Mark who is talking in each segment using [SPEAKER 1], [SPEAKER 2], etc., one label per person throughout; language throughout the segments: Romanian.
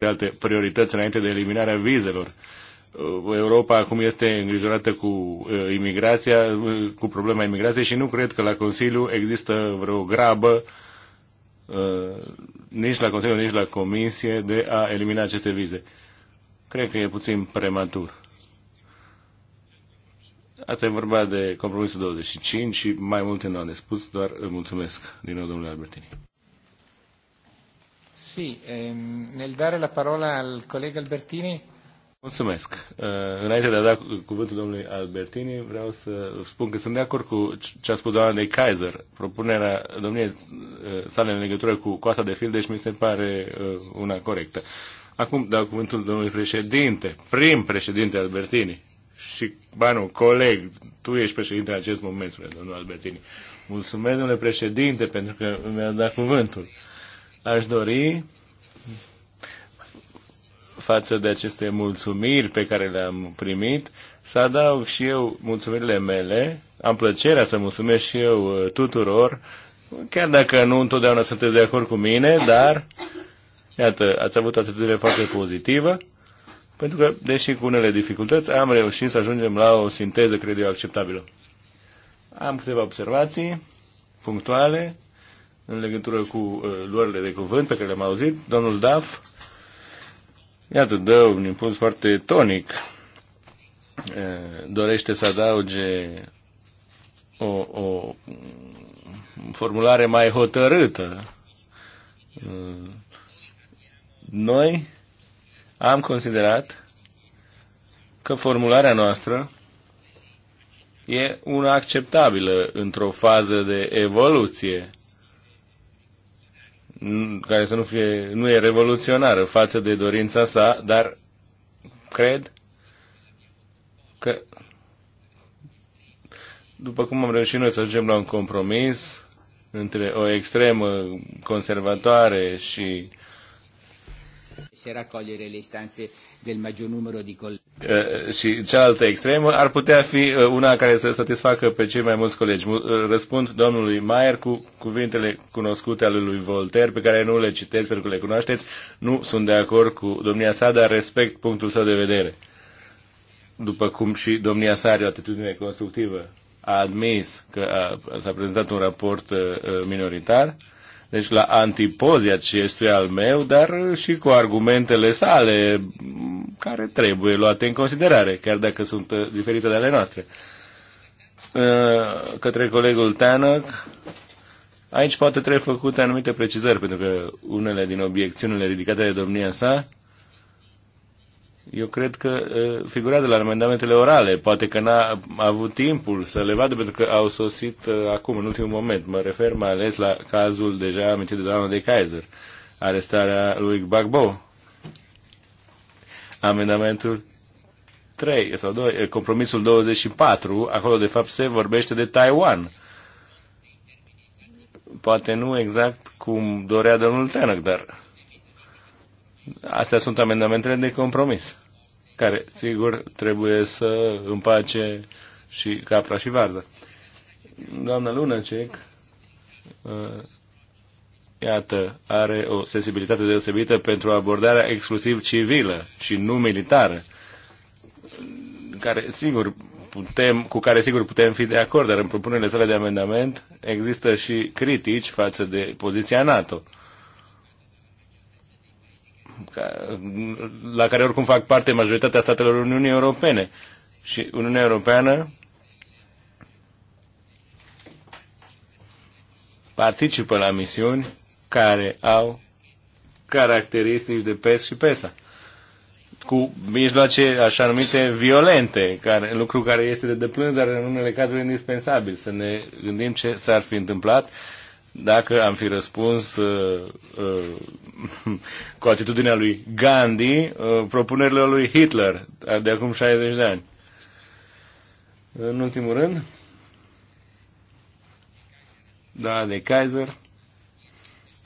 [SPEAKER 1] de alte priorități înainte de eliminarea vizelor. Uh, Europa acum este îngrijorată cu uh, imigrația, uh, cu problema imigrației și nu cred că la Consiliu există vreo grabă nici la Consiliu, nici la Comisie de a elimina aceste vize. Cred că e puțin prematur. Asta e vorba de compromisul 25 și mai multe nu am spus, doar mulțumesc din nou domnule Albertini.
[SPEAKER 2] Sì, ehm, nel dare la parola al collega Albertini.
[SPEAKER 1] Mulțumesc. Eh, înainte de a da cuvântul domnului Albertini, vreau să spun că sunt de acord cu ce a spus doamna de Kaiser. Propunerea domniei eh, sale în legătură cu coasta de fil, deci mi se pare eh, una corectă. Acum dau cuvântul domnului președinte, prim președinte Albertini. Și, banu, coleg, tu ești președinte în acest moment, spune domnul Albertini. Mulțumesc, domnule președinte, pentru că mi-a dat cuvântul. Aș dori față de aceste mulțumiri pe care le-am primit, să adaug și eu mulțumirile mele. Am plăcerea să mulțumesc și eu uh, tuturor, chiar dacă nu întotdeauna sunteți de acord cu mine, dar, iată, ați avut o atitudine foarte pozitivă, pentru că, deși cu unele dificultăți, am reușit să ajungem la o sinteză, cred eu, acceptabilă. Am câteva observații punctuale în legătură cu uh, luările de cuvânt pe care le-am auzit. Domnul Daf, iată, dă un impuls foarte tonic. Uh, dorește să adauge o, o formulare mai hotărâtă. Uh, noi am considerat că formularea noastră e una acceptabilă într-o fază de evoluție care să nu fie, nu e revoluționară față de dorința sa, dar cred că după cum am reușit noi să ajungem la un compromis între o extremă conservatoare și
[SPEAKER 2] se raccogliere le istanze del maggior numero di colleghi.
[SPEAKER 1] Eh, și cealaltă extremă ar putea fi eh, una care să satisfacă pe cei mai mulți colegi. Eh, răspund domnului Maier cu cuvintele cunoscute ale lui Voltaire, pe care nu le citesc pentru că le cunoașteți. Nu sunt de acord cu domnia sa, dar respect punctul său de vedere. După cum și domnia sa are o atitudine constructivă a admis că a, s-a prezentat un raport uh, minoritar deci la antipozia acestui deci al meu, dar și cu argumentele sale, care trebuie luate în considerare, chiar dacă sunt uh, diferite de ale noastre. Uh, către colegul Tanăc, aici poate trebuie făcute anumite precizări, pentru că unele din obiecțiunile ridicate de domnia sa eu cred că figurează la amendamentele orale. Poate că n-a avut timpul să le vadă pentru că au sosit acum, în ultimul moment. Mă refer mai ales la cazul deja amintit de doamna de Kaiser, arestarea lui Gbagbo. Amendamentul 3 sau 2, compromisul 24, acolo de fapt se vorbește de Taiwan. Poate nu exact cum dorea domnul Tenac, dar Astea sunt amendamentele de compromis, care, sigur, trebuie să împace și capra și vardă. Doamna Lunacek, uh, iată, are o sensibilitate deosebită pentru abordarea exclusiv civilă și nu militară, care, sigur, putem, cu care sigur putem fi de acord, dar în propunerile sale de amendament există și critici față de poziția NATO la care oricum fac parte majoritatea statelor Uniunii Europene. Și Uniunea Europeană participă la misiuni care au caracteristici de PES și PESA cu mijloace așa numite violente, care, lucru care este de deplâns, dar în unele cazuri indispensabil. Să ne gândim ce s-ar fi întâmplat dacă am fi răspuns uh, uh, cu atitudinea lui Gandhi uh, propunerile lui Hitler de acum 60 de ani. În ultimul rând, da, de Kaiser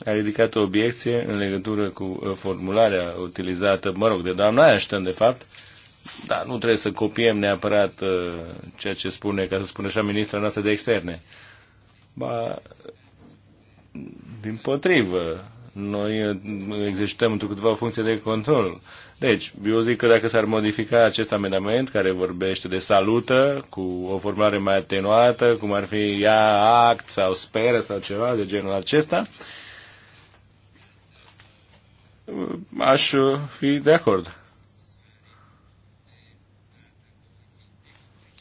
[SPEAKER 1] a ridicat o obiecție în legătură cu uh, formularea utilizată, mă rog, de doamna Ashton, de fapt, dar nu trebuie să copiem neapărat uh, ceea ce spune, ca să spune așa, ministra noastră de externe. Ba, din potrivă, noi eh, existăm într o câteva funcție de control. Deci, eu zic că dacă s-ar modifica acest amendament care vorbește de salută cu o formulare mai atenuată, cum ar fi ia act sau speră sau ceva de genul acesta, eh, aș eh, fi de acord.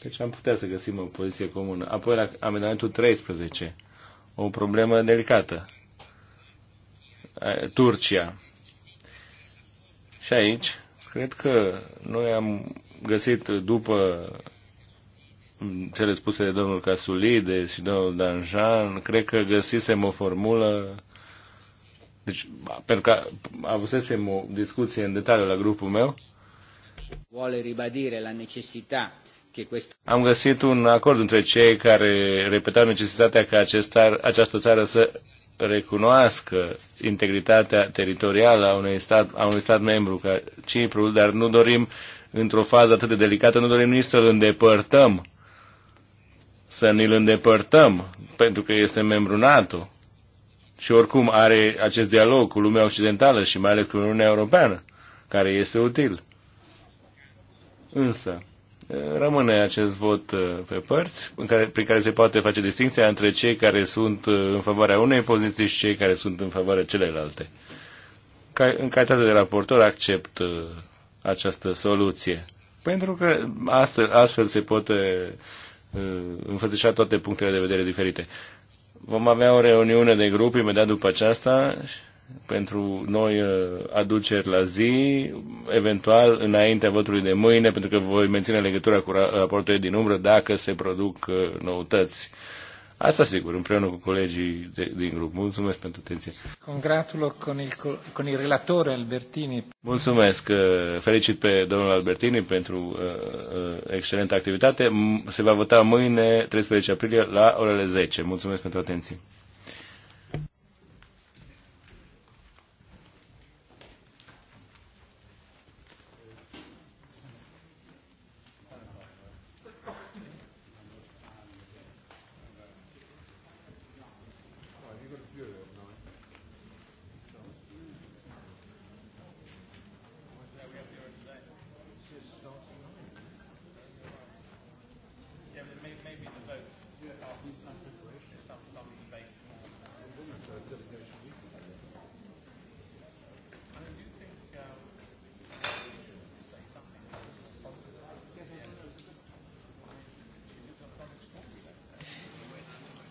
[SPEAKER 1] Deci am putea să găsim o poziție comună. Apoi la amendamentul 13 o problemă delicată. Turcia. Și aici, cred că noi am găsit după cele spuse de domnul Casulide și domnul Danjan, cred că găsisem o formulă deci, pentru că avusesem o discuție în detaliu la grupul meu.
[SPEAKER 2] Vole ribadire la necessità
[SPEAKER 1] am găsit un acord între cei care repetau necesitatea ca acesta, această țară să recunoască integritatea teritorială a unui stat, a unui stat membru ca Cipru, dar nu dorim într-o fază atât de delicată, nu dorim nici să-l îndepărtăm, să ne-l îndepărtăm, pentru că este membru NATO și oricum are acest dialog cu lumea occidentală și mai ales cu Uniunea Europeană, care este util. Însă, rămâne acest vot uh, pe părți, în care, prin care se poate face distinția între cei care sunt uh, în favoarea unei poziții și cei care sunt în favoarea celelalte. Ca, în calitate de raportor accept uh, această soluție, pentru că astfel, astfel se poate înfățișa toate punctele de vedere diferite. Vom avea o reuniune de grup imediat după aceasta pentru noi uh, aduceri la zi, eventual înaintea votului de mâine, pentru că voi menține legătura cu raportul din umbră dacă se produc uh, noutăți. Asta sigur, împreună cu colegii de, din grup. Mulțumesc pentru atenție.
[SPEAKER 2] Congratulo con il, con il relatore Albertini.
[SPEAKER 1] Mulțumesc. Uh, felicit pe domnul Albertini pentru uh, excelentă activitate. Se va vota mâine, 13 aprilie, la orele 10. Mulțumesc pentru atenție.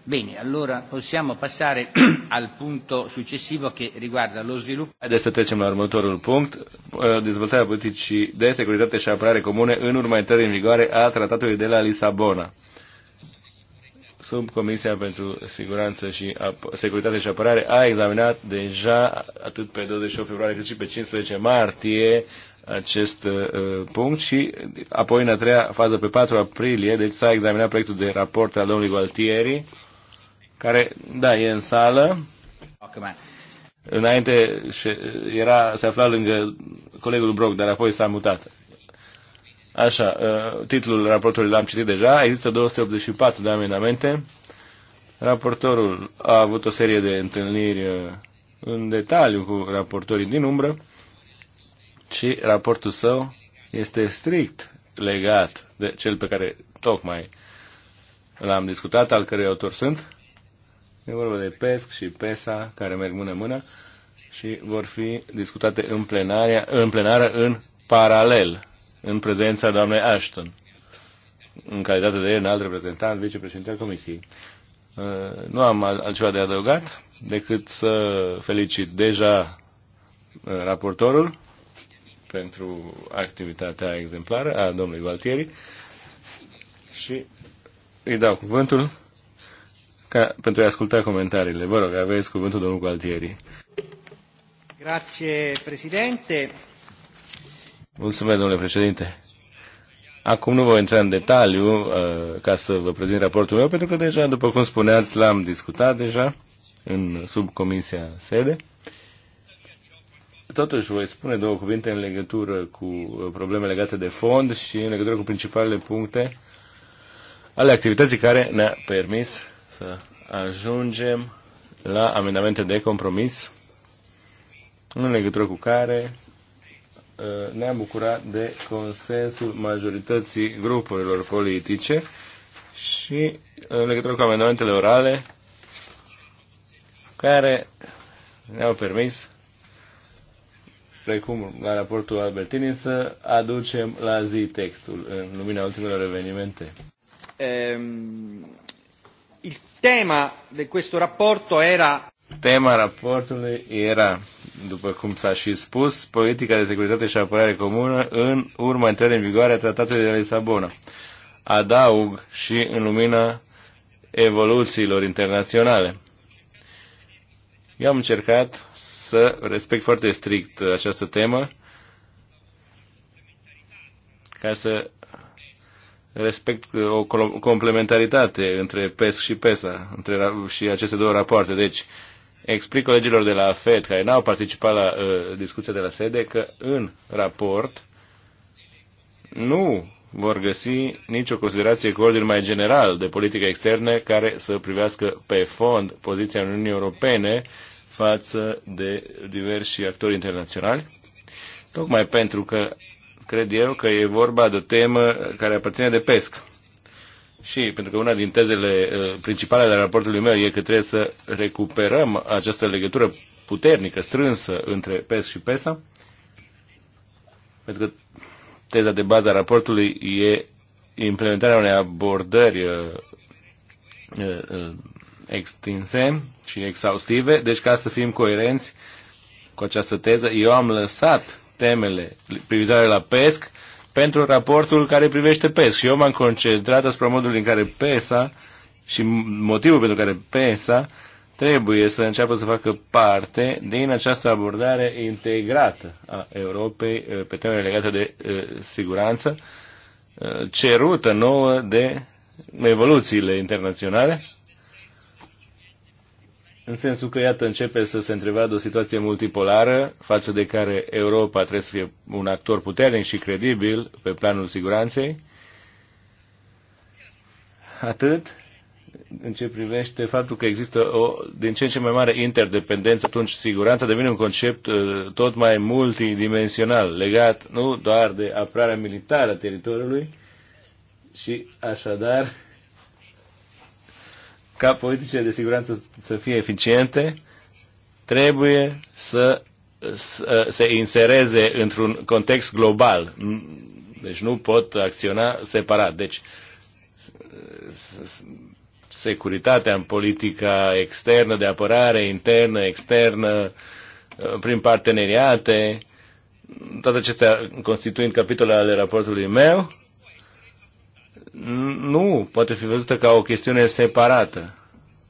[SPEAKER 2] Bene, allora possiamo passare al punto successivo che riguarda lo sviluppo.
[SPEAKER 1] Adesso trecem la următorul punct, eh, dezvoltarea politicii de securitate și apărare comune în urma intrării în vigoare a tratatului de la Lisabona. Sub Comisia pentru Siguranță și Ap- Securitate și Apărare a examinat deja atât pe 28 februarie cât și pe 15 martie acest uh, punct și apoi în a treia fază pe 4 aprilie, deci s-a examinat proiectul de raport al domnului Gualtieri care, da, e în sală. Înainte era, se afla lângă colegul Brock, dar apoi s-a mutat. Așa, uh, titlul raportului l-am citit deja, există 284 de amendamente. Raportorul a avut o serie de întâlniri uh, în detaliu cu raportorii din umbră și raportul său este strict legat de cel pe care tocmai l-am discutat, al cărui autor sunt. E vorba de PESC și PESA, care merg mână-mână și vor fi discutate în, plenaria, în plenară în paralel, în prezența doamnei Ashton, în calitate de înalt reprezentant, vicepreședinte al Comisiei. Uh, nu am altceva de adăugat decât să felicit deja uh, raportorul pentru activitatea exemplară a domnului Valtieri și îi dau cuvântul ca, pentru a asculta comentariile. Vă rog, aveți cuvântul domnul Gualtieri.
[SPEAKER 2] Grazie, președinte.
[SPEAKER 1] Mulțumesc, domnule președinte. Acum nu voi intra în detaliu uh, ca să vă prezint raportul meu, pentru că deja, după cum spuneați, l-am discutat deja în subcomisia sede. Totuși, voi spune două cuvinte în legătură cu uh, probleme legate de fond și în legătură cu principalele puncte ale activității care ne-a permis să ajungem la amendamente de compromis în legătură cu care uh, ne-am bucurat de consensul majorității grupurilor politice și în legătură cu amendamentele orale care ne-au permis precum la raportul Albertini, să aducem la zi textul în lumina ultimelor evenimente.
[SPEAKER 2] Ehm, tema de questo rapporto era
[SPEAKER 1] Tema raportului era, după cum s-a și spus, politica de securitate și apărare comună în urma intrării în vigoare a tratatului de Lisabona. Adaug și în lumina evoluțiilor internaționale. Eu am încercat să respect foarte strict această temă ca să respect uh, o complementaritate între PES și PESA, între și aceste două rapoarte. Deci, explic colegilor de la FED care n-au participat la uh, discuția de la sede că în raport nu vor găsi nicio considerație cu ordin mai general de politică externă care să privească pe fond poziția Uniunii Europene față de diversi actori internaționali, tocmai pentru că cred eu că e vorba de o temă care aparține de pesc. Și pentru că una din tezele uh, principale ale raportului meu e că trebuie să recuperăm această legătură puternică, strânsă între PES și PESA, pentru că teza de bază a raportului e implementarea unei abordări uh, uh, extinse și exhaustive, deci ca să fim coerenți cu această teză, eu am lăsat temele privitoare la PESC pentru raportul care privește PESC. Și eu m-am concentrat asupra modului în care PESA și motivul pentru care PESA trebuie să înceapă să facă parte din această abordare integrată a Europei uh, pe temele legate de uh, siguranță, uh, cerută nouă de evoluțiile internaționale în sensul că, iată, începe să se întrevadă o situație multipolară față de care Europa trebuie să fie un actor puternic și credibil pe planul siguranței. Atât în ce privește faptul că există o din ce în ce mai mare interdependență, atunci siguranța devine un concept uh, tot mai multidimensional, legat nu doar de apărarea militară a teritoriului, și așadar ca politicile de siguranță să fie eficiente, trebuie să, să se insereze într-un context global. Deci nu pot acționa separat. Deci securitatea în politica externă, de apărare, internă, externă, prin parteneriate, toate acestea constituind capitolele ale raportului meu, nu poate fi văzută ca o chestiune separată.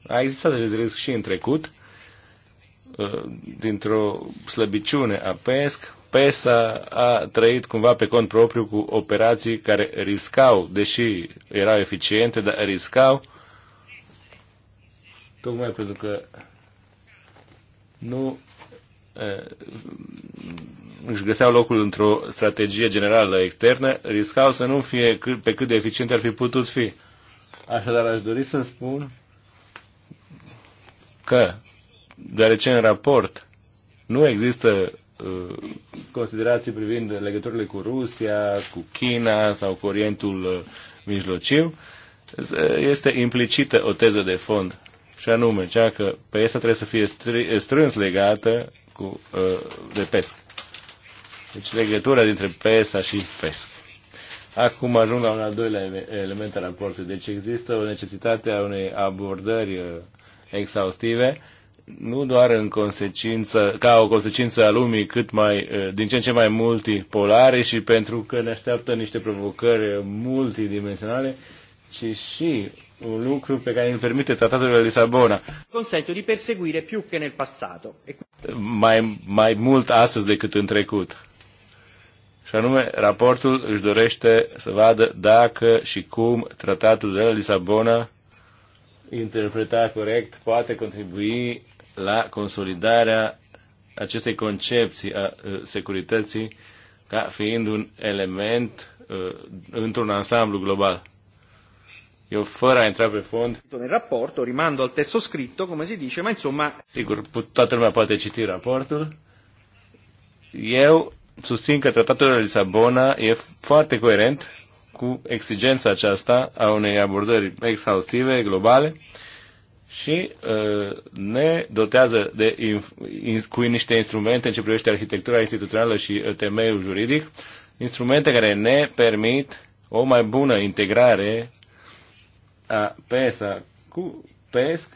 [SPEAKER 1] A existat acest risc și în trecut, ă, dintr-o slăbiciune a PESC, PESA a trăit cumva pe cont propriu cu operații care riscau, deși erau eficiente, dar riscau, tocmai pentru că nu ă, își găseau locul într-o strategie generală externă, riscau să nu fie cât, pe cât de eficient ar fi putut fi. Așadar, aș dori să spun că, deoarece în raport nu există uh, considerații privind legăturile cu Rusia, cu China sau cu Orientul uh, Mijlociu, este implicită o teză de fond, și anume cea că pe trebuie să fie strâns legată cu, uh, de pesc. Deci legătura dintre PESA și PESC. Acum ajung la un al doilea element al raportului. Deci există o necesitate a unei abordări uh, exhaustive, nu doar în consecință, ca o consecință a lumii cât mai, uh, din ce în ce mai multipolare și pentru că ne așteaptă niște provocări multidimensionale, ci și un lucru pe care îl permite Tratatul de Lisabona. Consente di perseguire
[SPEAKER 2] più che nel passato.
[SPEAKER 1] Mai, mai mult astăzi decât în trecut. Și anume, raportul își dorește să vadă dacă și cum tratatul de la Lisabona, interpretat corect, poate contribui la consolidarea acestei concepții a uh, securității ca fiind un element uh, într-un ansamblu global. Eu fără a intra pe fond.
[SPEAKER 2] Nel rapporto rimando al testo scritto, come si dice, ma insomma.
[SPEAKER 1] Sigur, toată lumea poate citi raportul. Eu susțin că tratatul de Lisabona e foarte coerent cu exigența aceasta a unei abordări exhaustive, globale și uh, ne dotează de, in, cu niște instrumente în ce privește arhitectura instituțională și uh, temeiul juridic, instrumente care ne permit o mai bună integrare a PESA cu PESC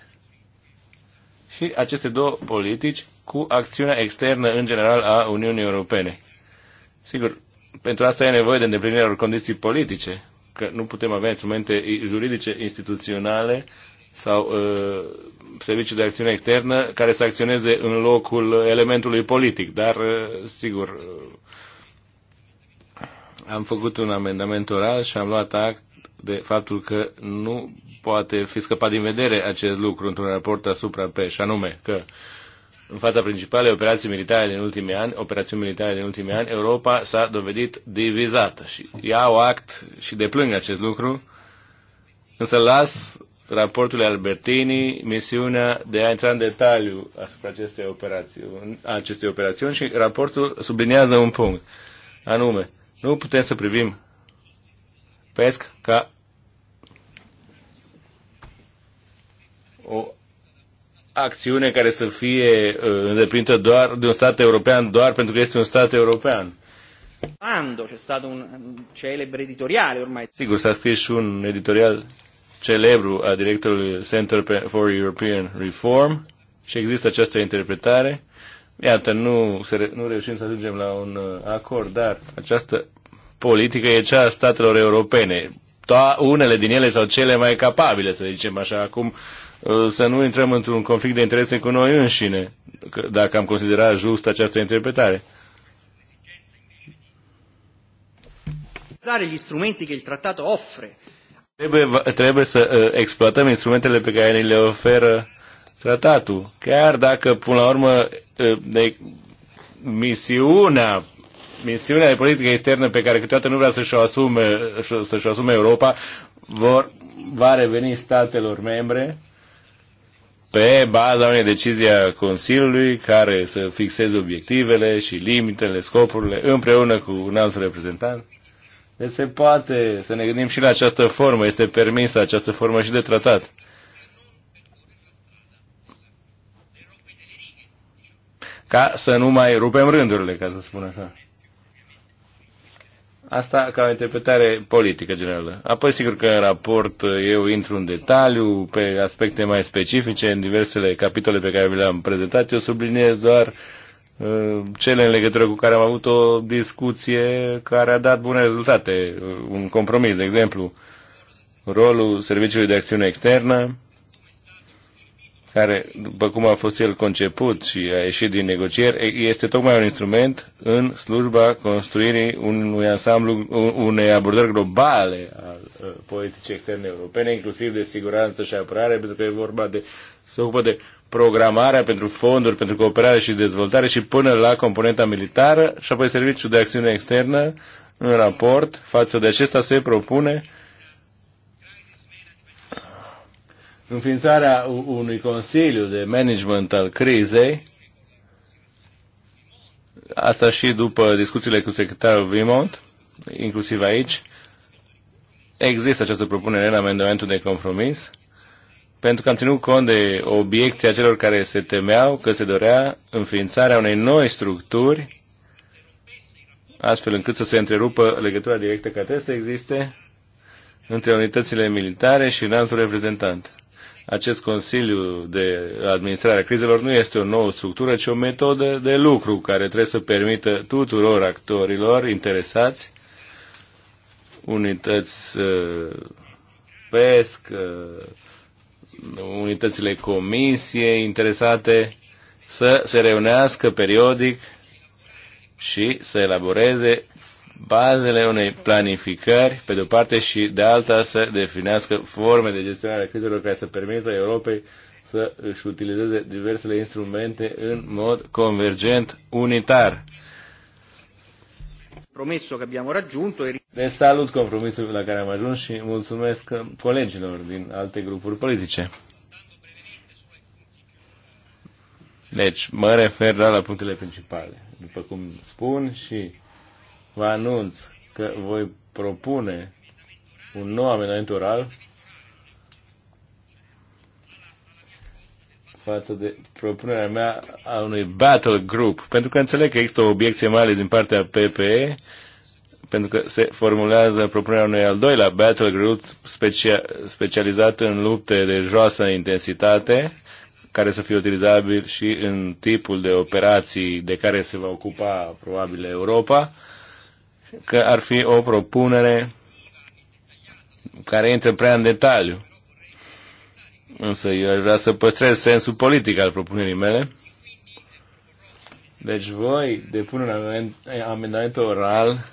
[SPEAKER 1] și aceste două politici cu acțiunea externă în general a Uniunii Europene. Sigur, pentru asta e nevoie de îndeplinirea unor condiții politice, că nu putem avea instrumente juridice, instituționale sau uh, servicii de acțiune externă care să acționeze în locul elementului politic. Dar, uh, sigur, uh, am făcut un amendament oral și am luat act de faptul că nu poate fi scăpat din vedere acest lucru într-un raport asupra pe, și anume că uh, în fața principalei operații militare din ultimii ani, operațiuni militare din ultimii ani, Europa s-a dovedit divizată și iau act și deplâng acest lucru, însă las raportul Albertini misiunea de a intra în detaliu asupra acestei operațiuni, acestei operațiuni și raportul subliniază un punct, anume, nu putem să privim PESC ca o acțiune care să fie uh, îndeplinită doar de un stat european, doar pentru că este un stat european.
[SPEAKER 2] Quando c'è stato un celebre editoriale ormai. Sigur,
[SPEAKER 1] s-a scris și un editorial celebru a directorului Center for European Reform și există această interpretare. Iată, nu, se, nu reușim să ajungem la un uh, acord, dar această politică e cea a statelor europene. To- unele din ele sau cele mai capabile, să zicem așa. Acum Uh, să nu intrăm într-un conflict de interese cu noi înșine, dacă am considerat just această interpretare. Trebuie, trebuie să uh, exploatăm instrumentele pe care ni le oferă tratatul, chiar dacă până la urmă uh, de, misiunea misiunea de politică externă pe care câteodată nu vrea să-și o asume, să-și asume Europa vor, va reveni statelor membre pe baza unei decizii a Consiliului care să fixeze obiectivele și limitele, scopurile, împreună cu un alt reprezentant. Deci se poate să ne gândim și la această formă, este permisă această formă și de tratat. Ca să nu mai rupem rândurile, ca să spun așa. Asta ca o interpretare politică generală. Apoi, sigur că în raport eu intru în detaliu pe aspecte mai specifice în diversele capitole pe care vi le-am prezentat. Eu subliniez doar uh, cele în legătură cu care am avut o discuție care a dat bune rezultate. Uh, un compromis, de exemplu, rolul Serviciului de Acțiune Externă, care, după cum a fost el conceput și a ieșit din negocieri, este tocmai un instrument în slujba construirii unui ansamblu, unei abordări globale a uh, politicii externe europene, inclusiv de siguranță și apărare, pentru că e vorba de, se ocupă de programarea pentru fonduri, pentru cooperare și dezvoltare și până la componenta militară și apoi serviciul de acțiune externă în raport față de acesta se propune uh, înființarea unui consiliu de management al crizei, asta și după discuțiile cu secretarul Vimont, inclusiv aici, există această propunere în amendamentul de compromis, pentru că am ținut cont de obiecția celor care se temeau că se dorea înființarea unei noi structuri, astfel încât să se întrerupă legătura directă care trebuie să existe între unitățile militare și înaltul reprezentant acest Consiliu de Administrare a Crizelor nu este o nouă structură, ci o metodă de lucru care trebuie să permită tuturor actorilor interesați, unități uh, PESC, uh, unitățile comisie interesate, să se reunească periodic și să elaboreze bazele unei planificări, pe de-o parte, și de alta să definească forme de gestionare a crizelor care să permită Europei să își utilizeze diversele instrumente în mod convergent, unitar.
[SPEAKER 2] Promesso che abbiamo raggiunto
[SPEAKER 1] Ne salut compromisul la care am ajuns și mulțumesc colegilor din alte grupuri politice. Deci, mă refer la punctele principale, după cum spun și vă anunț că voi propune un nou amendament oral față de propunerea mea a unui battle group, pentru că înțeleg că există o obiecție mai ales din partea PPE, pentru că se formulează propunerea unui al doilea battle group specia- specializat în lupte de joasă intensitate, care să fie utilizabil și în tipul de operații de care se va ocupa probabil Europa că ar fi o propunere care intră prea în detaliu. Însă eu aș vrea să păstrez sensul politic al propunerii mele. Deci voi depun un amendament oral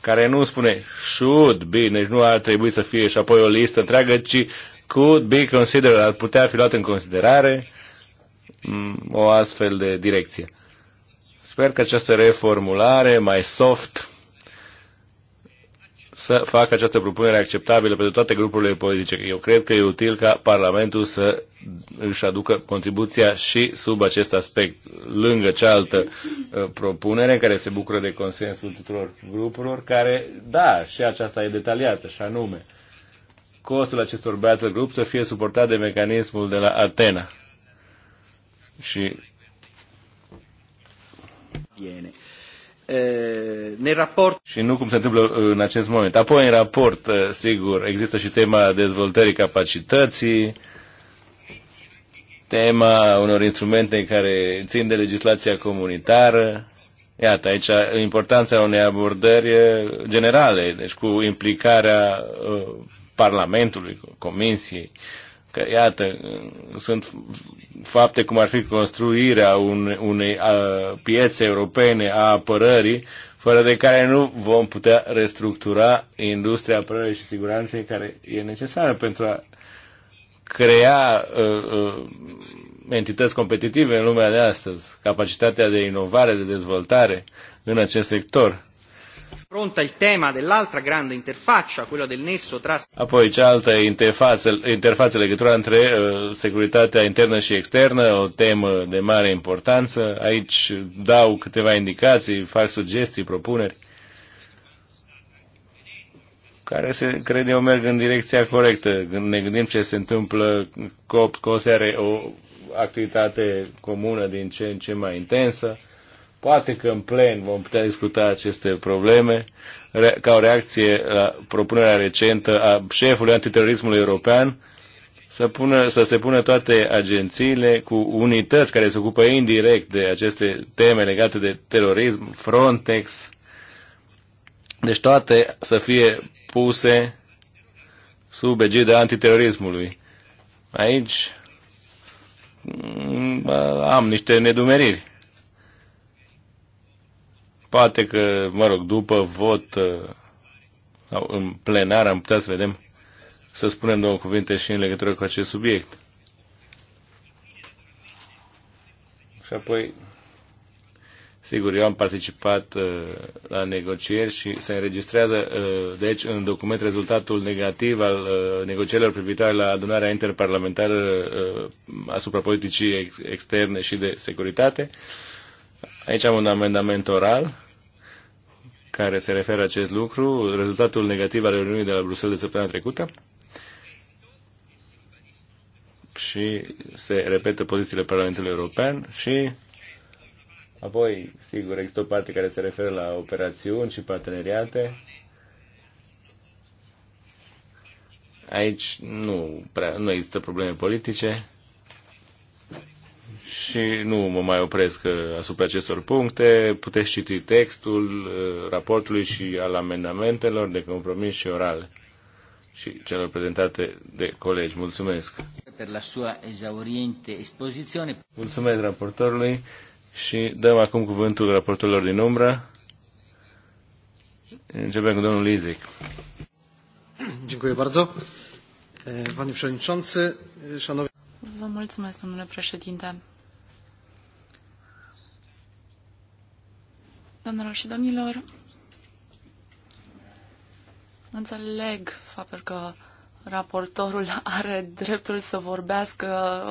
[SPEAKER 1] care nu spune should be, deci nu ar trebui să fie și apoi o listă întreagă, ci could be considered, ar putea fi luat în considerare o astfel de direcție. Sper că această reformulare mai soft să facă această propunere acceptabilă pentru toate grupurile politice. Eu cred că e util ca Parlamentul să își aducă contribuția și sub acest aspect, lângă cealaltă uh, propunere care se bucură de consensul tuturor grupurilor, care, da, și aceasta e detaliată, și anume, costul acestor battle group să fie suportat de mecanismul de la Atena. Și... Viene. Eh, ne raport... Și nu cum se întâmplă uh, în acest moment. Apoi, în raport, uh, sigur, există și tema dezvoltării capacității, tema unor instrumente care țin de legislația comunitară. Iată, aici importanța unei abordări uh, generale, deci cu implicarea Parlamentului, Comisiei, că, iată, sunt fapte cum ar fi construirea unei, unei a, piețe europene a apărării, fără de care nu vom putea restructura industria apărării și siguranței care e necesară pentru a crea uh, uh, entități competitive în lumea de astăzi, capacitatea de inovare, de dezvoltare în acest sector.
[SPEAKER 2] Pronta il tema dell'altra grande interfaccia, quella del nesso tra...
[SPEAKER 1] Apoi cealaltă interfață, interfață legătura între uh, securitatea internă și externă, o temă de mare importanță. Aici dau câteva indicații, fac sugestii, propuneri care se, cred eu, merg în direcția corectă. Când ne gândim ce se întâmplă, COPS, COSE are o activitate comună din ce în ce mai intensă. Poate că în plen vom putea discuta aceste probleme ca o reacție la propunerea recentă a șefului antiterorismului european să, pună, să se pună toate agențiile cu unități care se ocupă indirect de aceste teme legate de terorism, Frontex, deci toate să fie puse sub egida antiterorismului. Aici mm, am niște nedumeriri. Poate că, mă rog, după vot uh, sau în plenar am putea să vedem, să spunem două cuvinte și în legătură cu acest subiect. Și apoi, sigur, eu am participat uh, la negocieri și se înregistrează, uh, deci, în document rezultatul negativ al uh, negocierilor privitoare la adunarea interparlamentară uh, asupra politicii ex- externe și de securitate. Uh, Aici am un amendament oral care se referă acest lucru, rezultatul negativ al reuniunii de la Bruxelles de săptămâna trecută și se repetă pozițiile Parlamentului European și apoi, sigur, există o parte care se referă la operațiuni și parteneriate. Aici nu, prea, nu există probleme politice și nu mă mai opresc uh, asupra acestor puncte. Puteți citi textul uh, raportului și al amendamentelor de compromis și orale și celor prezentate de colegi. Mulțumesc!
[SPEAKER 2] Per la sua esauriente expoziție.
[SPEAKER 1] Mulțumesc raportorului și dăm acum cuvântul raportorilor din umbră. Începem cu domnul Lizic. Dziękuję bardzo.
[SPEAKER 3] Panie Przewodniczący, Szanowni...
[SPEAKER 4] Vă mulțumesc, domnule președinte. Doamnelor și domnilor, înțeleg faptul că raportorul are dreptul să vorbească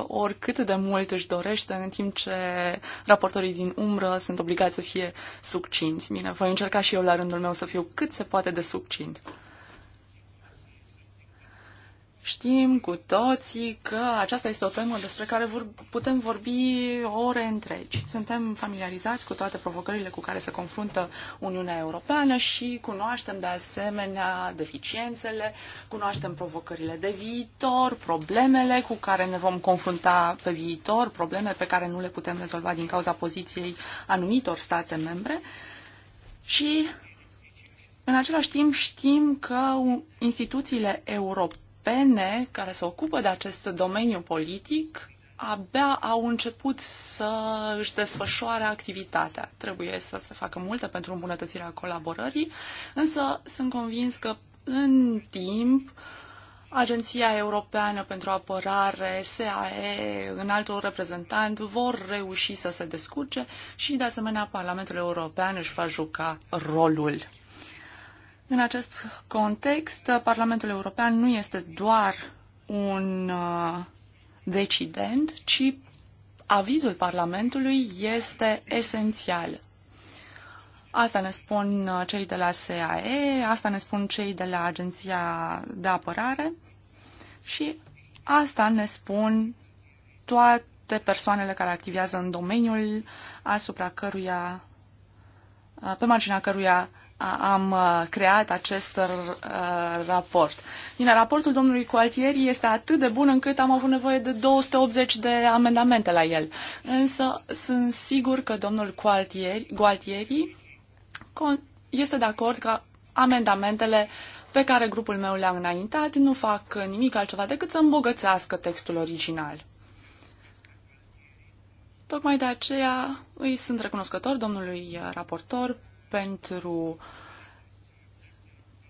[SPEAKER 4] oricât de mult își dorește, în timp ce raportorii din umbră sunt obligați să fie succinți. Bine, voi încerca și eu la rândul meu să fiu cât se poate de succint. Știm cu toții că aceasta este o temă despre care vor, putem vorbi ore întregi. Suntem familiarizați cu toate provocările cu care se confruntă Uniunea Europeană și cunoaștem de asemenea deficiențele, cunoaștem provocările de viitor, problemele cu care ne vom confrunta pe viitor, probleme pe care nu le putem rezolva din cauza poziției anumitor state membre. Și în același timp știm că instituțiile europene Europene care se ocupă de acest domeniu politic abia au început să își desfășoare activitatea. Trebuie să se facă multe pentru îmbunătățirea colaborării, însă sunt convins că în timp Agenția Europeană pentru Apărare, SAE, în altul reprezentant vor reuși să se descurce și, de asemenea, Parlamentul European își va juca rolul. În acest context, Parlamentul European nu este doar un uh, decident, ci avizul Parlamentului este esențial. Asta ne spun uh, cei de la SAE, asta ne spun cei de la Agenția de Apărare și asta ne spun toate persoanele care activează în domeniul asupra căruia, uh, pe marginea căruia am uh, creat acest uh, raport. Bine, raportul domnului Coaltieri este atât de bun încât am avut nevoie de 280 de amendamente la el. Însă sunt sigur că domnul Coaltieri, Gualtieri este de acord că amendamentele pe care grupul meu le-a înaintat nu fac nimic altceva decât să îmbogățească textul original. Tocmai de aceea îi sunt recunoscător domnului raportor pentru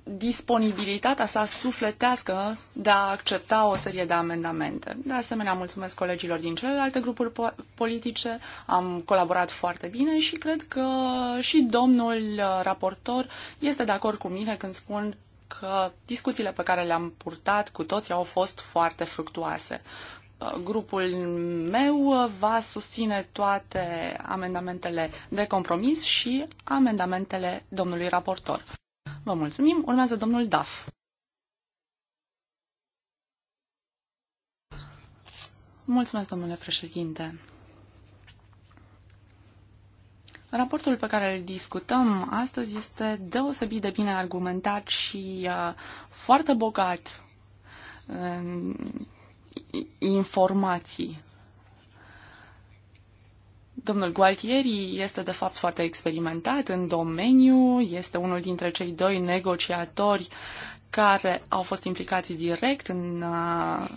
[SPEAKER 4] disponibilitatea sa sufletească de a accepta o serie de amendamente. De asemenea, mulțumesc colegilor din celelalte grupuri politice, am colaborat foarte bine și cred că și domnul uh, raportor este de acord cu mine când spun că discuțiile pe care le-am purtat cu toții au fost foarte fructuoase. Grupul meu uh, va susține toate amendamentele de compromis și amendamentele domnului raportor. Vă mulțumim. Urmează domnul Daf. Mulțumesc, domnule președinte. Raportul pe care îl discutăm astăzi este deosebit de bine argumentat și uh, foarte bogat informații. Domnul Gualtieri este de fapt foarte experimentat în domeniu, este unul dintre cei doi negociatori care au fost implicați direct în uh,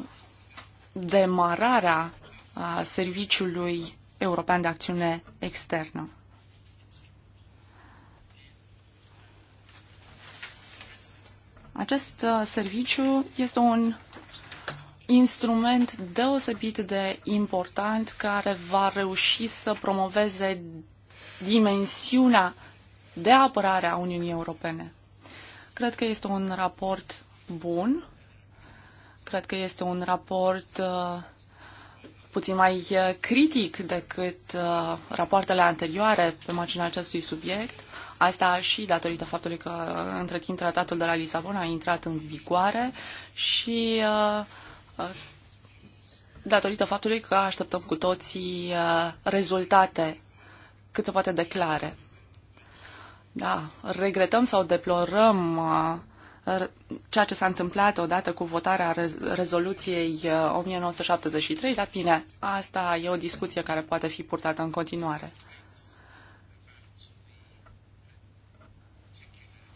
[SPEAKER 4] demararea uh, Serviciului European de Acțiune Externă. Acest uh, serviciu este un instrument deosebit de important care va reuși să promoveze dimensiunea de apărare a Uniunii Europene. Cred că este un raport bun, cred că este un raport uh, puțin mai uh, critic decât uh, rapoartele anterioare pe marginea acestui subiect. Asta și datorită faptului că între timp tratatul de la Lisabona a intrat în vigoare și uh, datorită faptului că așteptăm cu toții uh, rezultate cât se poate de clare. Da, regretăm sau deplorăm uh, ceea ce s-a întâmplat odată cu votarea rezoluției 1973, uh, dar bine, asta e o discuție care poate fi purtată în continuare.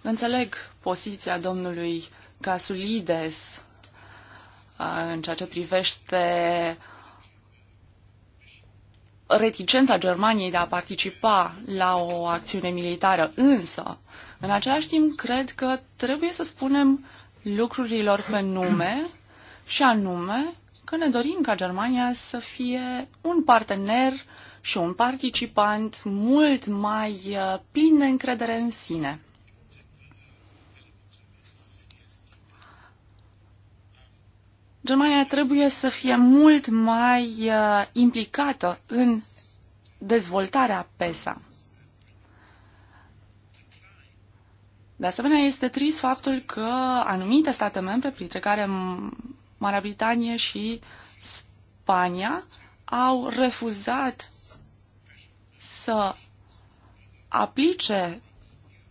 [SPEAKER 4] Înțeleg poziția domnului Casulides în ceea ce privește reticența Germaniei de a participa la o acțiune militară. Însă, în același timp, cred că trebuie să spunem lucrurilor pe nume și anume că ne dorim ca Germania să fie un partener și un participant mult mai uh, plin de încredere în sine. Germania trebuie să fie mult mai uh, implicată în dezvoltarea PESA. De asemenea, este trist faptul că anumite state membre, printre care Marea Britanie și Spania, au refuzat să aplice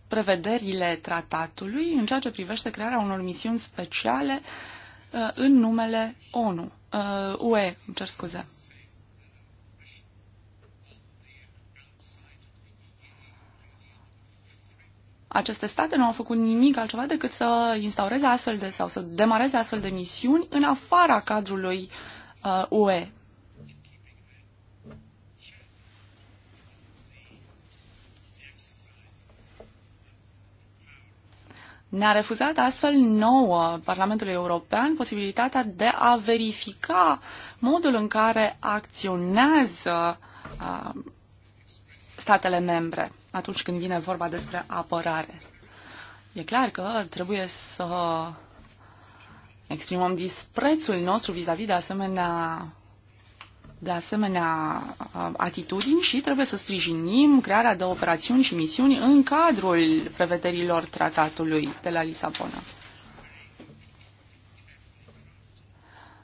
[SPEAKER 4] prevederile tratatului în ceea ce privește crearea unor misiuni speciale uh, Uh, în numele ONU, uh, UE, îmi cer scuze. Aceste state nu au făcut nimic altceva decât să instaureze astfel de sau să demareze astfel de misiuni în afara cadrului uh, UE. ne-a refuzat astfel nouă Parlamentului European posibilitatea de a verifica modul în care acționează uh, statele membre atunci când vine vorba despre apărare. E clar că trebuie să exprimăm disprețul nostru vis-a-vis -vis de asemenea de asemenea atitudini și trebuie să sprijinim crearea de operațiuni și misiuni în cadrul prevederilor tratatului de la Lisabona.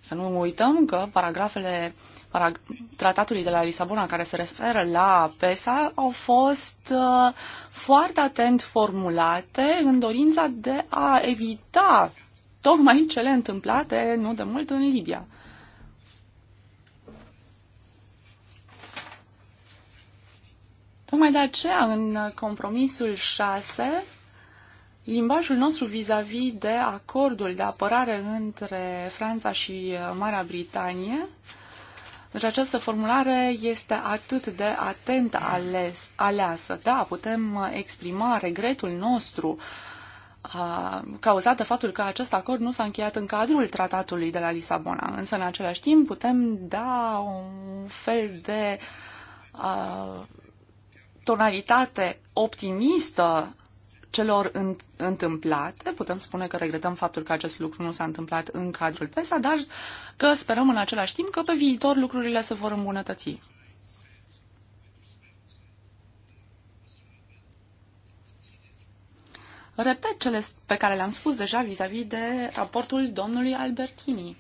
[SPEAKER 4] Să nu uităm că paragrafele parag- tratatului de la Lisabona care se referă la PESA au fost uh, foarte atent formulate în dorința de a evita tocmai cele întâmplate nu de mult în Libia. Tocmai de aceea, în compromisul 6, limbajul nostru vis-a-vis -vis de acordul de apărare între Franța și uh, Marea Britanie, deci această formulare este atât de atent ales, aleasă. Da, putem uh, exprima regretul nostru a, uh, cauzat de faptul că acest acord nu s-a încheiat în cadrul tratatului de la Lisabona. Însă, în același timp, putem da un fel de tonalitate optimistă celor întâmplate. Putem spune că regretăm faptul că acest lucru nu s-a întâmplat în cadrul PESA, dar că sperăm în același timp că pe viitor lucrurile se vor îmbunătăți. Repet cele pe care le-am spus deja vis-a-vis -vis de raportul domnului Albertini.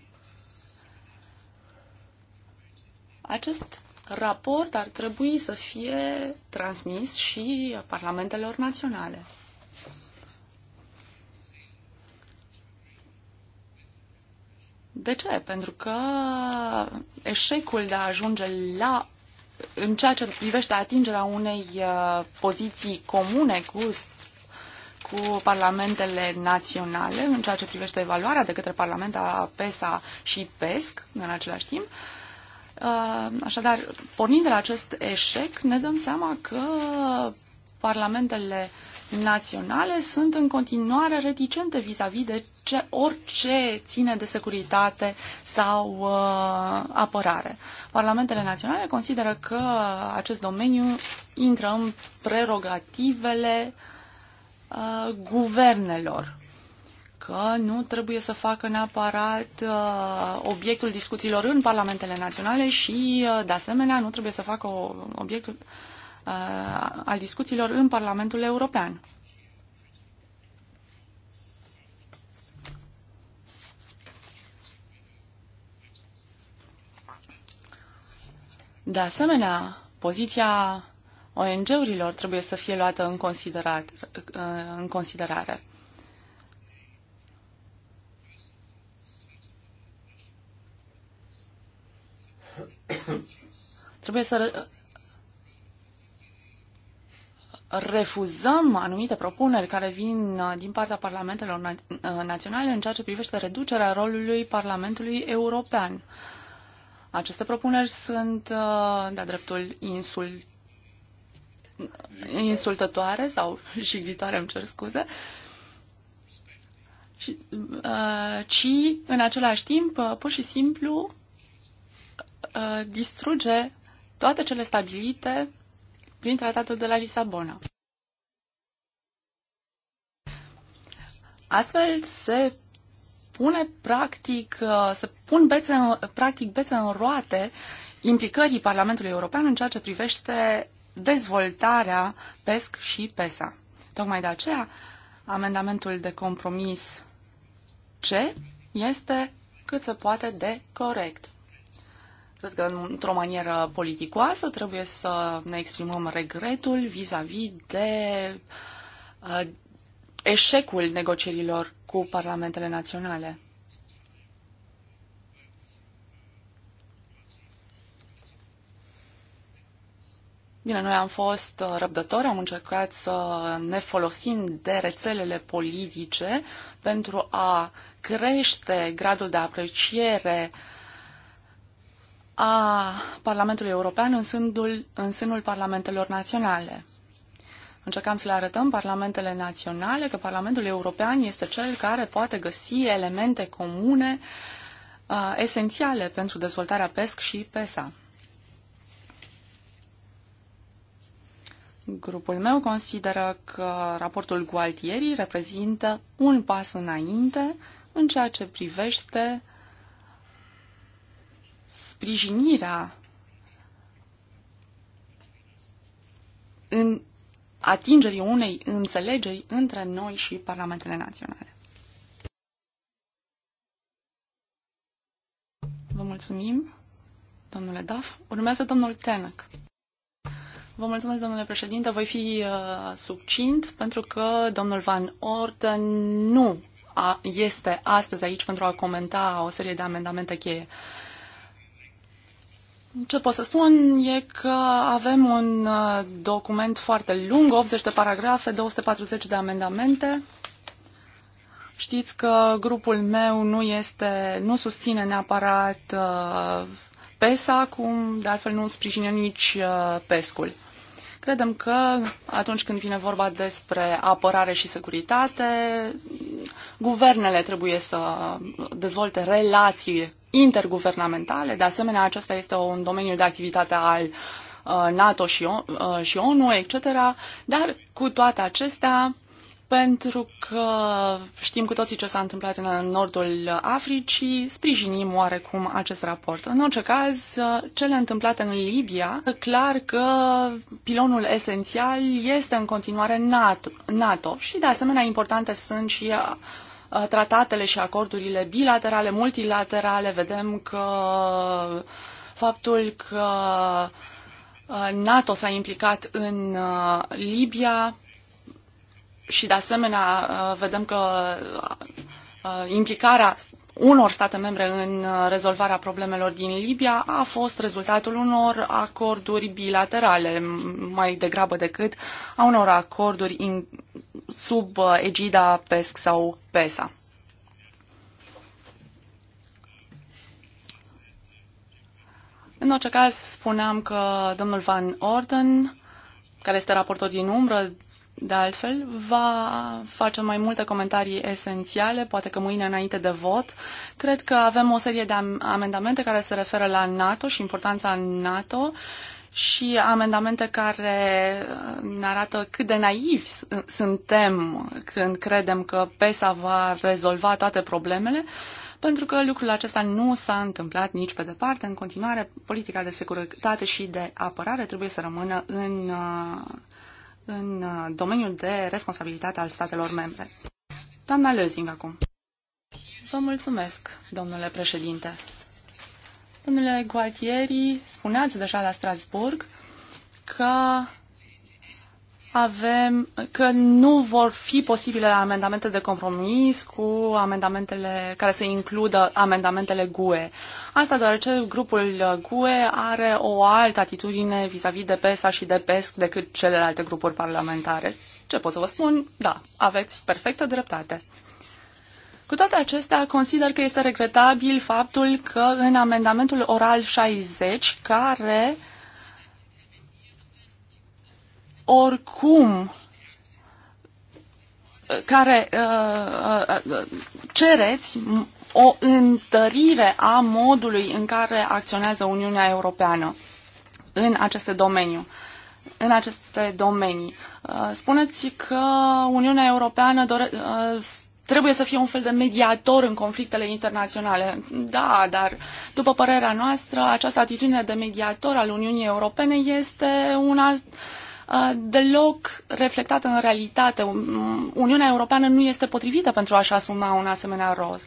[SPEAKER 4] Acest raport ar trebui să fie transmis și parlamentelor naționale. De ce? Pentru că eșecul de a ajunge la în ceea ce privește atingerea unei uh, poziții comune cu cu parlamentele naționale în ceea ce privește evaluarea de către parlament a PESA și PESC în același timp, uh, Uh, așadar, pornind de la acest eșec, ne dăm seama că parlamentele naționale sunt în continuare reticente vis-a-vis -vis de ce, orice ține de securitate sau uh, apărare. Parlamentele naționale consideră că acest domeniu intră în prerogativele uh, guvernelor că nu trebuie să facă neapărat uh, obiectul discuțiilor în parlamentele naționale și, uh, de asemenea, nu trebuie să facă obiectul uh, al discuțiilor în Parlamentul European. De asemenea, poziția ONG-urilor trebuie să fie luată în, considerat, în considerare. Trebuie să refuzăm anumite propuneri care vin uh, din partea parlamentelor uh, naționale în ceea ce privește reducerea rolului Parlamentului European. Aceste propuneri sunt uh, de-a dreptul insult insultătoare sau jignitoare, îmi cer scuze, și, ci în același timp, pur și simplu, Uh, distruge toate cele stabilite prin tratatul de la Lisabona. Astfel se pune practic, uh, se pun bețe în, practic bețe în roate implicării Parlamentului European în ceea ce privește dezvoltarea PESC și PESA. Tocmai de aceea, amendamentul de compromis C este cât se poate de corect. Cred că într-o manieră politicoasă trebuie să ne exprimăm regretul vis-a-vis -vis de uh, eșecul negocierilor cu parlamentele naționale. Bine, noi am fost uh, răbdători, am încercat să ne folosim de rețelele politice pentru a crește gradul de apreciere uh, a Parlamentului European în sânul, în sânul Parlamentelor Naționale. Încercam să le arătăm parlamentele naționale că Parlamentul European este cel care poate găsi elemente comune uh, esențiale pentru dezvoltarea PESC și PESA. Grupul meu consideră că raportul Gualtieri reprezintă un pas înainte în ceea ce privește sprijinirea în atingerii unei înțelegeri între noi și parlamentele naționale. Vă mulțumim, domnule Daf. Urmează domnul Tenăc. Vă mulțumesc, domnule președinte. Voi fi uh, succint pentru că domnul Van Orden nu a, este astăzi aici pentru a comenta o serie de amendamente cheie. Uh, ce pot să spun e că avem un uh, document foarte lung, 80 de paragrafe, 240 de amendamente. Știți că grupul meu nu este, nu susține neapărat uh, PESA, cum de altfel nu sprijină nici uh, PESCul. Credem că atunci când vine vorba despre apărare și securitate, guvernele trebuie să dezvolte relații interguvernamentale. De asemenea, acesta este un domeniu de activitate al uh, NATO și uh, ONU, etc. Dar cu toate acestea, pentru că știm cu toții ce s-a întâmplat în nordul Africii, sprijinim oarecum acest raport. În orice caz, uh, cele întâmplate în Libia, clar că pilonul esențial este în continuare NATO, NATO și de asemenea importante sunt și Uh, tratatele și acordurile bilaterale, multilaterale, vedem că uh, faptul că uh, NATO s-a implicat în Libia și de asemenea vedem că implicarea unor state membre în rezolvarea problemelor din Libia a fost rezultatul unor acorduri bilaterale, mai degrabă decât a unor acorduri in, sub uh, egida PESC sau PESA. În orice caz, spuneam că domnul Van Orden, care este raportor din umbră de altfel, va face mai multe comentarii esențiale, poate că mâine înainte de vot. Cred că avem o serie de amendamente care se referă la NATO și importanța NATO și amendamente care uh, ne arată cât de naivi uh, suntem când credem că PESA va rezolva toate problemele, pentru că lucrul acesta nu s-a întâmplat nici pe departe. În continuare, politica de securitate și de apărare trebuie să rămână în uh, în uh, domeniul de responsabilitate al statelor membre. Doamna Lezing, acum. Vă mulțumesc, domnule președinte. Domnule Gualtieri, spuneați deja la Strasburg că avem, că nu vor fi posibile amendamente de compromis cu amendamentele care să includă amendamentele GUE. Asta deoarece grupul GUE are o altă atitudine vis-a-vis -vis de PESA și de PESC decât celelalte grupuri parlamentare. Ce pot să vă spun? Da, aveți perfectă dreptate. Cu toate acestea, consider că este regretabil faptul că în amendamentul oral 60, care oricum care uh, uh, uh, cereți o întărire a modului în care acționează Uniunea Europeană în aceste domeniu. În aceste domenii. Uh, spuneți că Uniunea Europeană dore, uh, trebuie să fie un fel de mediator în conflictele internaționale. Da, dar după părerea noastră, această atitudine de mediator al Uniunii Europene este una Uh, deloc reflectată în realitate. Um, Uniunea Europeană nu este potrivită pentru a-și asuma un asemenea rol.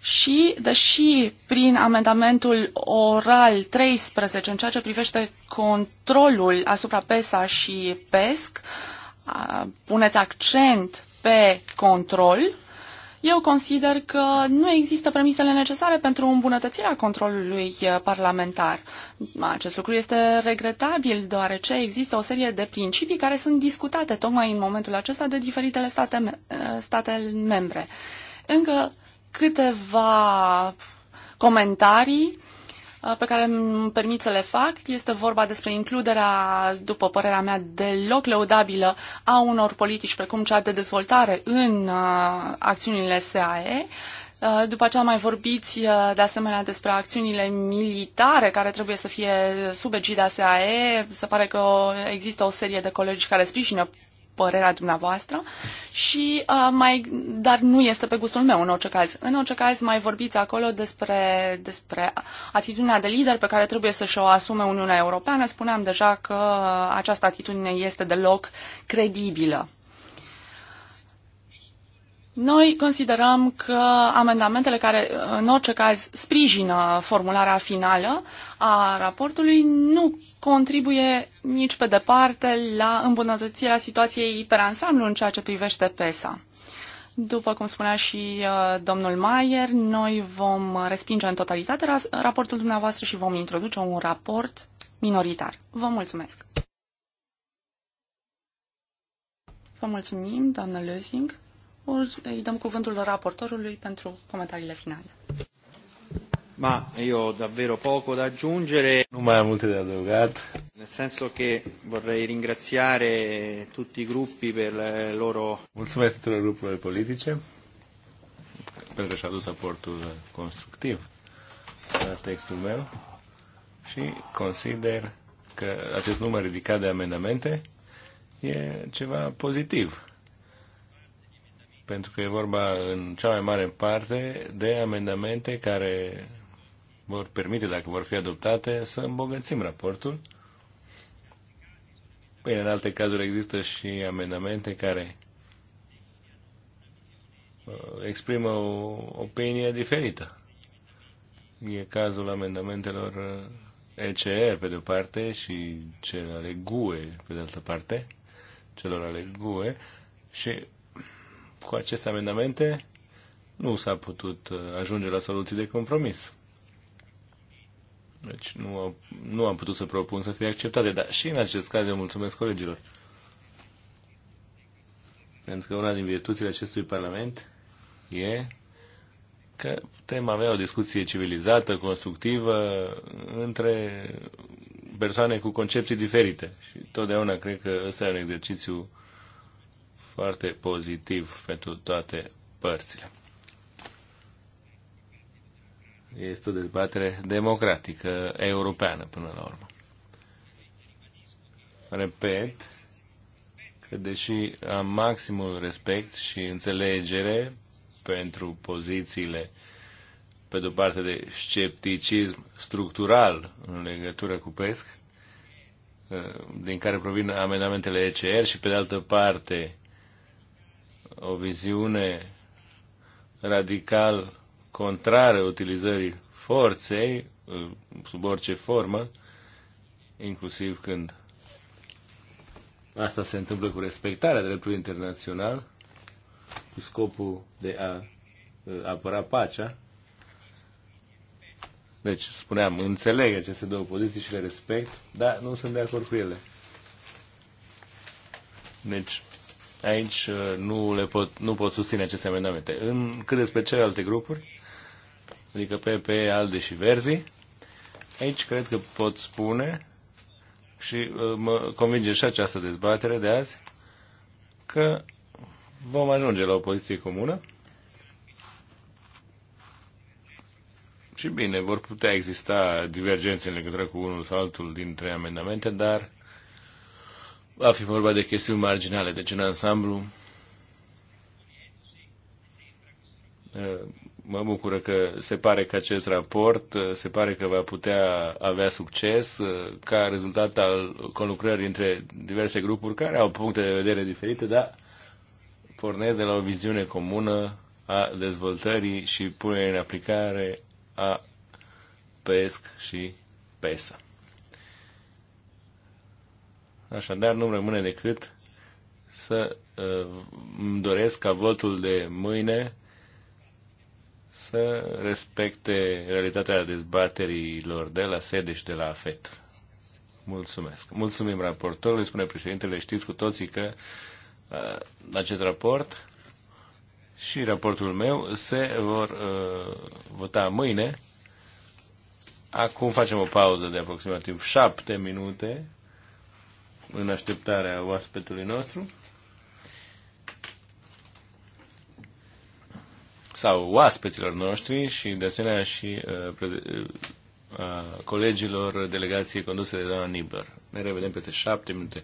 [SPEAKER 4] Și, deși prin amendamentul oral 13, în ceea ce privește controlul asupra PESA și PESC, uh, puneți accent pe control, eu consider că nu există premisele necesare pentru îmbunătățirea controlului eh, parlamentar. Acest lucru este regretabil, deoarece există o serie de principii care sunt discutate tocmai în momentul acesta de diferitele state, eh, state membre. Încă câteva comentarii Uh, pe care îmi permit să le fac. Este vorba despre includerea, după părerea mea, deloc lăudabilă a unor politici precum cea de dezvoltare în uh, acțiunile SAE. Uh, după aceea mai vorbiți de asemenea despre acțiunile militare care trebuie să fie sub egida SAE. Se pare că există o serie de colegi care sprijină părerea dumneavoastră și uh, mai, dar nu este pe gustul meu în orice caz. În orice caz mai vorbiți acolo despre, despre atitudinea de lider pe care trebuie să și-o asume Uniunea Europeană. Spuneam deja că această atitudine este deloc credibilă. Noi considerăm că amendamentele care, în orice caz, sprijină formularea finală a raportului nu contribuie nici pe departe la îmbunătățirea situației pe ansamblu în ceea ce privește PESA. După cum spunea și uh, domnul Maier, noi vom respinge în totalitate raportul dumneavoastră și vom introduce un raport minoritar. Vă mulțumesc! Vă mulțumim, doamnă Lösing îi dăm cuvântul raportorului pentru comentariile finale.
[SPEAKER 2] Ma io davvero poco da aggiungere. Non mai
[SPEAKER 1] molto multe da adăugat.
[SPEAKER 2] Nel senso che vorrei ringraziare tutti i gruppi per le loro...
[SPEAKER 1] Mulțumesc tuturor grupurilor politice pentru că și-a dus aportul constructiv la textul meu și consider că acest număr ridicat de amendamente e ceva pozitiv pentru că e vorba în cea mai mare parte de amendamente care vor permite, dacă vor fi adoptate, să îmbogățim raportul. Bine, păi, în alte cazuri există și amendamente care uh, exprimă o opinie diferită. E cazul amendamentelor uh, ECR pe de-o parte și cel ale GUE pe de altă parte, celor ale GUE și cu aceste amendamente nu s-a putut uh, ajunge la soluții de compromis. Deci nu, au, nu am putut să propun să fie acceptate, dar și în acest caz eu mulțumesc colegilor. Pentru că una din virtuțile acestui Parlament e că putem avea o discuție civilizată, constructivă, între persoane cu concepții diferite. Și totdeauna cred că ăsta e un exercițiu foarte pozitiv pentru toate părțile. Este o dezbatere democratică europeană până la urmă. Repet că deși am maximul respect și înțelegere pentru pozițiile pe de-o parte de scepticism structural în legătură cu PESC, din care provin amendamentele ECR și pe de altă parte o viziune radical contrară utilizării forței, sub orice formă, inclusiv când asta se întâmplă cu respectarea dreptului internațional, cu scopul de a uh, apăra pacea. Deci, spuneam, înțeleg aceste două poziții și le respect, dar nu sunt de acord cu ele. Deci, Aici uh, nu, le pot, nu pot susține aceste amendamente. În cât despre celelalte grupuri, adică PP, ALDE și Verzi, aici cred că pot spune și uh, mă convinge și această dezbatere de azi că vom ajunge la o poziție comună și bine, vor putea exista divergențe în legătură cu unul sau altul dintre amendamente, dar va fi vorba de chestiuni marginale, deci în ansamblu mă bucură că se pare că acest raport se pare că va putea avea succes ca rezultat al conlucrării între diverse grupuri care au puncte de vedere diferite, dar pornesc de la o viziune comună a dezvoltării și punerii în aplicare a PESC și PESA. Așadar, nu rămâne decât să uh, îmi doresc ca votul de mâine să respecte realitatea dezbaterilor de la sede și de la AFET. Mulțumesc. Mulțumim raportorului, spune președintele, știți cu toții că uh, acest raport și raportul meu se vor uh, vota mâine. Acum facem o pauză de aproximativ șapte minute în așteptarea oaspetului nostru. sau oaspeților noștri și de asemenea și uh, a uh, colegilor delegației conduse de doamna Niber. Ne revedem peste șapte minute.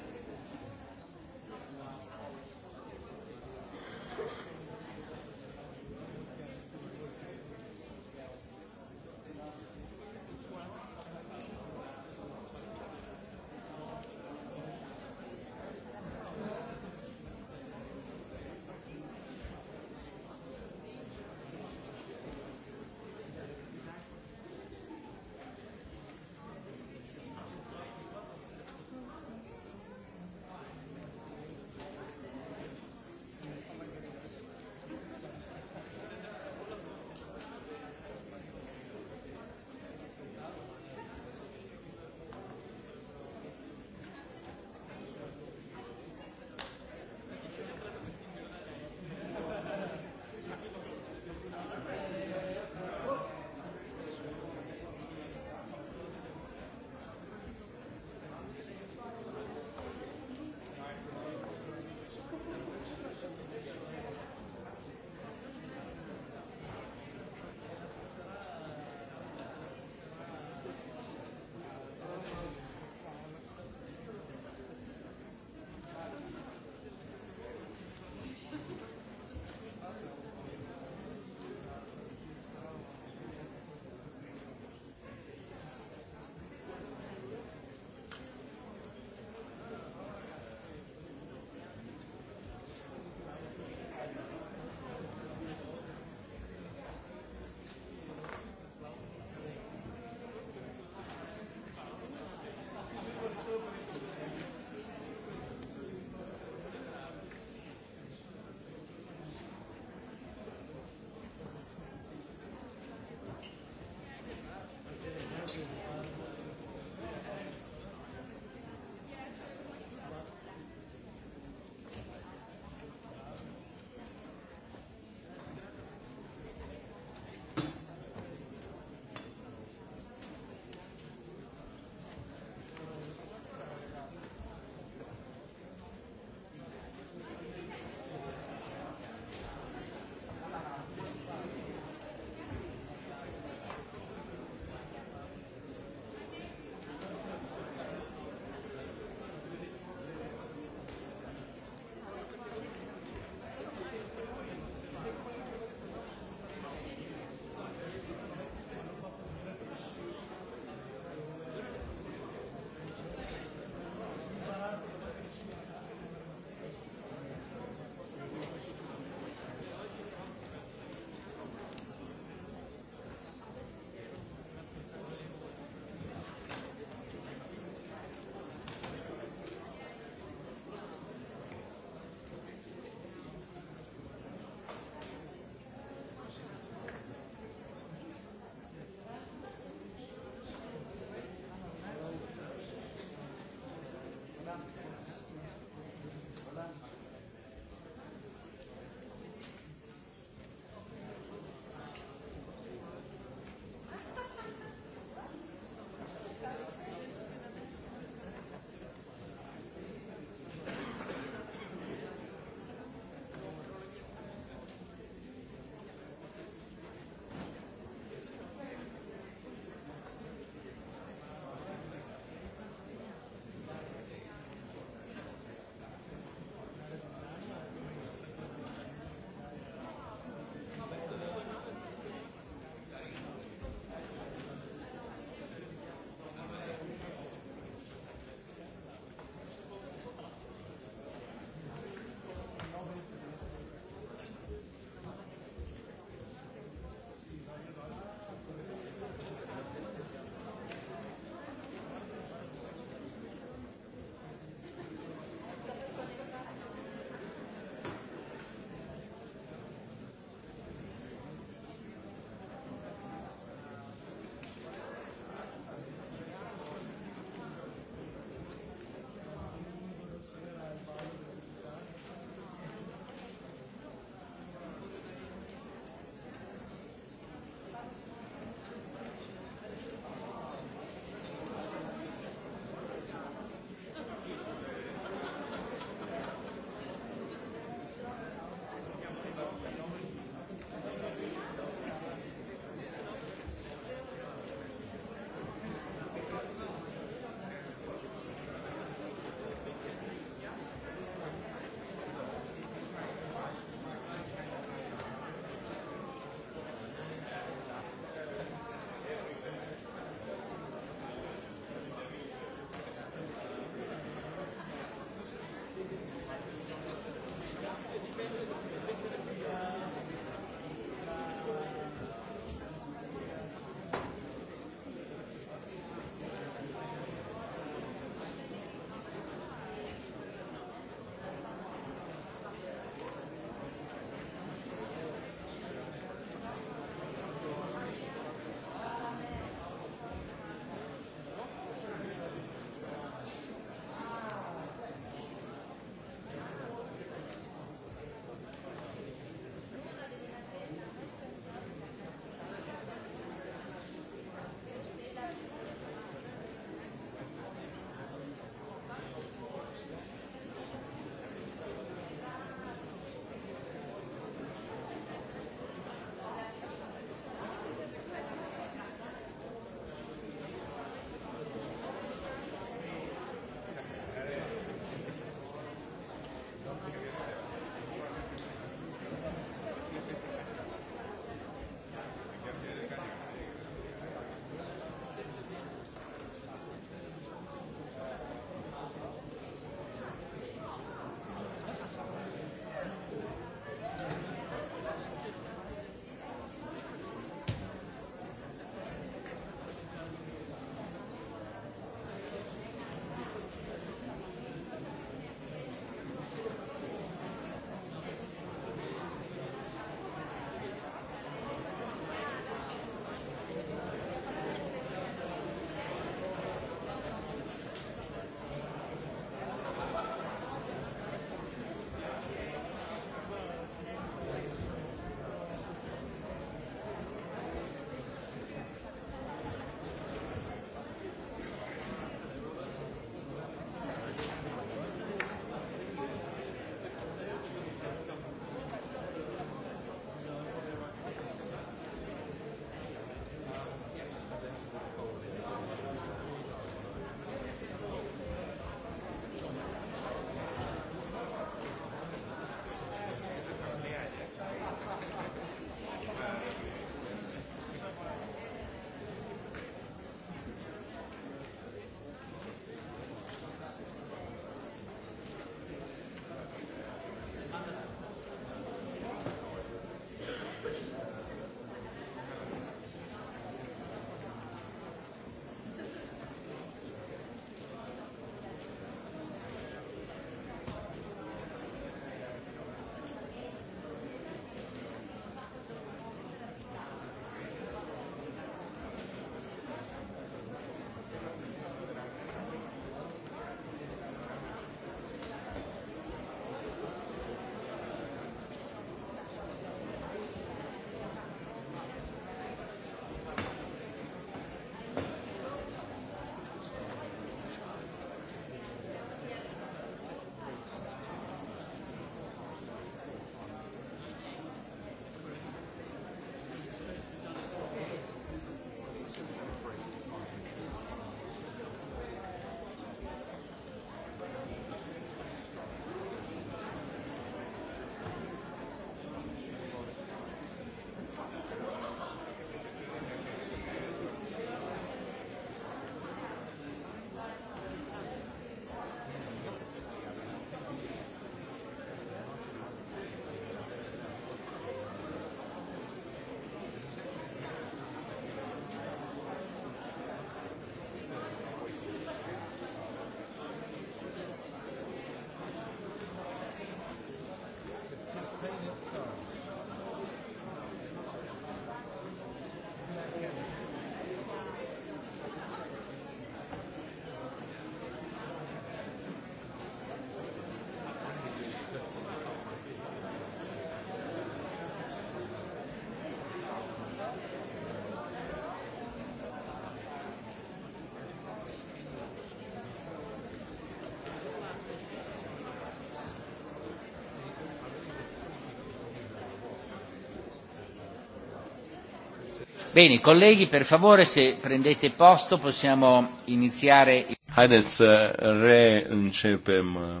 [SPEAKER 2] Bine, colleghi, per favore, se prendete posto, possiamo iniziare.
[SPEAKER 1] Haideți să reîncepem,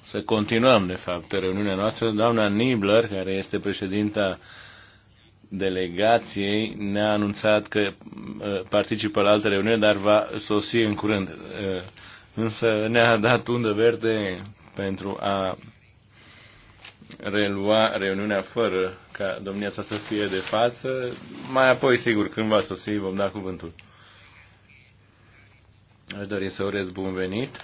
[SPEAKER 1] să continuăm, de fapt, reuniunea noastră. Doamna Nibler, care este președinta delegației, ne-a anunțat că uh, participă la altă reuniune, dar va sosi în curând. Uh, însă ne-a dat undă verde pentru a relua reuniunea fără ca domnia sa să fie de față. Mai apoi, sigur, când va sosi, vom da cuvântul. Aș dori să urez bun venit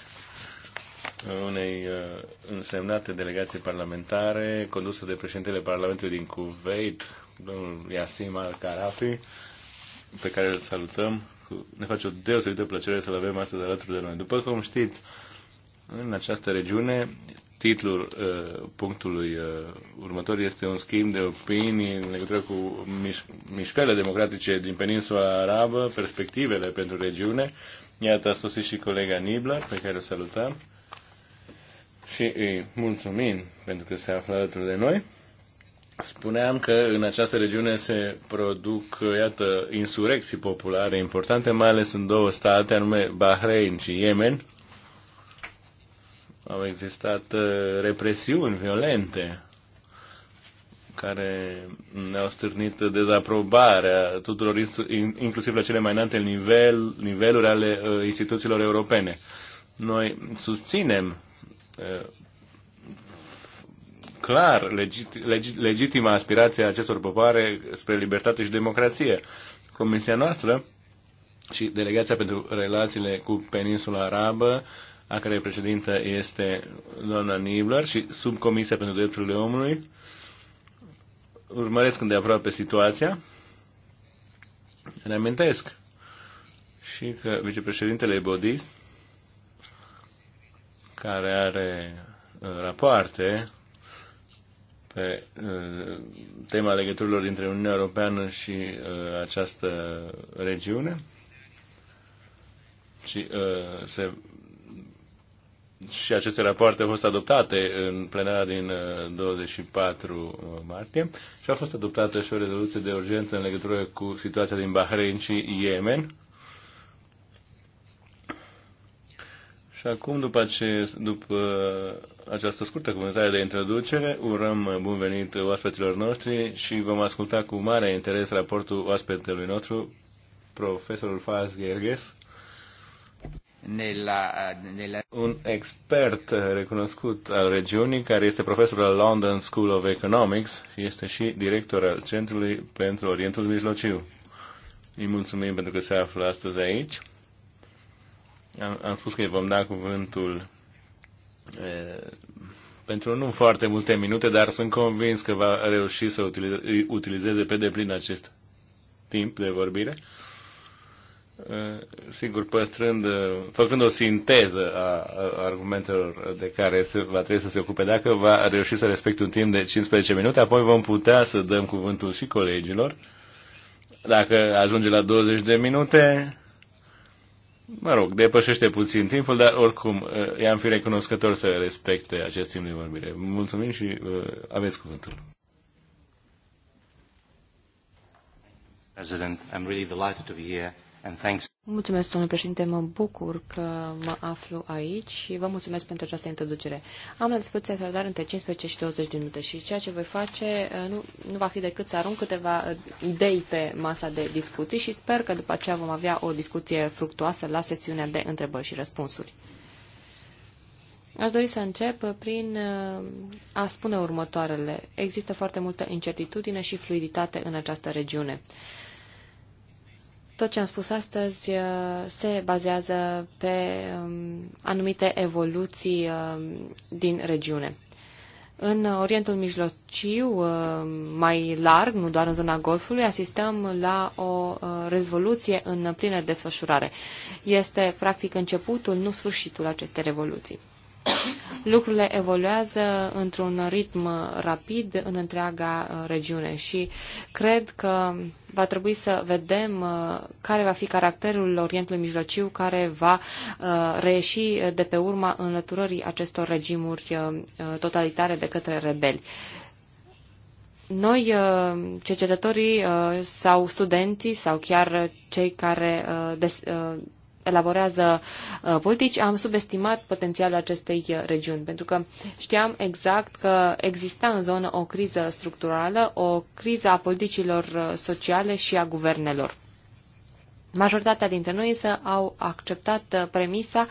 [SPEAKER 1] unei uh, însemnate delegații parlamentare condusă de președintele Parlamentului din Kuwait, domnul Yasim Al-Karafi, pe care îl salutăm. Ne face o deosebită plăcere să-l avem astăzi alături de noi. După cum știți, în această regiune. Titlul uh, punctului uh, următor este un schimb de opinii în legătură cu miș- mișcările democratice din peninsula arabă, perspectivele pentru regiune. Iată, a sosit și colega Nibla, pe care o salutăm și îi mulțumim pentru că se află alături de noi. Spuneam că în această regiune se produc, iată, insurecții populare importante, mai ales în două state, anume Bahrain și Yemen, au existat uh, represiuni violente care ne-au stârnit dezaprobarea tuturor, inclusiv la cele mai înalte nivel, niveluri ale uh, instituțiilor europene. Noi susținem uh, clar legit, legit, legitima aspirație a acestor popoare spre libertate și democrație. Comisia noastră și Delegația pentru Relațiile cu Peninsula Arabă uh, a cărei președintă este doamna Nibler și subcomisia pentru drepturile omului. Urmăresc aproape situația. Reamintesc și că vicepreședintele Bodis, care are uh, rapoarte pe uh, tema legăturilor dintre Uniunea Europeană și uh, această regiune, și uh, se și aceste rapoarte au fost adoptate în plenara din 24 uh, uh, martie și a fost adoptată și o rezoluție de urgență în legătură cu situația din Bahrain și Yemen. Și acum, după, ce, după această scurtă comentare de introducere, urăm bun venit oaspeților noștri și vom asculta cu mare interes raportul oaspetelui nostru, profesorul Faz Gerges, nella, eh, nella... Un expert recunoscut al regiunii, care este profesor la London School of Economics, este și director al Centrului pentru Orientul Mijlociu. Îi mulțumim pentru că se află astăzi aici. Am, am spus că îi vom da cuvântul e, pentru nu foarte multe minute, dar sunt convins că va reuși să utilize, utilizeze pe deplin acest timp de vorbire sigur, păstrând, făcând o sinteză a argumentelor de care se, va trebui să se ocupe. Dacă va reuși să respecte un timp de 15 minute, apoi vom putea să dăm cuvântul și colegilor. Dacă ajunge la 20 de minute, mă rog, depășește puțin timpul, dar oricum i-am fi recunoscător să respecte acest timp de vorbire. Mulțumim și uh, aveți cuvântul. President, I'm really delighted to be here.
[SPEAKER 3] Mulțumesc, domnule președinte, mă bucur că mă aflu aici și vă mulțumesc pentru această introducere. Am la dispoziție așadar între 15 și 20 de minute și ceea ce voi face uh, nu, nu va fi decât să arunc câteva uh, idei pe masa de discuții și sper că după aceea vom avea o discuție fructuoasă la sesiunea de întrebări și răspunsuri. Aș dori să încep prin uh, a spune următoarele. Există foarte multă incertitudine și fluiditate în această regiune. Tot ce am spus astăzi uh, se bazează pe um, anumite evoluții um, din regiune. În Orientul Mijlociu, uh, mai larg, nu doar în zona Golfului, asistăm la o uh, revoluție în plină desfășurare. Este practic începutul, nu sfârșitul acestei revoluții. Lucrurile evoluează într-un ritm rapid în întreaga uh, regiune și cred că va trebui să vedem uh, care va fi caracterul Orientului Mijlociu care va uh, reieși de pe urma înlăturării acestor regimuri totalitare de către rebeli. Noi, cercetătorii sau studenții sau chiar cei care elaborează uh, politici, am subestimat potențialul acestei uh, regiuni, pentru că știam exact că exista în zonă o criză structurală, o criză a politicilor uh, sociale și a guvernelor. Majoritatea dintre noi însă au acceptat premisa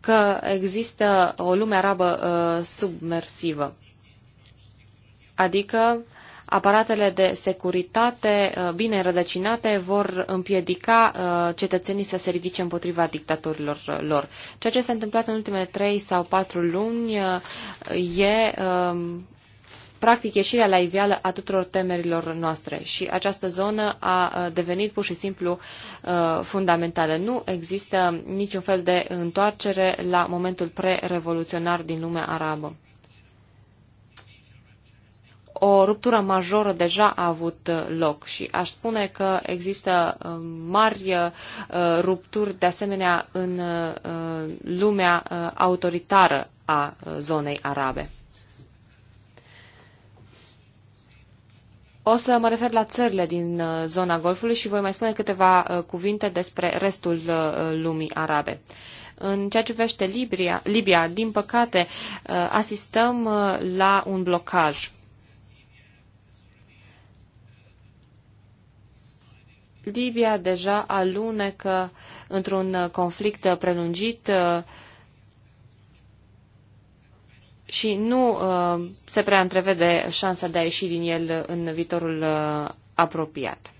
[SPEAKER 3] că există o lume arabă uh, submersivă, adică uh, aparatele de securitate uh, bine rădăcinate vor împiedica uh, cetățenii să se ridice împotriva dictatorilor uh, lor. Ceea ce s-a întâmplat în ultimele trei sau patru luni e um, practic ieșirea la iveală a tuturor temerilor noastre și această zonă a devenit pur și simplu fundamentală. Nu există niciun fel de întoarcere la momentul pre-revoluționar din lumea arabă o ruptură majoră deja a avut uh, loc și aș spune că există um, mari uh, rupturi de asemenea în uh, lumea autoritară a zonei arabe. O să mă refer la țările din zona Golfului și voi mai spune câteva cuvinte despre restul lumii arabe. În ceea ce privește Libia, Libia, din păcate, asistăm la un blocaj. Libia deja alunecă într-un conflict prelungit uh, și nu uh, se prea întrevede șansa de a ieși din el în viitorul uh, apropiat.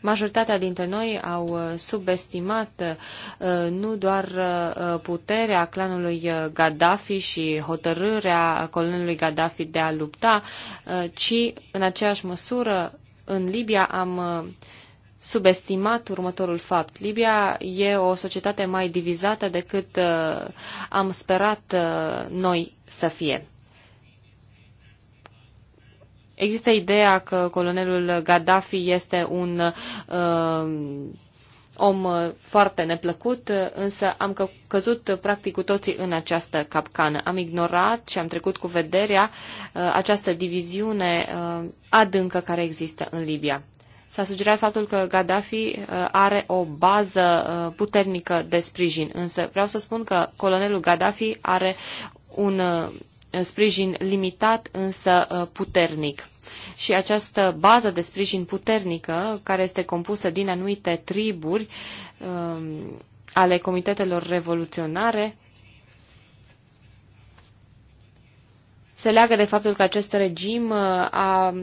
[SPEAKER 3] Majoritatea dintre noi au subestimat nu doar puterea clanului Gaddafi și hotărârea colonului Gaddafi de a lupta, ci în aceeași măsură în Libia am uh, subestimat următorul fapt. Libia e o societate mai divizată decât uh, am sperat uh, noi să fie. Există ideea că colonelul Gaddafi este un uh, om uh, foarte neplăcut, uh, însă am căzut uh, practic cu toții în această capcană. Am ignorat și am trecut cu vederea această diviziune adâncă care există în Libia. S-a sugerat faptul că Gaddafi are o bază puternică de sprijin, însă vreau să spun că colonelul Gaddafi are un sprijin limitat, însă uh, puternic. Și această bază de sprijin puternică, care este compusă din anumite triburi um, ale comitetelor revoluționare, se leagă de faptul că acest regim uh, a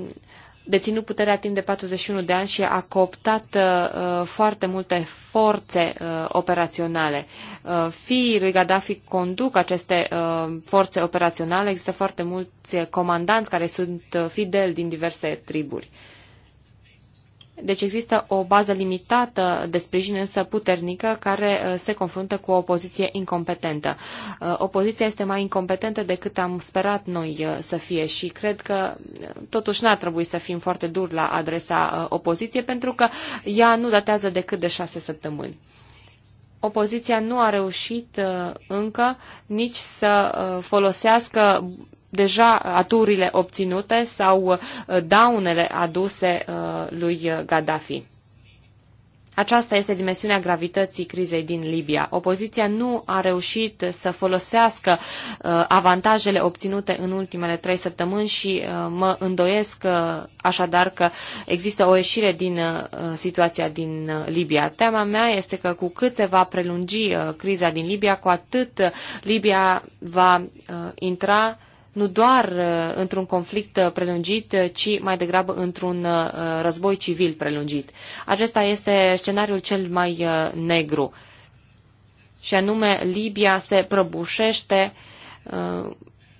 [SPEAKER 3] deținut puterea timp de 41 de ani și a cooptat uh, uh, foarte multe forțe uh, operaționale. Uh, fii lui Gaddafi conduc aceste uh, forțe operaționale, există foarte mulți comandanți care sunt uh, fideli din diverse triburi. Uh, deci există o bază limitată de sprijin, însă puternică, care uh, se confruntă cu o opoziție incompetentă. Uh, opoziția este mai incompetentă decât am sperat noi uh, să fie și cred că totuși n-ar trebui să fim foarte duri la adresa opoziției, pentru că ea nu datează decât de șase săptămâni opoziția nu a reușit încă nici să folosească deja aturile obținute sau uh, daunele aduse uh, lui Gaddafi. Aceasta este dimensiunea gravității crizei din Libia. Opoziția nu a reușit să folosească uh, avantajele obținute în ultimele trei săptămâni și mă îndoiesc așadar că există o ieșire din situația din Libia. Teama mea este că cu cât se va prelungi criza din Libia, cu atât Libia va intra nu doar uh, într-un conflict uh, prelungit, uh, ci mai degrabă într-un război civil prelungit. Acesta este scenariul cel mai negru. Și anume, Libia se prăbușește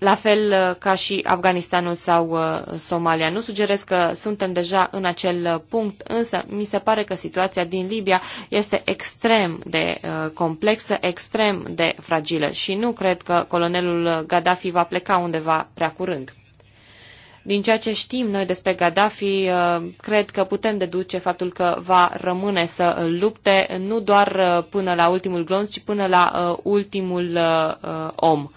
[SPEAKER 3] la fel uh, ca și Afganistanul sau uh, Somalia. Nu sugerez că suntem deja în acel uh, punct, însă mi se pare că situația din Libia este extrem de complexă, extrem de fragilă și nu cred că colonelul Gaddafi va pleca undeva prea curând. Din ceea ce știm noi despre Gaddafi, cred că putem deduce faptul că va rămâne să lupte nu doar până la ultimul glonț, ci până la ultimul om.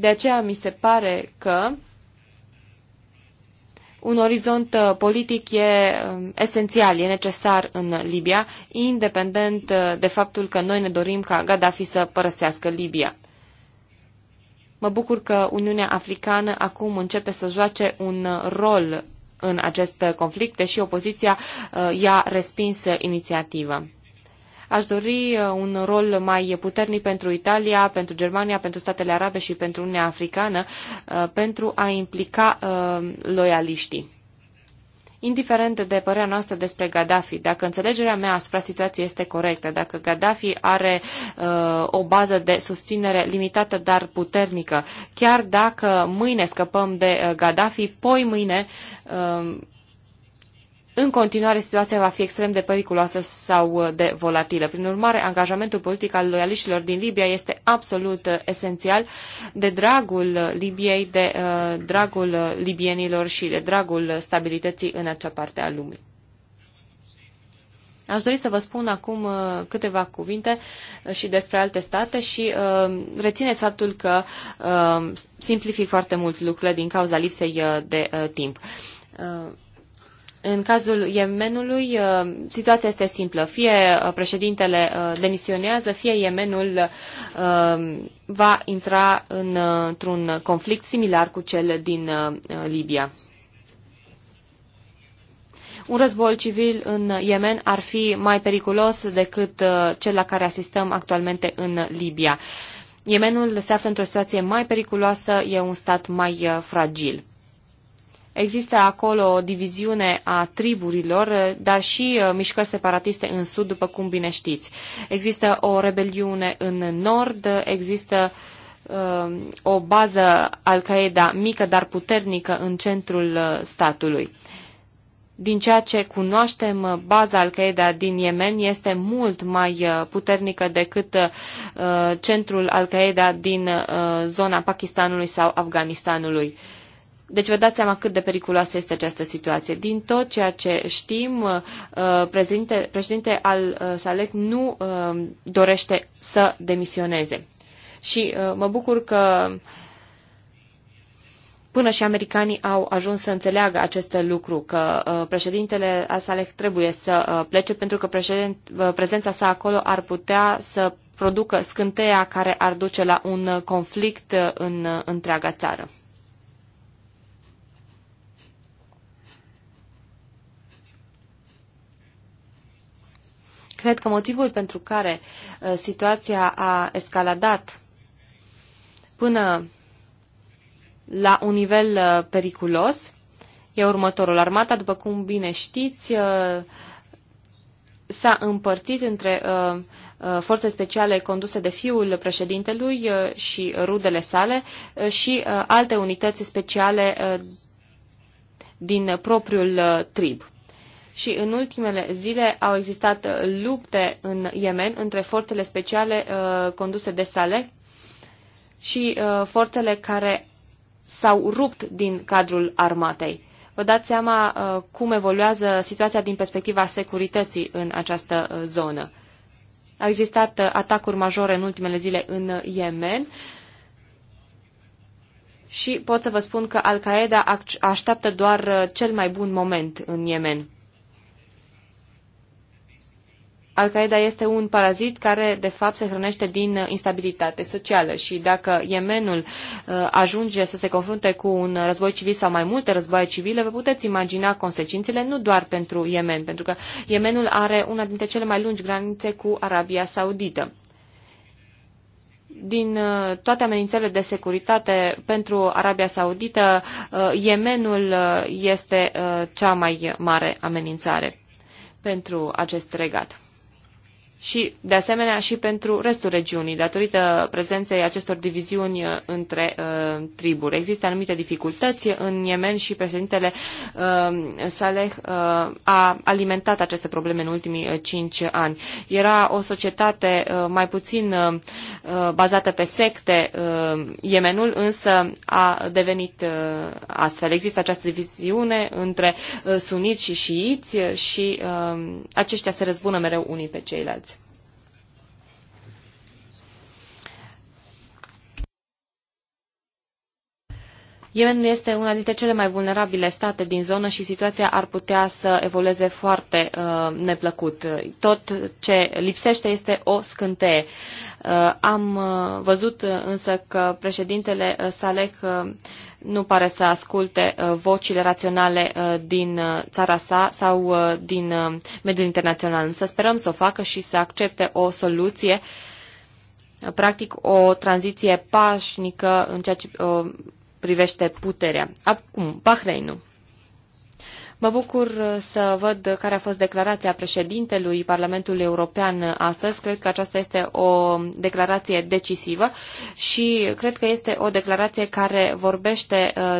[SPEAKER 3] De aceea mi se pare că un orizont uh, politic e um, esențial, e necesar în Libia, independent uh, de faptul că noi ne dorim ca Gaddafi să părăsească Libia. Mă bucur că Uniunea Africană acum începe să joace un uh, rol în acest conflict, deși opoziția i-a respins inițiativa. Aș dori uh, un rol mai puternic pentru Italia, pentru Germania, pentru statele arabe și pentru Uniunea Africană uh, pentru a implica uh, loialiștii. Indiferent de părerea noastră despre Gaddafi, dacă înțelegerea mea asupra situației este corectă, dacă Gaddafi are uh, o bază de susținere limitată, dar puternică, chiar dacă mâine scăpăm de uh, Gaddafi, poi mâine uh, în continuare situația va fi extrem de periculoasă sau uh, de volatilă. Prin urmare, angajamentul politic al loialiștilor din Libia este absolut uh, esențial de dragul uh, Libiei, de dragul libienilor și de dragul stabilității în acea parte a lumii. Aș dori să vă spun acum câteva cuvinte și despre alte state și rețineți faptul că simplific foarte mult lucrurile din cauza lipsei de timp. În cazul Yemenului, uh, situația este simplă. Fie uh, președintele uh, demisionează, fie Yemenul va intra într-un conflict similar cu cel din Libia. Un război civil în Yemen ar fi mai periculos decât cel la care asistăm actualmente în Libia. Yemenul se află într-o situație mai periculoasă, e un stat mai fragil. Există acolo o diviziune a triburilor, eh, dar și eh, mișcări separatiste în sud, după cum bine știți. Există o rebeliune în nord, există uh, o bază Al-Qaeda mică, dar puternică în centrul statului. Din ceea ce cunoaștem, baza Al-Qaeda din Yemen este mult mai puternică decât uh, centrul Al-Qaeda din uh, zona Pakistanului sau Afganistanului. Uh, deci vă dați seama cât de periculoasă este această situație. Din tot ceea ce știm, uh, președinte, președinte al uh, Salek nu uh, dorește să demisioneze. Și mă bucur că până și americanii au ajuns să înțeleagă acest lucru, că președintele Salek trebuie să plece pentru că prezența sa acolo ar putea să producă scânteia care ar duce la un conflict în întreaga țară. Cred că motivul pentru care uh, situația a escaladat până la un nivel uh, periculos e următorul. Armata, după cum bine știți, uh, s-a împărțit între forțe speciale conduse de fiul președintelui și rudele sale și alte unități speciale din propriul trib și în ultimele zile au existat uh, lupte în Yemen între forțele speciale uh, conduse de Saleh și uh, forțele care s-au rupt din cadrul armatei. Vă dați seama uh, cum evoluează situația din perspectiva securității în această uh, zonă. Au existat uh, atacuri majore în ultimele zile în uh, Yemen și pot să vă spun că Al-Qaeda așteaptă doar uh, cel mai bun moment în Yemen. Al-Qaeda este un parazit care, de fapt, se hrănește din uh, instabilitate socială și dacă Yemenul uh, ajunge să se confrunte cu un război civil sau mai multe războaie civile, vă puteți imagina consecințele nu doar pentru Yemen, pentru că Yemenul are una dintre cele mai lungi granițe cu Arabia Saudită din uh, toate amenințele de securitate pentru Arabia Saudită, Yemenul este cea mai mare amenințare pentru acest regat și, de asemenea, și pentru restul regiunii, datorită prezenței acestor diviziuni uh, între uh, triburi. Există anumite dificultăți în Yemen și președintele uh, Saleh uh, a alimentat aceste probleme în ultimii uh, cinci uh, ani. Era o societate uh, mai puțin uh, uh, bazată pe secte, uh, Yemenul însă a devenit uh, astfel. Există această diviziune între uh, suniți și șiiți și uh, aceștia se răzbună mereu unii pe ceilalți. Yemenul este una dintre cele mai vulnerabile state din zonă și situația ar putea să evolueze foarte uh, neplăcut. Tot ce lipsește este o scânteie. Uh, am uh, văzut uh, însă că președintele uh, Saleh uh, nu pare să asculte uh, vocile raționale uh, din uh, țara sa sau uh, din uh, mediul internațional. Însă sperăm să o facă și să accepte o soluție, uh, practic o tranziție pașnică în ceea ce, uh, privește puterea. Acum, Bahreinul. Mă bucur uh, să văd care a fost declarația președintelui Parlamentului European astăzi. Cred că aceasta este o declarație decisivă și cred că este o declarație care vorbește uh,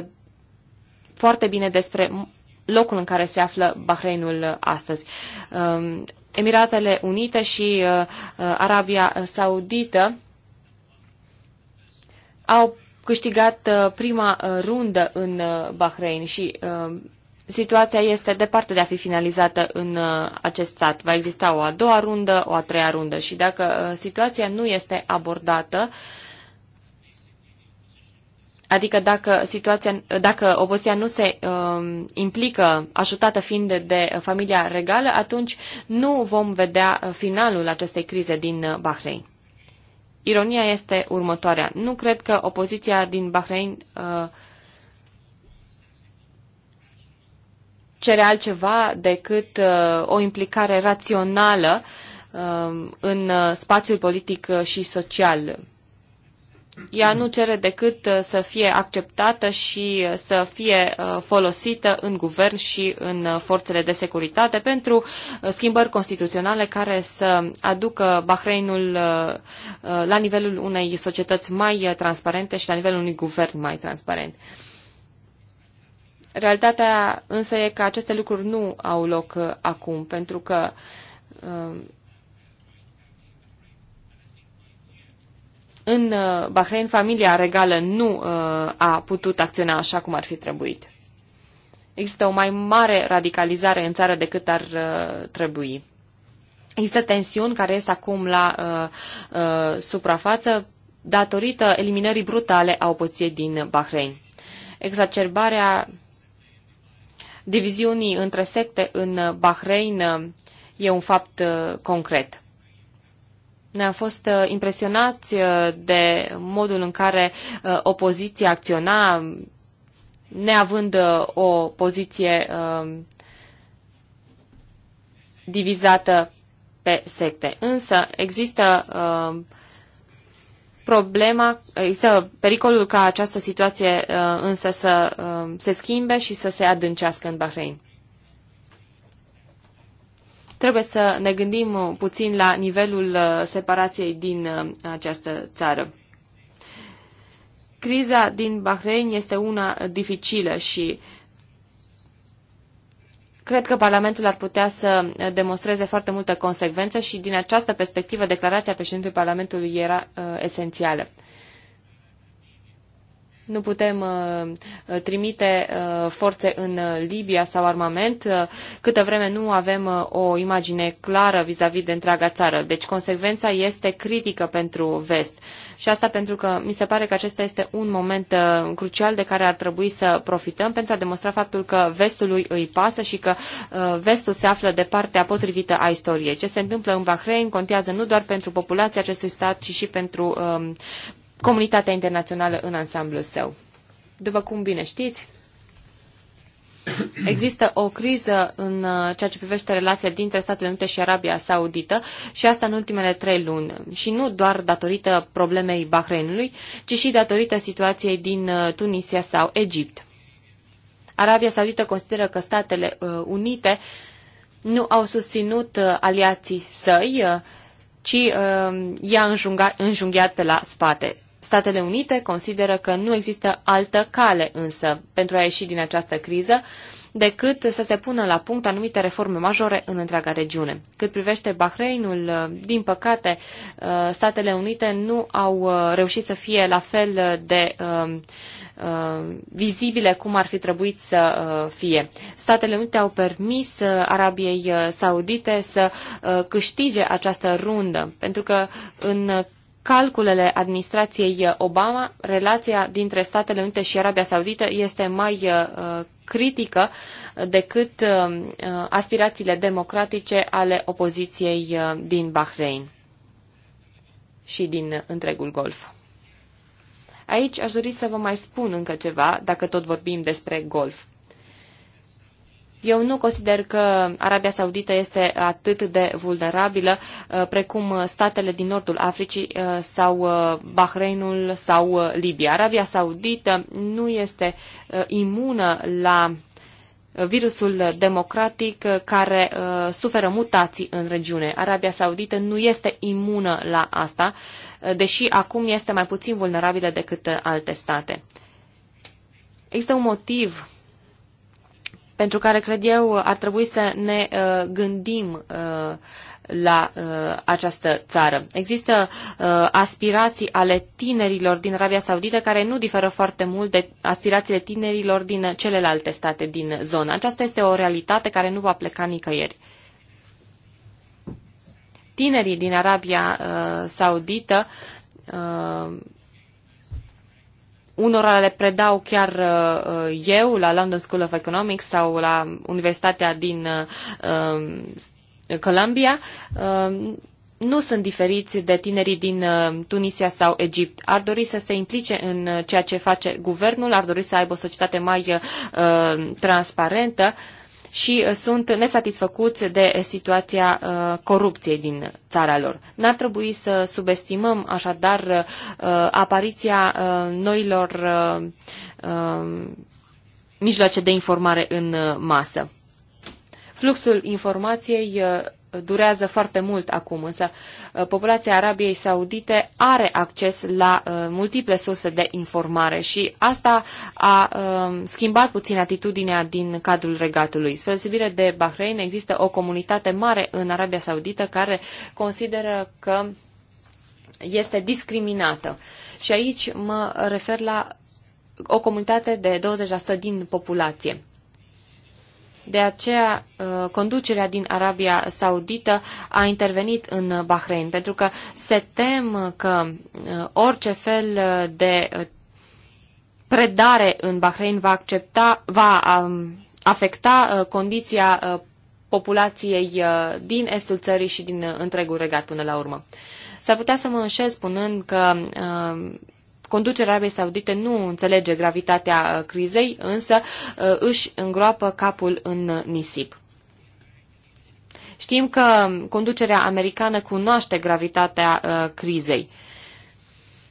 [SPEAKER 3] foarte bine despre locul în care se află Bahreinul astăzi. Um, Emiratele Unite și uh, Arabia Saudită au câștigat uh, prima uh, rundă în uh, Bahrain și situația este departe de a fi finalizată în acest stat. Va exista o a doua rundă, o a treia rundă și dacă situația nu este abordată, Adică dacă, situația, dacă opoziția nu se uh, implică, ajutată fiind de, de familia regală, atunci nu vom vedea finalul acestei crize din Bahrain. Ironia este următoarea. Nu cred că opoziția din Bahrain uh, cere altceva decât uh, o implicare rațională uh, în uh, spațiul politic uh, și social ea nu cere decât uh, să fie acceptată și uh, să fie uh, folosită în guvern și în forțele de securitate pentru schimbări constituționale care să aducă Bahreinul la nivelul unei societăți mai transparente și la nivelul unui guvern mai transparent. Realitatea însă e că aceste lucruri nu au loc acum, pentru că În uh, Bahrain, familia regală nu uh, a putut acționa așa cum ar fi trebuit. Există o mai mare radicalizare în țară decât ar uh, trebui. Există tensiuni care este acum la uh, uh, suprafață datorită eliminării brutale a opoziției din Bahrain. Exacerbarea diviziunii între secte în Bahrain e un fapt concret ne-am fost uh, impresionați uh, de modul în care uh, opoziția acționa, neavând o poziție divizată pe secte. Însă există problema, există pericolul ca această situație însă să se schimbe și să se adâncească în Bahrain. Trebuie să ne gândim puțin la nivelul uh, separației din uh, această țară. Criza din Bahrain este una dificilă și cred că Parlamentul ar putea să demonstreze foarte multă consecvență și din această perspectivă declarația președintelui Parlamentului era uh, esențială. Nu putem uh, trimite uh, forțe în uh, Libia sau armament câtă vreme nu avem o imagine clară vis-a-vis -vis de întreaga țară. Deci consecvența este critică pentru vest. Și asta pentru că mi se pare că acesta este un moment crucial de care ar trebui să profităm pentru a demonstra faptul că vestului îi pasă și că vestul se află de partea potrivită a istoriei. Ce se întâmplă în Bahrain contează nu doar pentru populația acestui stat, ci și pentru um, comunitatea internațională în ansamblu său. După cum bine știți, Există o criză în uh, ceea ce privește relația dintre Statele Unite și Arabia Saudită și asta în ultimele trei luni. Și nu doar datorită problemei Bahreinului, ci și datorită situației din uh, Tunisia sau Egipt. Arabia Saudită consideră că Statele uh, Unite nu au susținut aliații săi, ci i-a înjunghiat pe la spate. Statele Unite consideră că nu există altă cale însă pentru a ieși din această criză decât să se pună la punct anumite reforme majore în întreaga regiune. Cât privește Bahreinul, din păcate, uh, Statele Unite nu au uh, reușit să fie la fel de uh, vizibile cum ar fi trebuit să fie. Statele Unite au permis Arabiei Saudite să câștige această rundă, pentru că în calculele administrației Obama, relația dintre Statele Unite și Arabia Saudită este mai uh, critică decât uh, uh, aspirațiile democratice ale opoziției din Bahrain și din întregul Golf. Aici aș dori să vă mai spun încă ceva, dacă tot vorbim despre golf. Eu nu consider că Arabia Saudită este atât de vulnerabilă uh, precum uh, statele din nordul Africii uh, sau Bahreinul sau Libia. Arabia Saudită nu este imună la virusul democratic care suferă mutații în regiune. Arabia Saudită nu este imună la asta, deși acum este mai puțin vulnerabilă decât alte state. Există un motiv pentru care cred eu ar trebui să ne uh, gândim uh, la uh, această țară. Există uh, aspirații ale tinerilor din Arabia Saudită care nu diferă foarte mult de aspirațiile tinerilor din celelalte state din zonă. Aceasta este o realitate care nu va pleca nicăieri. Tinerii din Arabia uh, Saudită uh, unora le predau chiar uh, uh, eu la London School of Economics sau la Universitatea din uh, um, Columbia, um, nu sunt diferiți de tinerii din Tunisia sau Egipt. Ar dori să se implice în ceea ce face guvernul, ar dori să aibă o societate mai transparentă și uh, sunt nesatisfăcuți de situația uh, corupției din țara lor. N-ar trebui să subestimăm așadar uh, apariția noilor mijloace de informare în masă. Fluxul informației durează foarte mult acum, însă uh, populația Arabiei Saudite are acces la uh, multiple surse de informare și asta a um, schimbat puțin atitudinea din cadrul regatului. Spre deosebire de Bahrain, există o comunitate mare în Arabia Saudită care consideră că este discriminată. Și aici mă refer la o comunitate de 20% din populație. De aceea, uh, conducerea din Arabia Saudită a intervenit în Bahrain, pentru că se tem că uh, orice fel de uh, predare în Bahrain va accepta, va um, afecta condiția populației din estul țării și din întregul regat până la urmă. S-ar putea să mă înșel spunând că Conducerea Arabiei Saudite nu înțelege gravitatea uh, crizei, însă uh, își îngroapă capul în nisip. Știm că conducerea americană cunoaște gravitatea uh, crizei,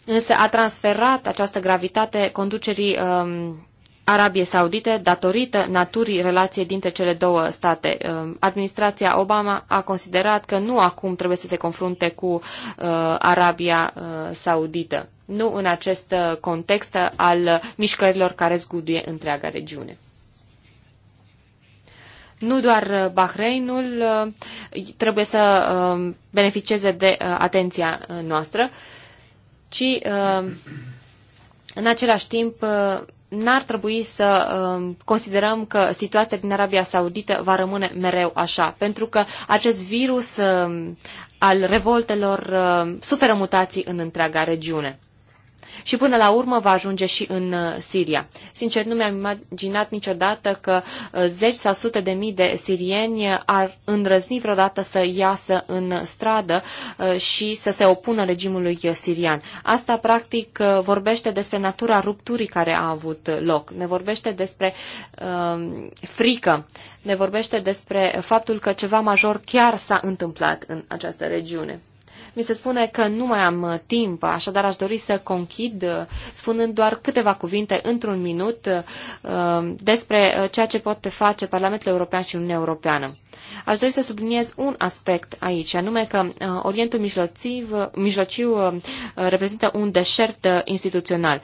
[SPEAKER 3] însă a transferat această gravitate conducerii um, Arabie Saudite datorită naturii relației dintre cele două state. Um, administrația Obama a considerat că nu acum trebuie să se confrunte cu uh, Arabia uh, Saudită nu în acest uh, context al uh, mișcărilor care zguduie întreaga regiune. Nu doar uh, Bahreinul trebuie să beneficieze de atenția noastră, ci în același timp n-ar trebui să um, considerăm că situația din Arabia Saudită va rămâne mereu așa, pentru că acest virus um, al revoltelor um, suferă mutații în întreaga regiune și până la urmă va ajunge și în uh, Siria. Sincer, nu mi-am imaginat niciodată că uh, zeci sau sute de mii de sirieni ar îndrăzni vreodată să iasă în stradă uh, și să se opună regimului sirian. Asta, practic, vorbește despre natura rupturii care a avut loc. Ne vorbește despre um, frică, ne vorbește despre faptul că ceva major chiar s-a întâmplat în această regiune. Mi se spune că nu mai am uh, timp, așadar aș dori să conchid uh, spunând doar câteva cuvinte într-un minut uh, despre ceea ce pot face Parlamentul European și Uniunea Europeană. Aș dori să subliniez un aspect aici, anume că Orientul Mijlociv, Mijlociu reprezintă un deșert instituțional.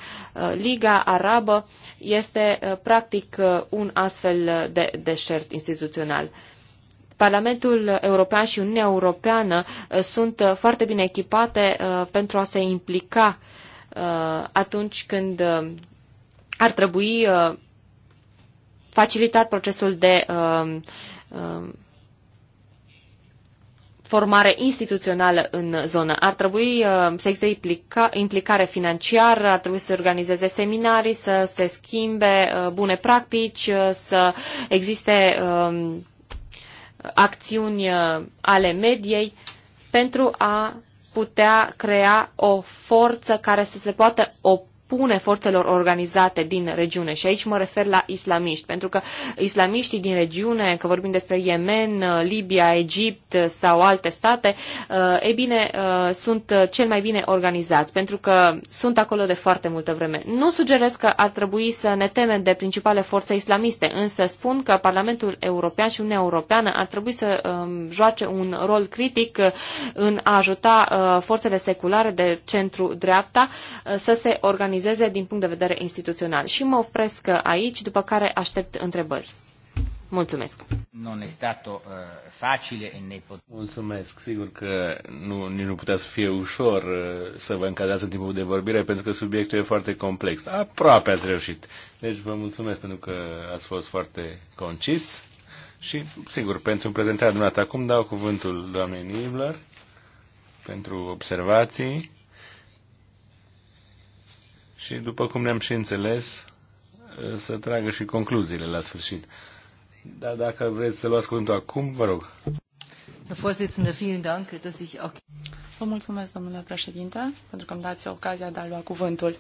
[SPEAKER 3] Liga Arabă este practic un astfel de deșert instituțional. Parlamentul European și Uniunea Europeană uh, sunt uh, foarte bine echipate uh, pentru a se implica atunci când ar trebui facilitat procesul de formare instituțională în zonă. Ar trebui să existe implica, implicare financiară, ar trebui să se organizeze seminarii, să se schimbe bune practici, să existe um, acțiuni uh, ale mediei pentru a putea crea o forță care să se poată opune opune forțelor organizate din regiune. Și aici mă refer la islamiști, pentru că islamiștii din regiune, că vorbim despre Yemen, uh, Libia, Egipt uh, sau alte state, uh, e bine, sunt cel mai bine organizați, pentru că sunt acolo de foarte multă vreme. Nu sugerez că ar trebui să ne temem de principale forțe islamiste, însă spun că Parlamentul European și Uniunea Europeană ar trebui să um, joace un rol critic în a ajuta forțele seculare de centru-dreapta să se organizeze organizeze din punct de vedere instituțional. Și mă opresc aici, după care aștept întrebări. Mulțumesc.
[SPEAKER 2] Non è stato uh, facile e ne pot...
[SPEAKER 1] Mulțumesc. Sigur că nu, nici nu putea să fie ușor uh, să vă încadrați în timpul de vorbire pentru că subiectul e foarte complex. Aproape ați reușit. Deci vă mulțumesc pentru că ați fost foarte concis și, sigur, pentru prezentarea dumneavoastră. Acum dau cuvântul doamnei Nibler pentru observații și, după cum ne-am și înțeles, să tragă și concluziile la sfârșit. Dar dacă vreți să luați cuvântul acum, vă rog.
[SPEAKER 2] Vă
[SPEAKER 4] mulțumesc, domnule președinte, pentru că îmi dați ocazia de a lua cuvântul.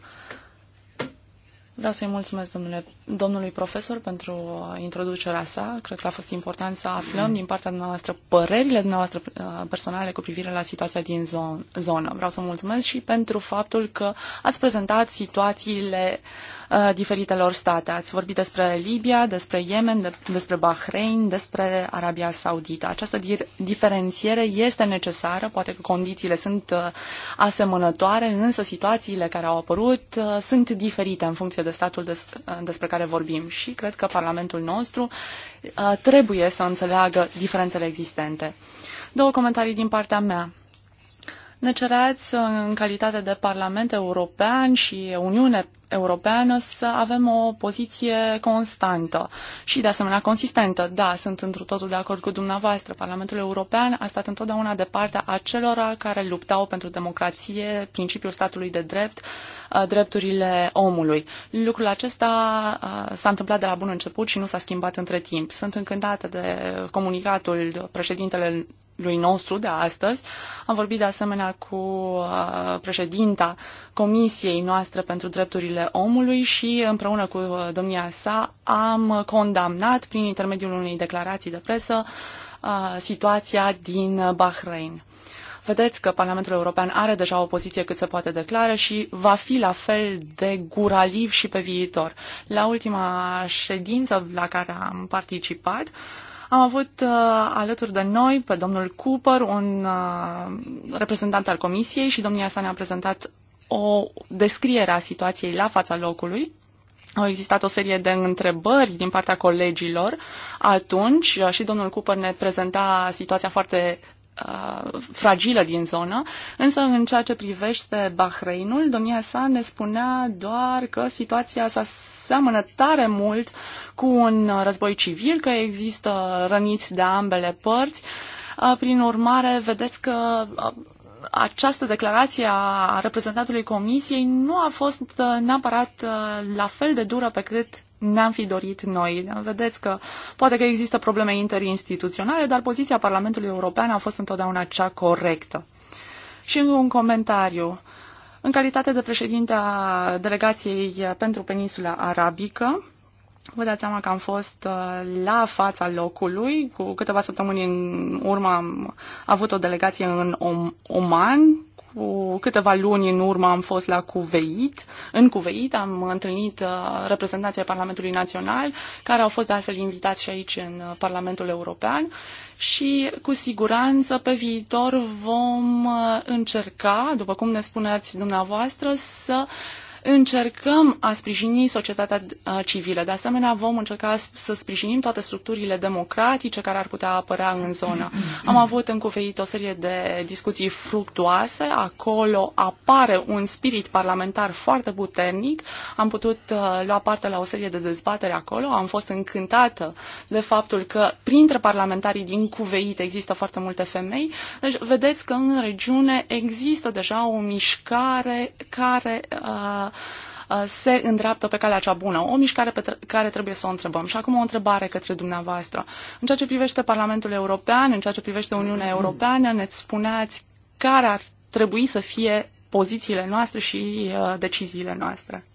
[SPEAKER 4] Vreau să-i mulțumesc domnule, domnului profesor pentru introducerea sa. Cred că a fost important să aflăm din partea noastră părerile noastre uh, personale cu privire la situația din zonă. Vreau să mulțumesc și pentru faptul că ați prezentat situațiile uh, Uh, diferitelor state. Ați vorbit despre Libia, despre Yemen, de, despre Bahrain, despre Arabia Saudită. Această diferențiere este necesară, poate că condițiile sunt uh, asemănătoare, însă situațiile care au apărut uh, sunt diferite în funcție de statul des, despre care vorbim și cred că Parlamentul nostru trebuie să înțeleagă diferențele existente. Două comentarii din partea mea. Ne cereați în calitate de Parlament European și Uniune Europeană să avem o poziție constantă și, de asemenea, consistentă. Da, sunt întru totul de acord cu dumneavoastră. Parlamentul European a stat întotdeauna de partea acelora care luptau pentru democrație, principiul statului de drept, drepturile omului. Lucrul acesta s-a întâmplat de la bun început și nu s-a schimbat între timp. Sunt încântată de comunicatul președintele lui nostru de astăzi. Am vorbit de asemenea cu președinta Comisiei noastre pentru drepturile drepturile omului și împreună cu uh, domnia sa am condamnat prin intermediul unei declarații de presă uh, situația din Bahrain. Vedeți că Parlamentul European are deja o poziție cât se poate declară și va fi la fel de guraliv și pe viitor. La ultima ședință la care am participat, am avut uh, alături de noi pe domnul Cooper, un uh, reprezentant al Comisiei și domnia sa ne-a prezentat o descriere a situației la fața locului. Au existat o serie de întrebări din partea colegilor. Atunci uh, și domnul Cooper ne prezenta situația foarte uh, fragilă din zonă, însă în ceea ce privește Bahreinul, domnia sa ne spunea doar că situația sa seamănă tare mult cu un război civil, că există răniți de ambele părți. Uh, prin urmare, vedeți că această declarație a reprezentantului Comisiei nu a fost uh, neapărat uh, la fel de dură pe cât ne-am fi dorit noi. Vedeți că poate că există probleme interinstituționale, dar poziția Parlamentului European a fost întotdeauna cea corectă. Și un comentariu. În calitate de președinte a delegației pentru peninsula arabică, Vă dați seama că am fost uh, la fața locului. Cu câteva săptămâni în urmă am avut o delegație în Oman. Cu câteva luni în urmă am fost la Cuveit. În Cuveit am întâlnit uh, reprezentanții Parlamentului Național, care au fost de altfel invitați și aici în uh, Parlamentul European. Și cu siguranță pe viitor vom încerca, după cum ne spuneați dumneavoastră, să uh, încercăm a sprijini societatea uh, civilă. De asemenea, vom încerca să sprijinim toate structurile democratice care ar putea apărea în zonă. Am avut în încuverit o serie de discuții fructuoase, acolo apare un spirit parlamentar foarte puternic, am putut uh, lua parte la o serie de dezbatere acolo, am fost încântată de faptul că printre parlamentarii din Cuveit există foarte multe femei, deci vedeți că în regiune există deja o mișcare care uh, Uh, se îndreaptă pe calea cea bună, o mișcare pe care trebuie să o întrebăm. Și acum o întrebare către dumneavoastră. În ceea ce privește Parlamentul European, în ceea ce privește Uniunea Europeană, ne-ți spuneați care ar trebui să fie pozițiile noastre și uh, deciziile noastre.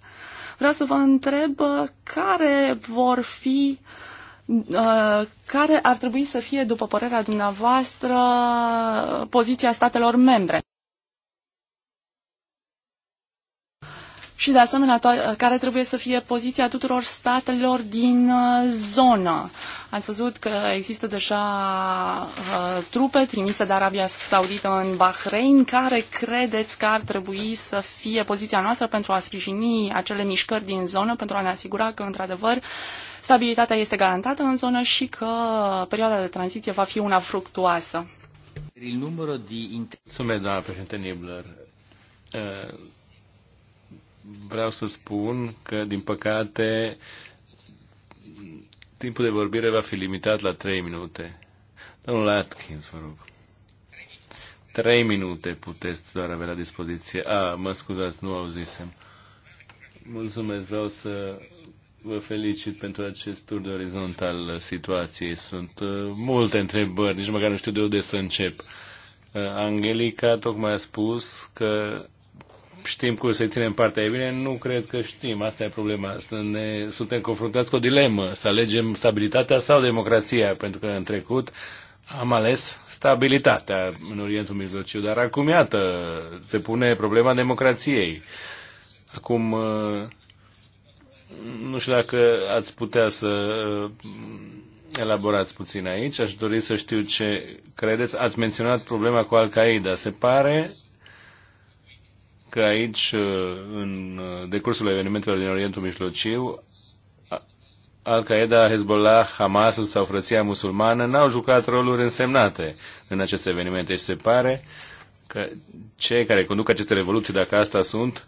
[SPEAKER 4] Vreau să vă întreb uh, care vor fi uh, care ar trebui să fie, după părerea dumneavoastră, poziția statelor membre. și, de asemenea, care trebuie să fie poziția tuturor statelor din uh, zonă. Ați văzut că există deja uh, trupe trimise de Arabia Saudită în Bahrain. Care credeți că ar trebui să fie poziția noastră pentru a sprijini acele mișcări din zonă, pentru a ne asigura că, într-adevăr, stabilitatea este garantată în zonă și că perioada de tranziție va fi una fructuoasă?
[SPEAKER 1] Mulțumesc, doamna președinte Nibler. Uh vreau să spun că, din păcate, timpul de vorbire va fi limitat la 3 minute. Domnul Atkins, vă rog. 3 minute puteți doar avea la dispoziție. A, mă scuzați, nu auzisem. Mulțumesc, vreau să vă felicit pentru acest tur de orizont al situației. Sunt uh, multe întrebări, nici măcar nu știu de unde să încep. Uh, Angelica tocmai a spus că știm cum să-i ținem partea. ei bine, nu cred că știm. Asta e problema. Să ne, suntem confruntați cu o dilemă. Să alegem stabilitatea sau democrația. Pentru că în trecut am ales stabilitatea în Orientul Mijlociu. Dar acum, iată, se pune problema democrației. Acum, uh, nu știu dacă ați putea să uh, elaborați puțin aici. Aș dori să știu ce credeți. Ați menționat problema cu Al-Qaeda. Se pare că aici, uh, în uh, decursul evenimentelor din Orientul Mijlociu, al-Qaeda, Hezbollah, Hamasul sau frăția musulmană n-au jucat roluri însemnate în aceste evenimente și deci se pare că cei care conduc aceste revoluții, dacă asta sunt,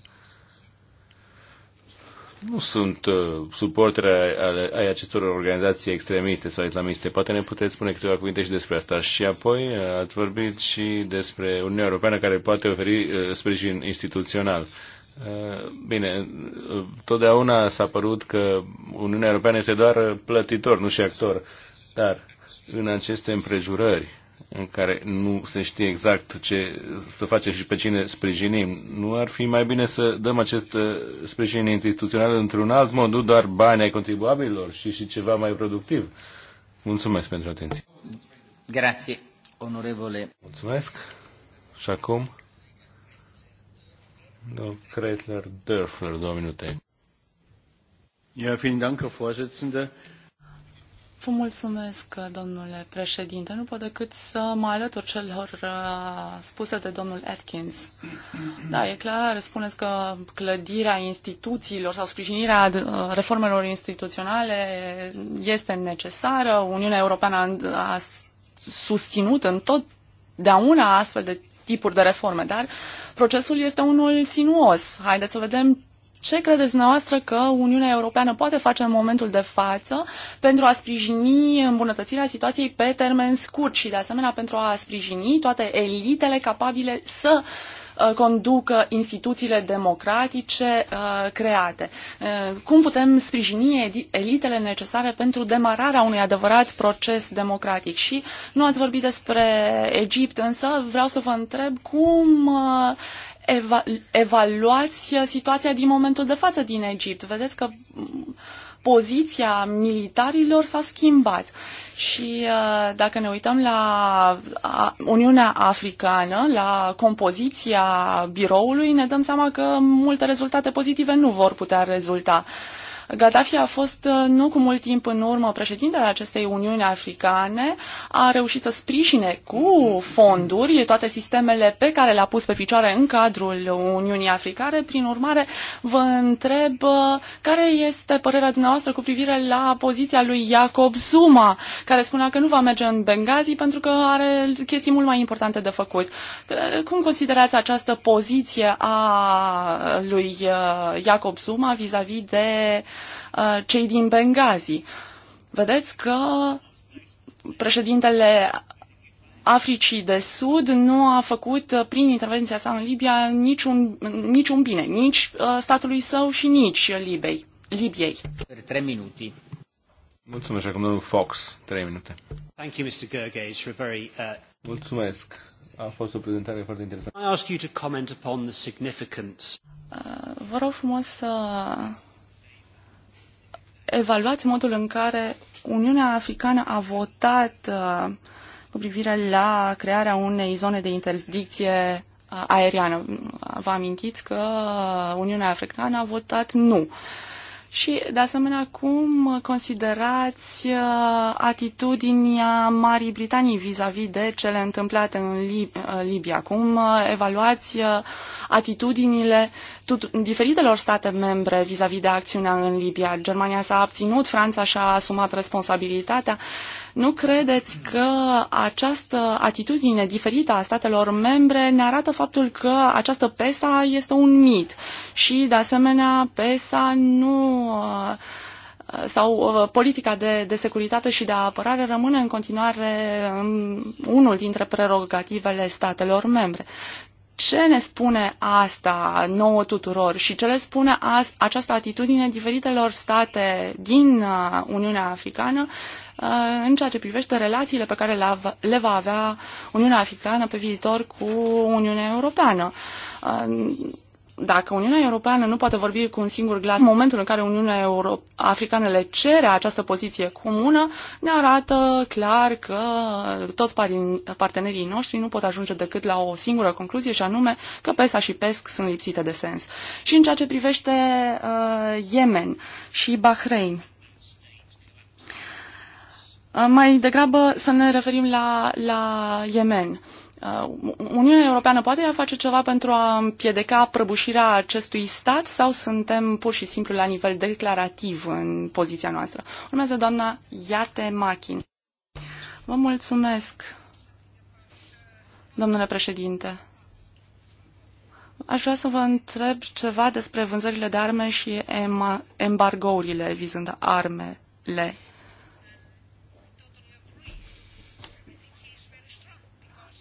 [SPEAKER 1] nu sunt uh, suportere ale, ale acestor organizații extremiste sau islamiste. Poate ne puteți spune câteva cuvinte și despre asta. Și apoi uh, ați vorbit și despre Uniunea Europeană care poate oferi uh, sprijin instituțional. Uh, bine, totdeauna s-a părut că Uniunea Europeană este doar plătitor, nu și actor. Dar în aceste împrejurări, în care nu se știe exact ce să facem și pe cine sprijinim. Nu ar fi mai bine să dăm acest uh, sprijin instituțional într-un alt mod, nu doar bani ai contribuabililor, și, și ceva mai productiv? Mulțumesc pentru atenție.
[SPEAKER 2] Grazie, onorevole. Mulțumesc.
[SPEAKER 1] Și acum, domnul Kretler Dörfler, două minute. Ja, vielen Dank, Herr Vorsitzender.
[SPEAKER 4] Vă mulțumesc, domnule președinte. Nu pot decât să mă alătur celor uh, spuse de domnul Atkins. Da, e clar, spuneți că clădirea instituțiilor sau sprijinirea uh, reformelor instituționale este necesară. Uniunea Europeană a susținut în tot de una astfel de tipuri de reforme, dar procesul este unul sinuos. Haideți să vedem ce credeți dumneavoastră că Uniunea Europeană poate face în momentul de față pentru a sprijini îmbunătățirea situației pe termen scurt și, de asemenea, pentru a sprijini toate elitele capabile să uh, conducă instituțiile democratice uh, create. Uh, cum putem sprijini elitele necesare pentru demararea unui adevărat proces democratic? Și nu ați vorbit despre Egipt, însă vreau să vă întreb cum uh, eva- evaluați uh, situația din momentul de față din Egipt. Vedeți că mm, poziția militarilor s-a schimbat. Și uh, dacă ne uităm la Uniunea Africană, la compoziția biroului, ne dăm seama că multe rezultate pozitive nu vor putea rezulta. Gaddafi a fost uh, nu cu mult timp în urmă președintele acestei Uniuni Africane, a reușit să sprijine cu fonduri toate sistemele pe care le-a pus pe picioare în cadrul Uniunii Africane. Prin urmare, vă întreb uh, care este părerea dumneavoastră cu privire la poziția lui Jacob Zuma, care spunea că nu va merge în Benghazi pentru că are chestii mult mai importante de făcut. Uh, cum considerați această poziție a lui Jacob Zuma vis-a-vis -vis de Uh, cei din Benghazi. Vedeți că președintele Africii de Sud nu a făcut uh, prin intervenția sa în Libia niciun, niciun bine, nici uh, statului său și nici Libei,
[SPEAKER 2] Libiei. Trei minute.
[SPEAKER 1] Mulțumesc, acum domnul Fox, trei minute.
[SPEAKER 2] Thank you, Mr. Gerges, for a very,
[SPEAKER 1] uh... Mulțumesc. A fost o prezentare foarte interesantă. I ask you to comment upon the significance.
[SPEAKER 4] Uh, vă rog frumos să uh evaluați modul în care Uniunea Africană a votat uh, cu privire la crearea unei zone de interdicție uh, aeriană. Vă amintiți că Uniunea Africană a votat nu. Și, de asemenea, cum considerați uh, atitudinea Marii Britanii vis-a-vis -vis de cele întâmplate în Lib- Libia? Cum evaluați atitudinile diferitelor state membre vis-a-vis -vis de acțiunea în Libia. Germania s-a abținut, Franța și-a asumat responsabilitatea. Nu credeți că această atitudine diferită a statelor membre ne arată faptul că această PESA este un mit și, de asemenea, PESA nu uh, sau uh, politica de, de securitate și de apărare rămâne în continuare unul dintre prerogativele statelor membre. Ce ne spune asta nouă tuturor și ce le spune această atitudine diferitelor state din uh, Uniunea Africană uh, în ceea ce privește relațiile pe care le va avea Uniunea Africană pe viitor cu Uniunea Europeană? Uh, dacă Uniunea Europeană nu poate vorbi cu un singur glas, în momentul în care Uniunea Euro- Africană le cere această poziție comună, ne arată clar că toți partenerii noștri nu pot ajunge decât la o singură concluzie și anume că PESA și PESC sunt lipsite de sens. Și în ceea ce privește uh, Yemen și Bahrain, uh, mai degrabă să ne referim la, la Yemen. Uh, Uh, Uniunea Europeană poate ea face ceva pentru a împiedica prăbușirea acestui stat sau suntem pur și simplu la nivel declarativ în poziția noastră? Urmează doamna Iate Machin. Vă mulțumesc, domnule președinte. Aș vrea să vă întreb ceva despre vânzările de arme și embargourile vizând armele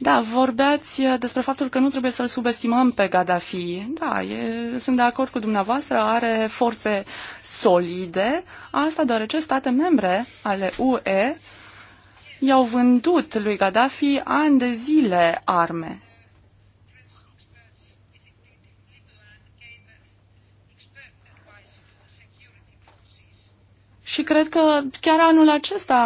[SPEAKER 4] Da, vorbeați uh, despre faptul că nu trebuie să-l subestimăm pe Gaddafi. Da, e, sunt de acord cu dumneavoastră, are forțe solide, asta deoarece state membre ale UE i-au vândut lui Gaddafi ani de zile arme. Și cred că chiar anul acesta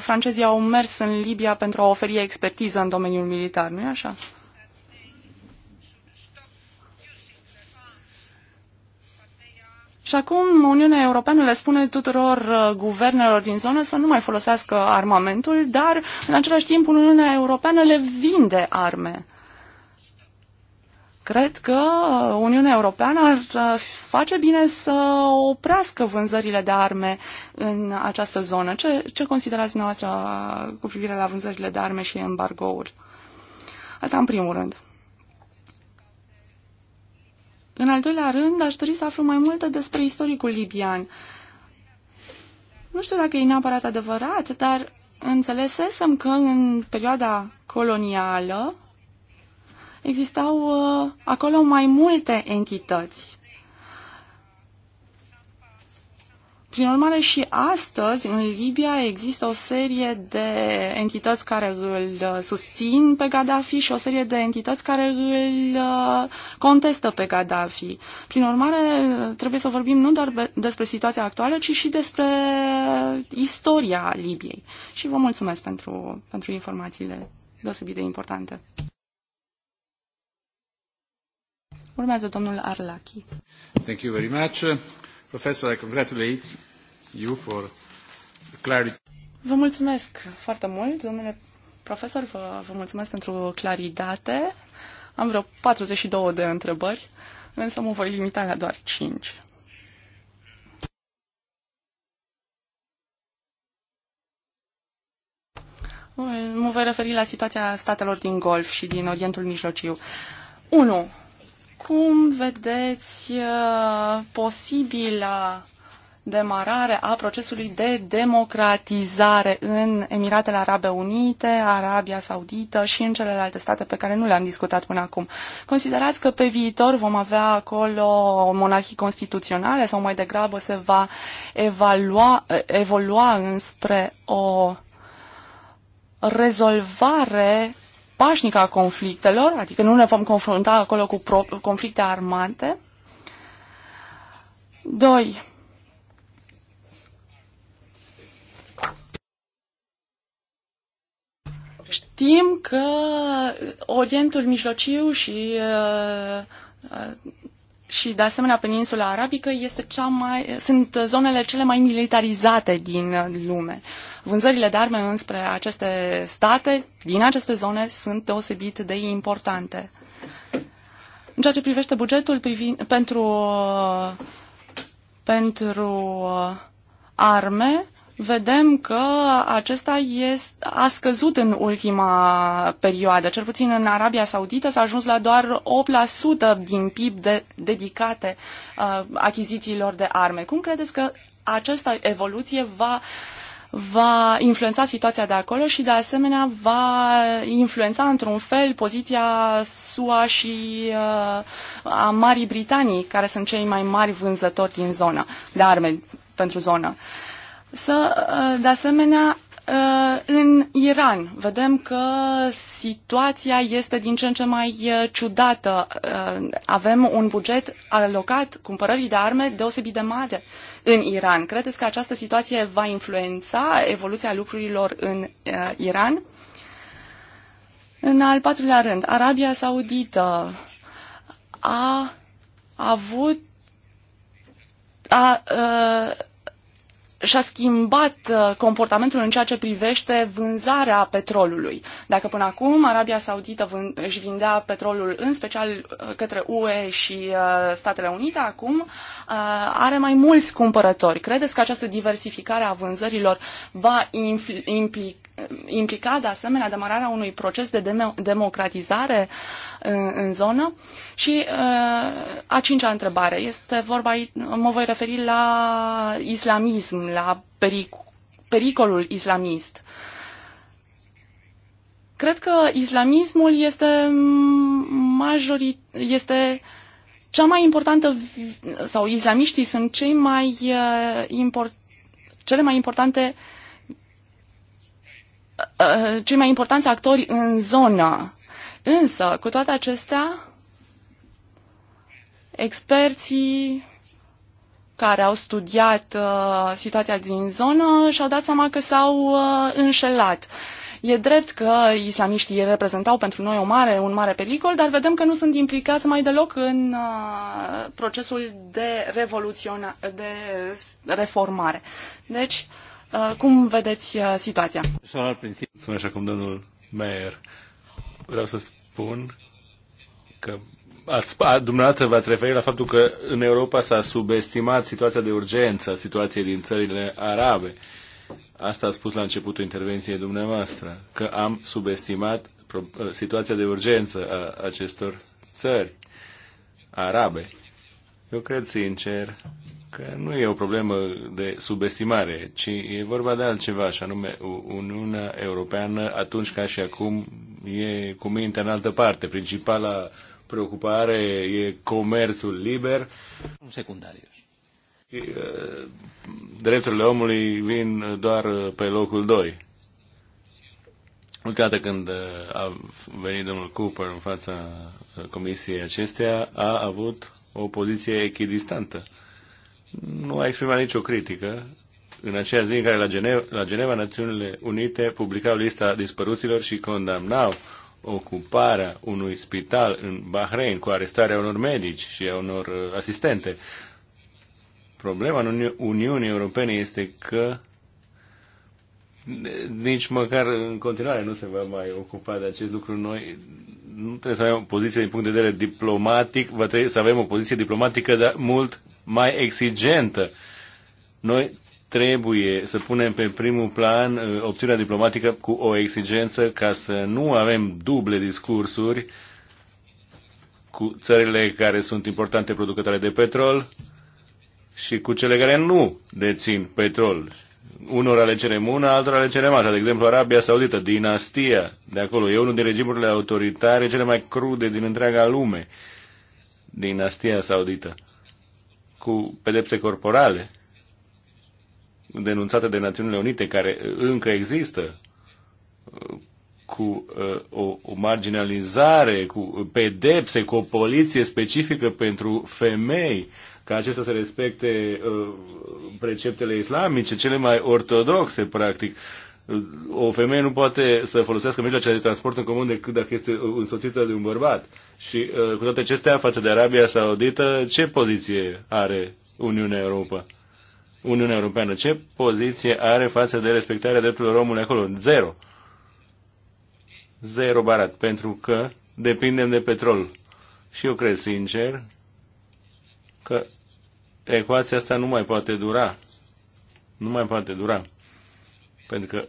[SPEAKER 4] francezii au mers în Libia pentru a oferi expertiză în domeniul militar, nu-i așa? Și acum Uniunea Europeană le spune tuturor uh, guvernelor din zonă să nu mai folosească armamentul, dar în același timp Uniunea Europeană le vinde arme. Cred că Uniunea Europeană ar uh, face bine să oprească vânzările de arme în această zonă. Ce, ce considerați dumneavoastră uh, cu privire la vânzările de arme și embargouri? Asta în primul rând. În al doilea rând, aș dori să aflu mai multe despre istoricul libian. Nu știu dacă e neapărat adevărat, dar înțelesesem că în perioada colonială existau uh, acolo mai multe entități. Prin urmare, și astăzi, în Libia, există o serie de entități care îl uh, susțin pe Gaddafi și o serie de entități care îl uh, contestă pe Gaddafi. Prin urmare, trebuie să vorbim nu doar despre situația actuală, ci și despre istoria Libiei. Și vă mulțumesc pentru, pentru informațiile deosebit de importante. Urmează domnul Arlachi.
[SPEAKER 1] Thank you very much. Uh, Professor, I congratulate you for clarity.
[SPEAKER 4] Vă mulțumesc foarte mult, domnule profesor, vă, vă mulțumesc pentru claritate. Am vreo 42 de întrebări, însă mă voi limita la doar 5. Mă voi referi la situația statelor din Golf și din Orientul Mijlociu. 1. Cum vedeți uh, posibila demarare a procesului de democratizare în Emiratele Arabe Unite, Arabia Saudită și în celelalte state pe care nu le-am discutat până acum. Considerați că pe viitor vom avea acolo monarhii constituționale sau mai degrabă se va evalua, evolua înspre o rezolvare pașnică a conflictelor, adică nu ne vom confrunta acolo cu conflicte armate. Doi, Știm că Orientul Mijlociu și uh, uh și de asemenea peninsula arabică este cea mai, sunt zonele cele mai militarizate din lume. Vânzările de arme înspre aceste state, din aceste zone, sunt deosebit de importante. În ceea ce privește bugetul privin, pentru, pentru arme, vedem că acesta este, a scăzut în ultima perioadă. Cel puțin în Arabia Saudită s-a ajuns la doar 8% din PIB de, dedicate uh, achizițiilor de arme. Cum credeți că această evoluție va va influența situația de acolo și de asemenea va influența într-un fel poziția SUA și uh, a Marii Britanii, care sunt cei mai mari vânzători din zonă, de arme pentru zonă. Uh, să, de asemenea, uh, în Iran vedem că situația este din ce în ce mai uh, ciudată. Uh, avem un buget alocat cumpărării de arme deosebit de mare în Iran. Credeți că această situație va influența evoluția lucrurilor în Iran? În al patrulea rând, Arabia Saudită a avut a, a și-a schimbat uh, comportamentul în ceea ce privește vânzarea petrolului. Dacă până acum Arabia Saudită vân, își vindea petrolul în special uh, către UE și uh, Statele Unite, acum are mai mulți cumpărători. Credeți că această diversificare a vânzărilor va implica implica de asemenea demararea unui proces de democratizare în, în zonă? Și a cincea întrebare, este vorba, mă voi referi la islamism la peric- pericolul islamist. Cred că islamismul este majorit, este cea mai importantă, sau islamiștii sunt cei mai eh, import, cele mai importante eh, eh, cei mai importanți actori în zonă. Însă, cu toate acestea, experții care au studiat uh, situația din zonă și-au dat seama că s-au uh, înșelat. E drept că islamiștii reprezentau pentru noi o mare, un mare pericol, dar vedem că nu sunt implicați mai deloc în uh, procesul de, de reformare. Deci, uh, cum vedeți uh, situația?
[SPEAKER 1] Sunt așa cum domnul Meier. Vreau să spun că ați, a, dumneavoastră v-ați referit la faptul că în Europa s-a subestimat situația de urgență, situația din țările arabe. Asta a spus la începutul intervenției dumneavoastră, că am subestimat uh, situația de urgență a acestor țări arabe. Eu cred sincer că nu e o problemă de subestimare, ci e vorba de altceva, și anume Uniunea Europeană, atunci ca și acum, e cu mintea în altă parte. Principala preocupare e comerțul liber. Secundarios. Drepturile omului vin doar pe locul 2. Ultima dată când a venit domnul Cooper în fața comisiei acestea, a avut o poziție echidistantă. Nu a exprimat nicio critică. În aceea zi în care la Geneva, la Geneva Națiunile Unite publicau lista dispăruților și condamnau uh, ocuparea unui spital în Bahrain cu arestarea unor medici și a unor uh, asistente. Problema în Uniunii Europene este că nici măcar în continuare nu se va mai ocupa de acest lucru. Noi nu trebuie să avem o poziție din punct de vedere diplomatic, va trebui să avem o poziție diplomatică, dar mult mai exigentă. Noi trebuie să punem pe primul plan uh, opțiunea diplomatică cu o exigență ca să nu avem duble discursuri cu țările care sunt importante producătoare de petrol și cu cele care nu dețin petrol. Unora le cerem una, altora le cerem alta. De exemplu, Arabia Saudită, dinastia de acolo, e unul din regimurile autoritare cele mai crude din întreaga lume. Dinastia saudită. Cu pedepse corporale denunțate de Națiunile Unite, care uh, încă există, uh, cu uh, o, o marginalizare, cu pedepse, cu o poliție specifică pentru femei, ca acestea să respecte uh, preceptele islamice, cele mai ortodoxe, practic. Uh, o femeie nu poate să folosească mijloace de transport în comun decât dacă este însoțită de un bărbat. Și uh, cu toate acestea, față de Arabia Saudită, ce poziție are Uniunea Europeană? Uniunea Europeană? Ce poziție are față de respectarea drepturilor omului acolo? Zero. Zero barat, pentru că depindem de petrol. Și eu cred sincer că ecuația asta nu mai poate dura. Nu mai poate dura. Pentru că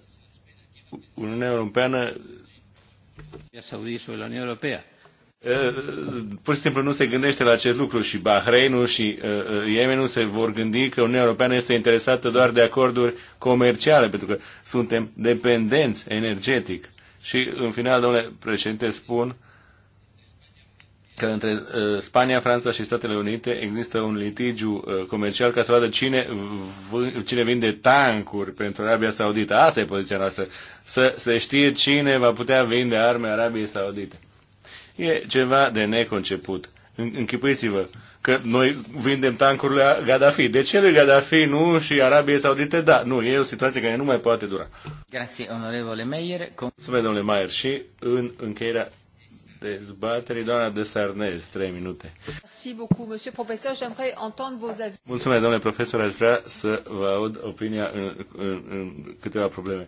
[SPEAKER 1] Uniunea Europeană Saudi sobre la Unión Europea pur și simplu nu se gândește la acest lucru și Bahreinul și uh, Yemenul se vor gândi că Uniunea Europeană este interesată doar de acorduri comerciale, pentru că suntem dependenți energetic. Și în final, domnule președinte, spun că între uh, Spania, Franța și Statele Unite există un litigiu uh, comercial ca să vadă cine, cine vinde tancuri pentru Arabia Saudită. Asta e poziția noastră. Să se știe cine va putea vinde arme Arabiei Saudite. E ceva de neconceput. Închipuiți-vă că noi vindem tancurile Gaddafi. De ce lui Gaddafi nu și Arabie Saudite da? Nu, e o situație care nu mai poate dura.
[SPEAKER 2] Grazie, onorevole Meyer. Mulțumesc,
[SPEAKER 1] domnule Meyer. Și în încheierea dezbaterii, doamna de Sarnez, trei minute.
[SPEAKER 4] Merci beaucoup, monsieur professeur. J'aimerais entendre vos avis.
[SPEAKER 1] Mulțumesc, domnule profesor. Aș vrea să vă aud opinia în, în, în câteva probleme.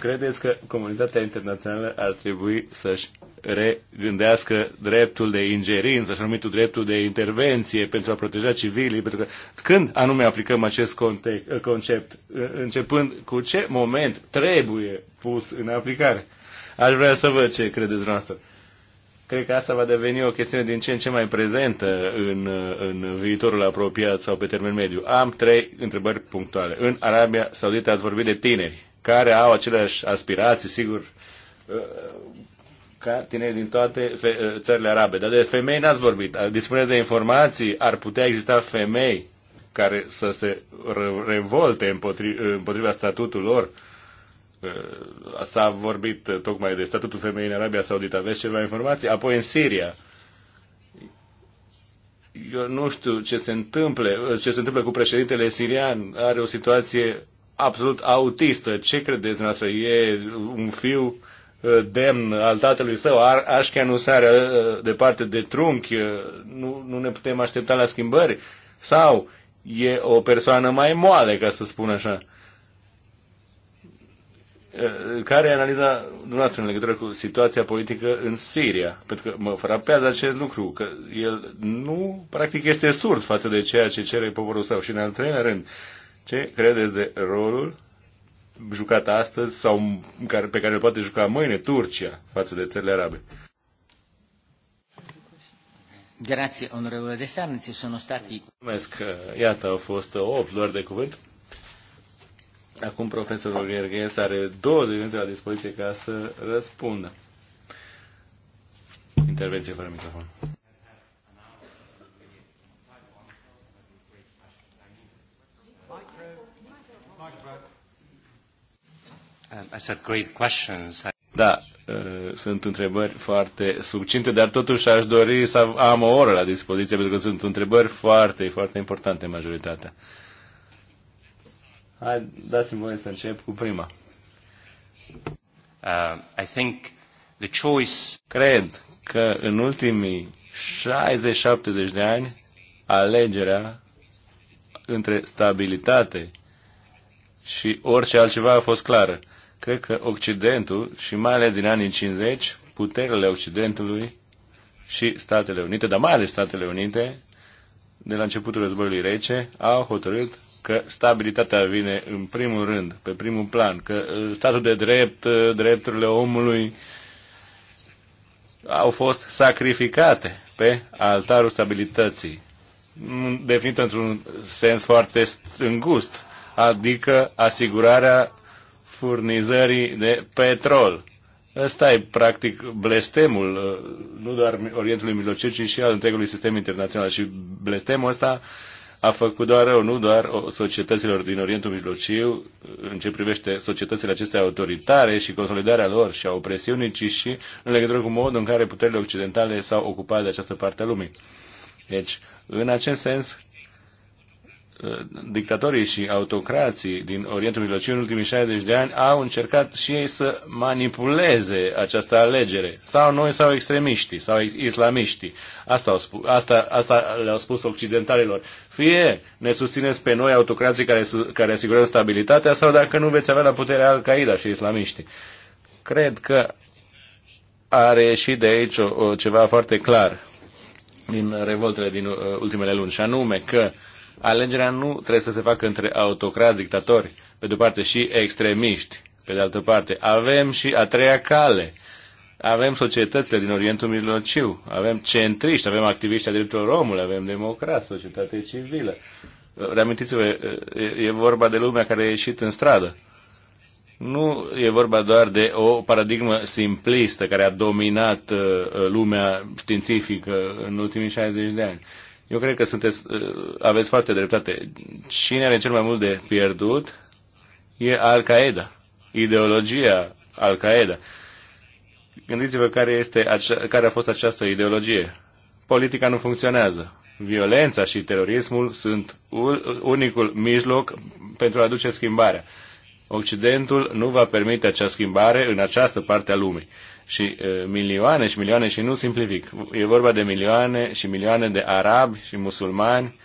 [SPEAKER 1] Credeți că comunitatea internațională ar trebui să-și regândească dreptul de ingerință, așa numitul dreptul de intervenție pentru a proteja civilii, pentru că când anume aplicăm acest concept, începând cu ce moment trebuie pus în aplicare? Aș vrea să văd ce credeți noastră. Cred că asta va deveni o chestiune din ce în ce mai prezentă în, în viitorul apropiat sau pe termen mediu. Am trei întrebări punctuale. În Arabia Saudită ați vorbit de tineri care au aceleași aspirații, sigur, ca tineri din toate țările arabe. Dar de femei n-ați vorbit. Dispuneți de informații, ar putea exista femei care să se revolte împotri- împotriva statutului lor Uh, s-a vorbit uh, tocmai de statutul femeii în Arabia Saudită. Aveți ceva informații? Apoi în Siria. Eu nu știu ce se întâmplă, uh, ce se întâmplă cu președintele sirian. Are o situație absolut autistă. Ce credeți noastră? E un fiu demn al tatălui său, Așchea nu sare departe de trunchi, nu, nu ne putem aștepta la schimbări, sau e o persoană mai moale, ca să spun așa. Eh, care e analiza dumneavoastră în legătură cu situația politică în Siria? Pentru că mă frapează acest lucru, că el nu, practic, este surd față de ceea ce cere poporul său. Și, în al treilea rând, ce credeți de rolul jucat astăzi sau pe care îl poate juca mâine Turcia față de țările arabe?
[SPEAKER 2] Grazie, onorevole De Sarnici, sono stati...
[SPEAKER 1] Mulțumesc, iată, au fost 8 luări de cuvânt Acum profesorul Gherghez are 20 minute la dispoziție ca să răspundă. Intervenție fără microfon. Um, da, uh, sunt întrebări foarte subcinte, dar totuși aș dori să am o oră la dispoziție, pentru că sunt întrebări foarte, foarte importante majoritatea. Hai, dați-mi voi să încep cu prima. Uh, I think the choice... Cred că în ultimii 60-70 de ani alegerea între stabilitate și orice altceva a fost clară. Cred că Occidentul, și mai ales din anii 50, puterile Occidentului și Statele Unite, dar mai ales Statele Unite, de la începutul războiului rece, au hotărât că stabilitatea vine în primul rând, pe primul plan, că uh, statul de drept, uh, drepturile omului au fost sacrificate pe altarul stabilității, definit într-un sens foarte îngust, adică asigurarea furnizării de petrol Ăsta e practic blestemul, uh, nu doar Orientului Mijlociu, ci și al întregului sistem internațional. Și blestemul ăsta a făcut doar rău, nu doar societăților din Orientul Mijlociu, uh, în ce privește societățile acestea autoritare și consolidarea lor și a opresiunii, ci și în legătură cu modul în care puterile occidentale s-au ocupat de această parte a lumii. Deci, în acest sens, Uh, dictatorii și autocrații din Orientul Mijlociu în ultimii 60 de ani au încercat și ei să manipuleze această alegere. Sau noi, sau extremiștii, sau islamiștii. Asta, au spus, asta, asta le-au spus occidentalilor. Fie ne susțineți pe noi autocrații care, care asigurăm stabilitatea, sau dacă nu veți avea la putere Al-Qaeda și islamiștii. Cred că are ieșit de aici o, o, ceva foarte clar din revoltele din uh, ultimele luni, și anume că uh, alegerea nu trebuie să se facă între autocrați, dictatori, pe de-o parte, și extremiști, pe de altă parte. Avem și a treia cale. Avem societățile din Orientul Mijlociu, avem centriști, avem activiști a drepturilor omului, avem democrați, societate civilă. Reamintiți-vă, e vorba de lumea care a ieșit în stradă. Nu e vorba doar de o paradigmă simplistă care a dominat uh, lumea științifică în ultimii 60 de ani. Eu cred că sunteți, uh, aveți foarte dreptate. Cine are cel mai mult de pierdut e Al-Qaeda, ideologia Al-Qaeda. Gândiți-vă care, este, acea, care a fost această ideologie. Politica nu funcționează. Violența și terorismul sunt unicul mijloc pentru a aduce schimbarea. Occidentul nu va permite acea schimbare în această parte a lumii. Și e, milioane și milioane, și nu simplific, e vorba de milioane și milioane de arabi și musulmani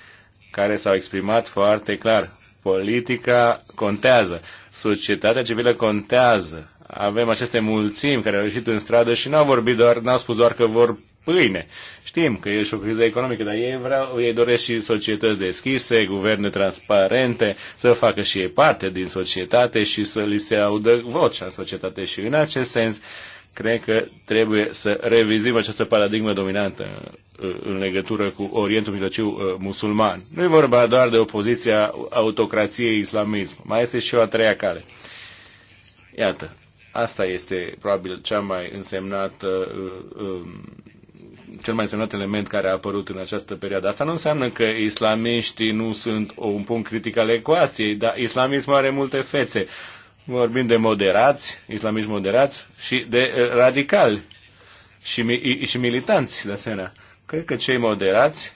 [SPEAKER 1] care s-au exprimat foarte clar. Politica contează, societatea civilă contează. Avem aceste mulțimi care au ieșit în stradă și n-au vorbit doar, n-au spus doar că vor pâine. Știm că e și o criză economică, dar ei, vreau, ei doresc și societăți deschise, guverne transparente, să facă și ei parte din societate și să li se audă vocea în societate. Și în acest sens, cred că trebuie să revizuim această paradigmă dominantă uh, în legătură cu Orientul Mijlociu uh, musulman. Nu e vorba doar de opoziția autocrației islamism, mai este și o a treia cale. Iată, asta este probabil cea mai însemnată uh, uh, cel mai semnat element care a apărut în această perioadă. Asta nu înseamnă că islamiștii nu sunt un punct critic al ecuației, dar islamismul are multe fețe. Vorbim de moderați, islamiști moderați și de eh, radicali și, și militanți, de asemenea. Cred că cei moderați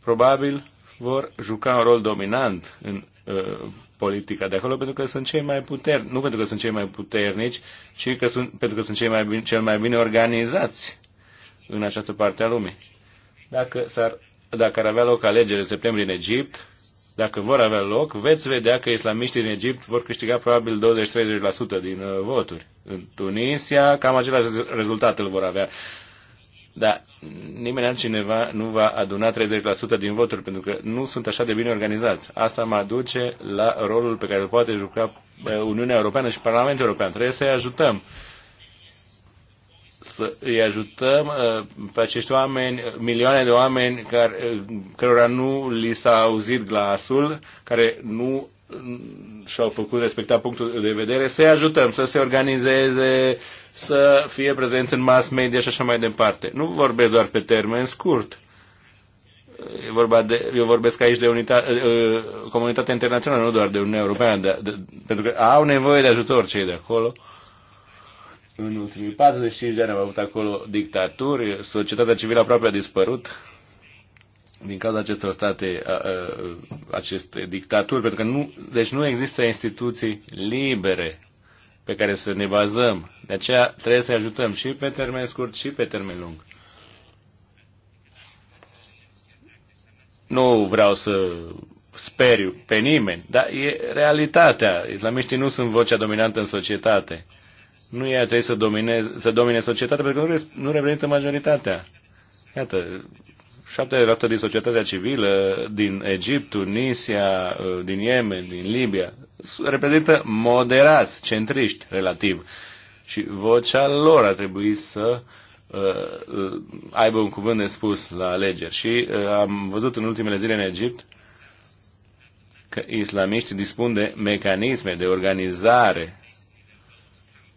[SPEAKER 1] probabil vor juca un rol dominant în uh, politica de acolo pentru că sunt cei mai puternici, nu pentru că sunt cei mai puternici, ci că sunt, pentru că sunt cei mai bine, cel mai bine organizați în această parte a lumii. Dacă, s-ar, dacă ar avea loc alegeri în septembrie în Egipt, dacă vor avea loc, veți vedea că islamiștii din Egipt vor câștiga probabil 20-30% din uh, voturi. În Tunisia, cam același rezultat îl vor avea. Dar nimeni altcineva nu va aduna 30% din voturi, pentru că nu sunt așa de bine organizați. Asta mă aduce la rolul pe care îl poate juca uh, Uniunea Europeană și Parlamentul European. Trebuie să-i ajutăm să îi ajutăm uh, pe acești oameni, milioane de oameni care, uh, cărora nu li s-a auzit glasul, care nu mm, și-au făcut respecta punctul de vedere, să-i ajutăm să se organizeze, să fie prezenți în mass media și așa mai departe. Nu vorbesc doar pe termen scurt. E vorba de, eu vorbesc aici de unita, uh, comunitatea internațională, nu doar de Uniunea Europeană, de, de, pentru că au nevoie de ajutor cei de acolo. Uh, în ultimii 45 de ani am avut acolo dictaturi, societatea civilă aproape a dispărut din cauza acestor state, aceste dictaturi, pentru că nu, deci nu există instituții libere pe care să ne bazăm. De aceea trebuie să ajutăm și pe termen scurt și pe termen lung. Nu vreau să speriu pe nimeni, dar e realitatea. Islamiștii nu sunt vocea dominantă în societate nu ea trebuie să domine, să domine societatea, pentru că nu, nu reprezintă majoritatea. Iată, 7% din societatea civilă din Egipt, Tunisia, uh, din Yemen, din Libia, reprezintă moderați, centriști, relativ. Și vocea lor ar trebui să uh, uh, aibă un cuvânt de spus la alegeri. Și uh, am văzut în ultimele zile în Egipt că islamiștii dispun de mecanisme de organizare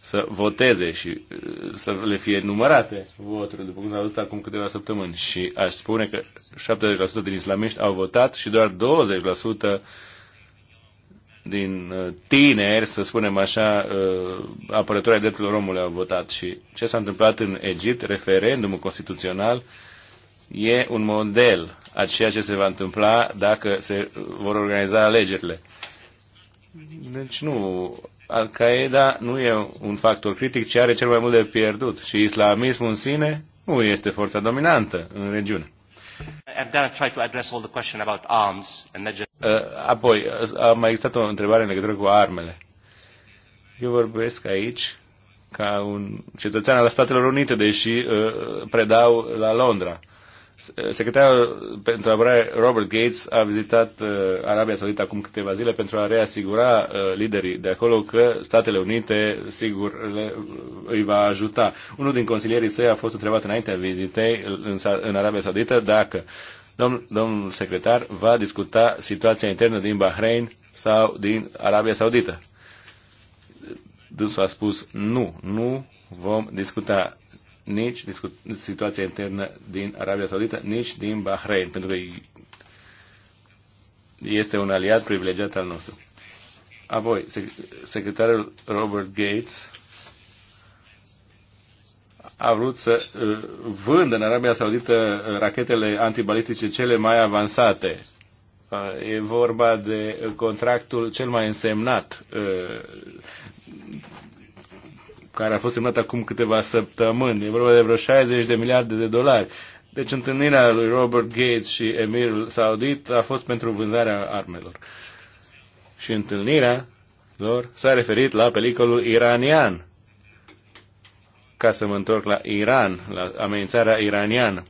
[SPEAKER 1] să voteze și uh, să le fie numărate voturile, după cum s-a văzut acum câteva săptămâni. Și aș spune că 70% din islamiști au votat și doar 20% din uh, tineri, să spunem așa, uh, apărători ai drepturilor omului au votat. Și ce s-a întâmplat în Egipt, referendumul constituțional, e un model a ceea ce se va întâmpla dacă se vor organiza alegerile. Deci nu al-Qaeda nu e un factor critic, ci are cel mai mult de pierdut. Și islamismul în sine nu este forța dominantă în regiune. Uh, apoi, a mai existat o întrebare în legătură cu armele. Eu vorbesc aici ca un cetățean al Statelor Unite, deși uh, predau la Londra. Uh, Secretarul pentru apărare Robert Gates a vizitat uh, Arabia Saudită acum câteva zile pentru a reasigura uh, liderii de acolo că Statele Unite, sigur, le, uh, îi va ajuta. Unul din consilierii săi a fost întrebat înaintea vizitei în, în Arabia Saudită dacă domn, domnul secretar va discuta situația internă din Bahrain sau din Arabia Saudită. Dânsul a spus nu, nu vom discuta nici situația internă din Arabia Saudită, nici din Bahrain, pentru că este un aliat privilegiat al nostru. Apoi, secretarul Robert Gates a vrut să uh, vândă în Arabia Saudită uh, rachetele antibalistice cele mai avansate. Uh, e vorba de contractul cel mai însemnat care a fost semnat acum câteva săptămâni. E vorba de vreo 60 de miliarde de dolari. Deci întâlnirea lui Robert Gates și Emirul Saudit a fost pentru vânzarea armelor. Și întâlnirea lor s-a referit la pelicolul iranian. Ca să mă întorc la Iran, la amenințarea iraniană.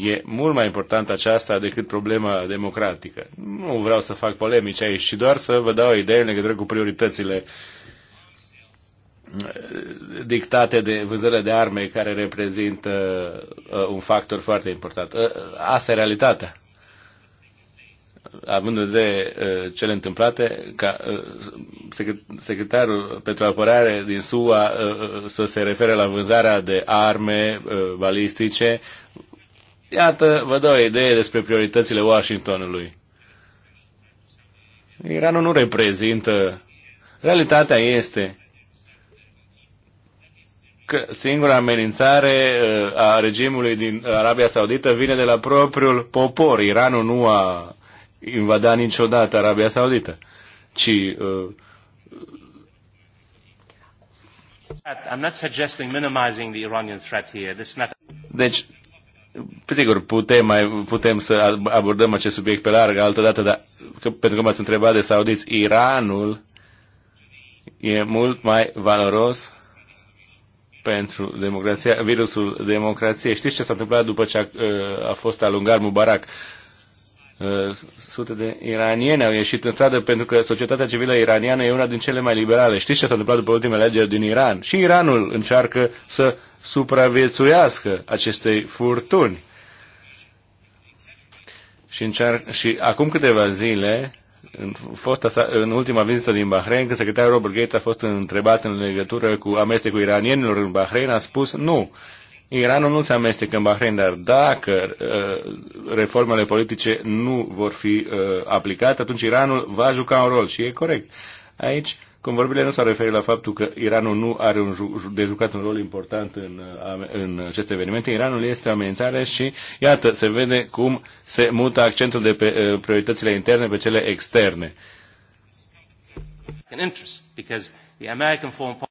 [SPEAKER 1] E mult mai important aceasta decât problema democratică. Nu vreau să fac polemici aici, ci doar să vă dau idei în legătură cu prioritățile uh, dictate de vânzările de arme care reprezintă uh, un factor foarte important. Uh, asta e realitatea. Având de uh, cele întâmplate, ca secretarul pentru apărare din SUA să se refere la vânzarea de arme balistice, iată, vă dau o idee despre prioritățile Washingtonului. Iranul nu reprezintă. Realitatea este că singura amenințare uh, a regimului din Arabia Saudită vine de la propriul popor. Iranul nu a invadat niciodată Arabia Saudită, ci uh, Deci, sigur, putem, mai, putem să abordăm acest subiect pe larg altă dată, dar că, pentru că m-ați întrebat de saudiți, Iranul e mult mai valoros pentru democrația, virusul democrației. Știți ce s-a întâmplat după ce a, uh, a fost alungat Mubarak? Uh, sute de iranieni au ieșit în stradă pentru că societatea civilă iraniană e una din cele mai liberale. Știți ce s-a întâmplat după ultimele alegeri din Iran? Și Iranul încearcă să supraviețuiască acestei furtuni. Și, încearc, și acum câteva zile în, fosta în ultima vizită din Bahrain, când secretarul Robert Gates a fost întrebat în legătură cu amestecul iranienilor în Bahrain, a spus nu. Iranul nu se amestecă în Bahrain, dar dacă uh, reformele politice nu vor fi uh, aplicate, atunci Iranul va juca un rol și e corect. Aici Convorbirile nu s-au referit la faptul că Iranul nu are un ju- de jucat un rol important în, uh, în aceste evenimente. Iranul este o amenințare și, iată, se vede cum se mută accentul de pe uh, prioritățile interne pe cele externe.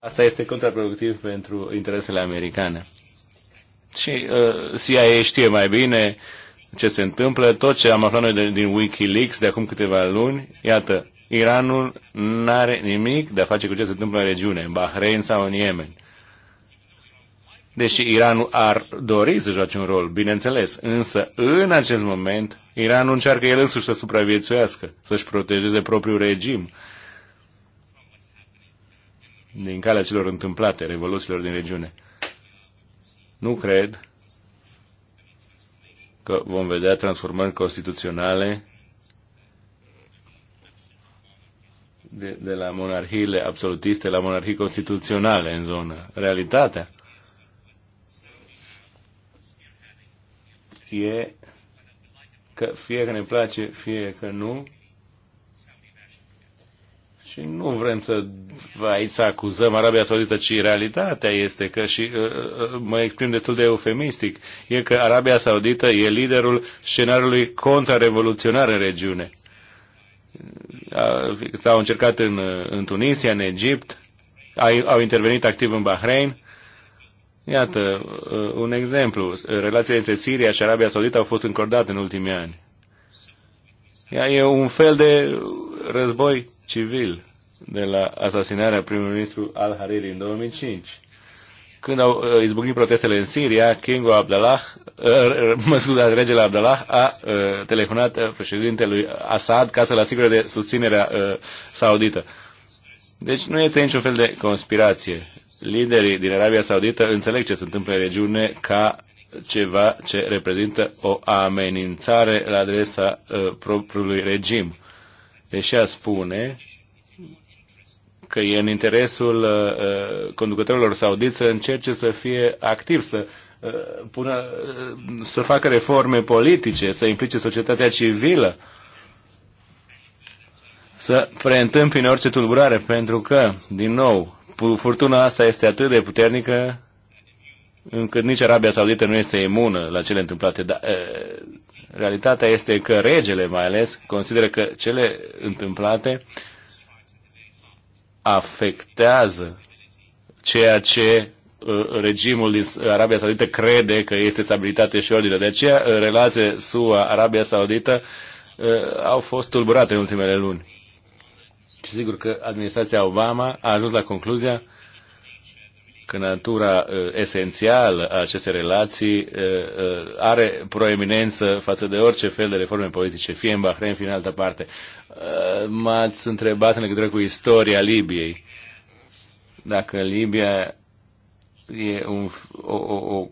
[SPEAKER 1] Asta este contraproductiv pentru interesele americane. Și uh, CIA știe mai bine ce se întâmplă. Tot ce am aflat noi de, din Wikileaks de acum câteva luni, iată, Iranul nu are nimic de a face cu ce se întâmplă în regiune, în Bahrain sau în Yemen. Deși Iranul ar dori să joace un rol, bineînțeles, însă în acest moment Iranul încearcă el însuși să supraviețuiască, să-și protejeze propriul regim din calea celor întâmplate, revoluțiilor din regiune. Nu cred că vom vedea transformări constituționale de, de la monarhiile absolutiste la monarhii constituționale în zonă. Realitatea e că fie că ne place, fie că nu, și nu vrem să aici să acuzăm Arabia Saudită, ci realitatea este că și uh, uh, uh, mă exprim destul de eufemistic, e că Arabia Saudită e liderul scenariului contrarevoluționar în regiune s-au încercat în, în Tunisia, în Egipt, au intervenit activ în Bahrain. Iată, uh, un exemplu. Relațiile între Siria și Arabia Saudită au fost încordate în ultimii ani. E un fel de război civil de la asasinarea primului ministru al-Hariri în 2005. Când au uh, izbucnit protestele în Siria, Kingo Abdallah, uh, mă scuze, regele Abdallah, a uh, telefonat președintelui Assad ca să-l asigure de susținerea saudită. Deci nu este niciun fel de conspirație. Liderii din Arabia Saudită înțeleg ce se întâmplă în regiune ca ceva ce reprezintă o amenințare la adresa propriului regim. Deși a spune că e în interesul uh, uh, conducătorilor saudiți să încerce să fie activ, să uh, pună, uh, să facă reforme politice, să implice societatea civilă, să preîntâmpine orice tulburare, pentru că, din nou, furtuna asta este atât de puternică încât nici Arabia Saudită nu este imună la cele întâmplate. Dar, uh, realitatea este că regele, mai ales, consideră că cele întâmplate uh, afectează ceea ce uh, regimul din Arabia Saudită crede că este stabilitate și ordine. De aceea, uh, relația SUA-Arabia Saudită uh, au fost tulburate în ultimele luni. Și sigur că administrația Obama a ajuns la concluzia că natura uh, esențială a acestei relații uh, uh, are proeminență față de orice fel de reforme politice, fie în Bahrain, fie în altă parte. M-ați întrebat în legătură cu istoria Libiei. Dacă Libia e un, o, o, o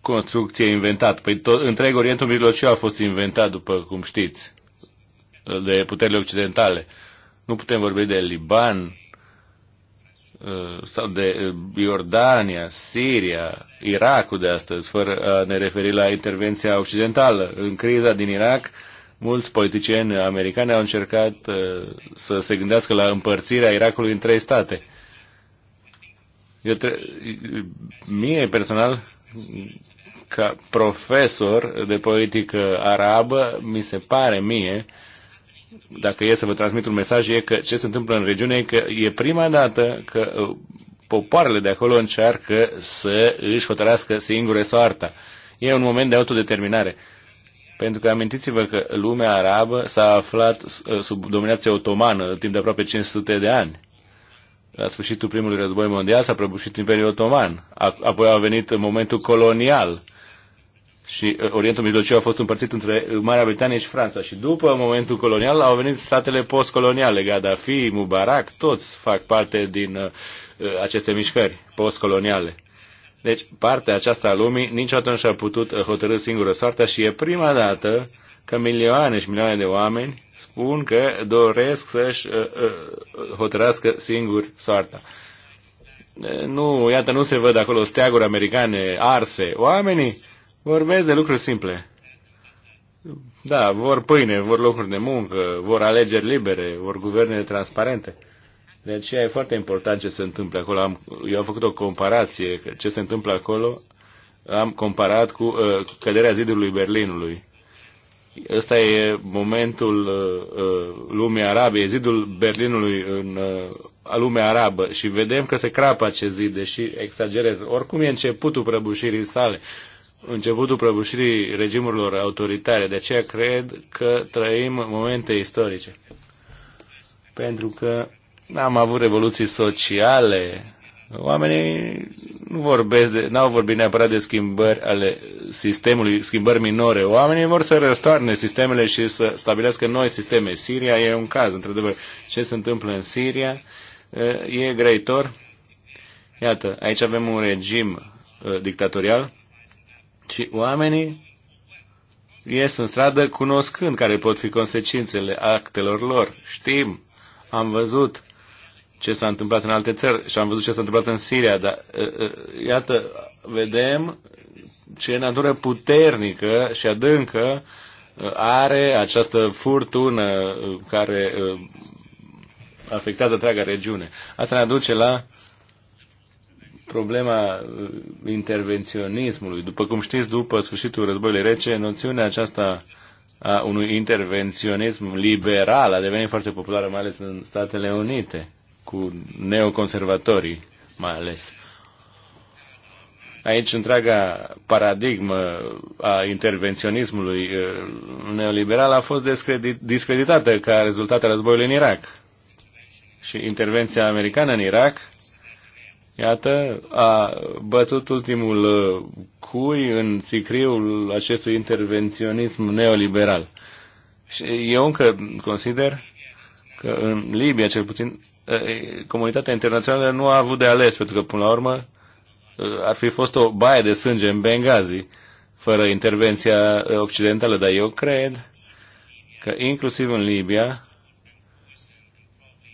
[SPEAKER 1] construcție inventată. Păi tot, întreg Orientul Mijlociu a fost inventat, după cum știți, de puterile occidentale. Nu putem vorbi de Liban, Uh, sau de uh, Iordania, Siria, Irakul de astăzi, fără a ne referi la intervenția occidentală. În criza din Irak, mulți politicieni americani au încercat uh, să se gândească la împărțirea Irakului în trei state. Eu tre- mie personal, ca profesor de politică arabă, mi se pare mie uh, dacă e să vă transmit un mesaj, e că ce se întâmplă în regiune e că e prima dată că uh, popoarele de acolo încearcă să își hotărească singure soarta. E un moment de autodeterminare. Pentru că amintiți-vă că lumea arabă s-a aflat uh, sub dominație otomană timp de aproape 500 de ani. La sfârșitul primului război mondial s-a prăbușit Imperiul Otoman. Apoi a venit momentul colonial și uh, Orientul Mijlociu a fost împărțit între uh, Marea Britanie și Franța. Și după momentul colonial au venit statele postcoloniale, Gaddafi, Mubarak, toți fac parte din uh, uh aceste mișcări postcoloniale. Deci partea aceasta a lumii niciodată nu și-a putut hotărâ singură soarta și e prima dată că milioane și milioane de oameni spun că doresc să-și uh, uh, hotărească singur soarta nu, iată, nu se văd acolo steaguri americane arse. Oamenii Vorbesc de lucruri simple. Da, vor pâine, vor locuri de muncă, vor alegeri libere, vor guverne transparente. De aceea e foarte important ce se întâmplă acolo. Am, eu am făcut o comparație, ce se întâmplă acolo am comparat cu uh, căderea zidului Berlinului. Ăsta e momentul uh, uh lumii arabe, e zidul Berlinului în uh, lumea arabă și vedem că se crapă acest zid, deși exagerez. Oricum e începutul prăbușirii sale. Uh, începutul prăbușirii regimurilor autoritare. De aceea cred că trăim momente istorice. Pentru că am avut revoluții sociale, oamenii nu vorbesc de, n-au vorbit neapărat de schimbări ale sistemului, schimbări minore. Oamenii vor să răstoarne sistemele și să stabilească noi sisteme. Siria e un caz, într-adevăr. Ce se întâmplă în Siria eh, e greitor. Iată, aici avem un regim eh, dictatorial ci oamenii ies în stradă cunoscând care pot fi consecințele actelor lor. Știm, am văzut ce s-a întâmplat în alte țări și am văzut ce s-a întâmplat în Siria, dar ă, ă, iată, vedem ce natură puternică și adâncă ă, are această furtună care afectează întreaga regiune. Asta ne aduce la problema uh, intervenționismului. După cum știți, după sfârșitul războiului rece, noțiunea aceasta a unui intervenționism liberal a devenit foarte populară, mai ales în Statele Unite, cu neoconservatorii mai ales. Aici întreaga paradigmă a intervenționismului uh, neoliberal a fost discreditată ca rezultat al războiului în Irak. Și intervenția americană în Irak Iată, a bătut ultimul uh, cui în sicriul acestui intervenționism neoliberal. Și eu încă consider că în Libia, cel puțin, uh, comunitatea internațională nu a avut de ales, pentru că, până la urmă, uh, ar fi fost o baie de sânge în Benghazi, fără intervenția occidentală, dar eu cred că inclusiv în Libia,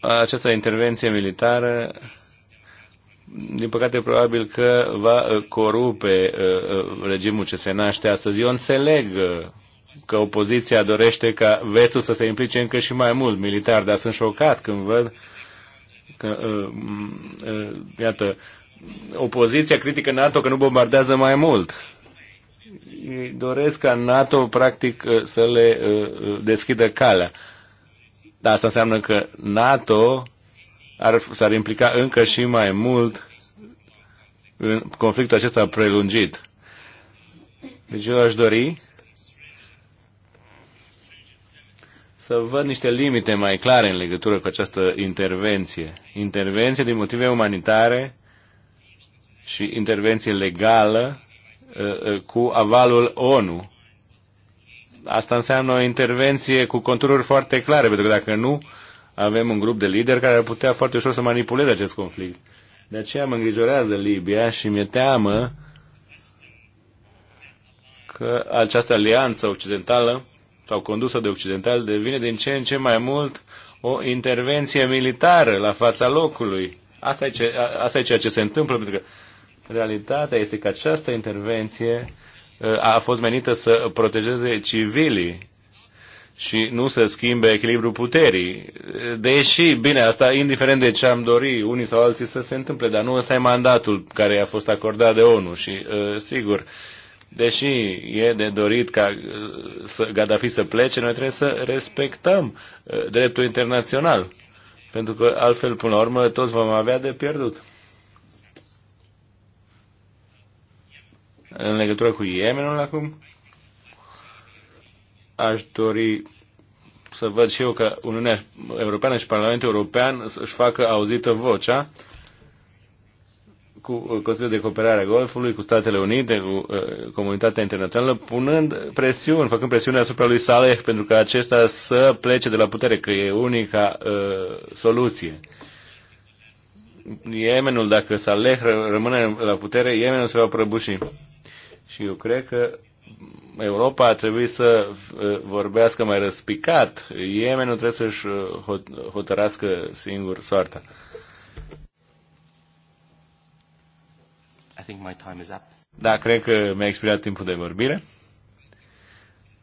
[SPEAKER 1] această intervenție militară din păcate, probabil că va uh, corupe uh, uh, regimul ce se naște astăzi. Eu înțeleg că opoziția dorește ca vestul să se implice încă și mai mult militar, dar sunt șocat când văd că, iată, opoziția critică NATO că nu bombardează mai mult. Doresc ca NATO, practic, să le deschidă calea. Dar asta înseamnă că NATO ar, s-ar implica încă și mai mult în conflictul acesta prelungit. Deci eu aș dori să văd niște limite mai clare în legătură cu această intervenție. Intervenție din motive umanitare și intervenție legală ă, ă, cu avalul ONU. Asta înseamnă o intervenție cu contururi foarte clare, pentru că dacă nu, avem un grup de lideri care ar putea foarte ușor să manipuleze acest conflict. De aceea mă îngrijorează Libia și mi-e teamă că această alianță occidentală sau condusă de occidental devine din ce în ce mai mult o intervenție militară la fața locului. Asta e, ce, asta e ceea ce se întâmplă, pentru că realitatea este că această intervenție uh, a fost menită să protejeze civilii și nu se schimbe echilibrul puterii. Deși, bine, asta indiferent de ce am dori unii sau alții să se întâmple, dar nu ăsta e mandatul care a fost acordat de ONU și, uh, sigur, deși e de dorit ca uh, Gaddafi să plece, noi trebuie să respectăm uh, dreptul internațional. Pentru că altfel, până la urmă, toți vom avea de pierdut. În legătură cu Yemenul acum? aș dori să văd și eu că Uniunea Europeană și Parlamentul European își facă auzită vocea cu uh, Consiliul de Cooperare a Golfului, cu Statele Unite, cu uh, comunitatea internațională, punând presiuni, făcând presiune asupra lui Saleh pentru că acesta să plece de la putere, că e unica uh, soluție. Yemenul, dacă Saleh rămâne la putere, Yemenul se va prăbuși. Și eu cred că Europa ar trebui să uh, vorbească mai răspicat. Yemenul trebuie să-și uh, hotărască singur soarta.
[SPEAKER 2] I think my time is up.
[SPEAKER 1] Da, cred că mi-a expirat timpul de vorbire.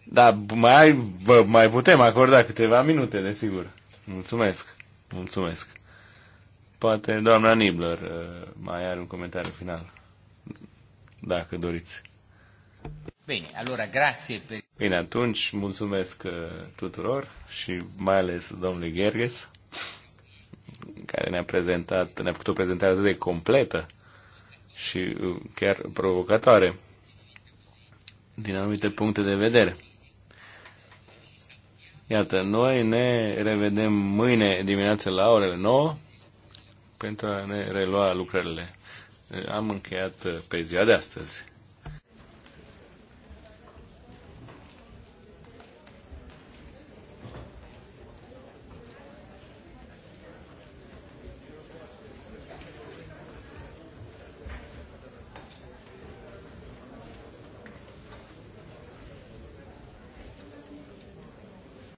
[SPEAKER 1] Da, mai, vă, mai putem acorda câteva minute, desigur. Mulțumesc. Mulțumesc. Poate doamna Nibler uh, mai are un comentariu final, dacă doriți.
[SPEAKER 2] Bine, alora grazie per...
[SPEAKER 1] Bine, atunci mulțumesc uh, tuturor și mai ales domnului Gherges, care ne-a prezentat, ne-a făcut o prezentare atât de completă și uh, chiar provocatoare din anumite puncte de vedere. Iată, noi ne revedem mâine dimineață la orele 9 pentru a ne relua lucrările. Am încheiat uh, pe ziua de astăzi.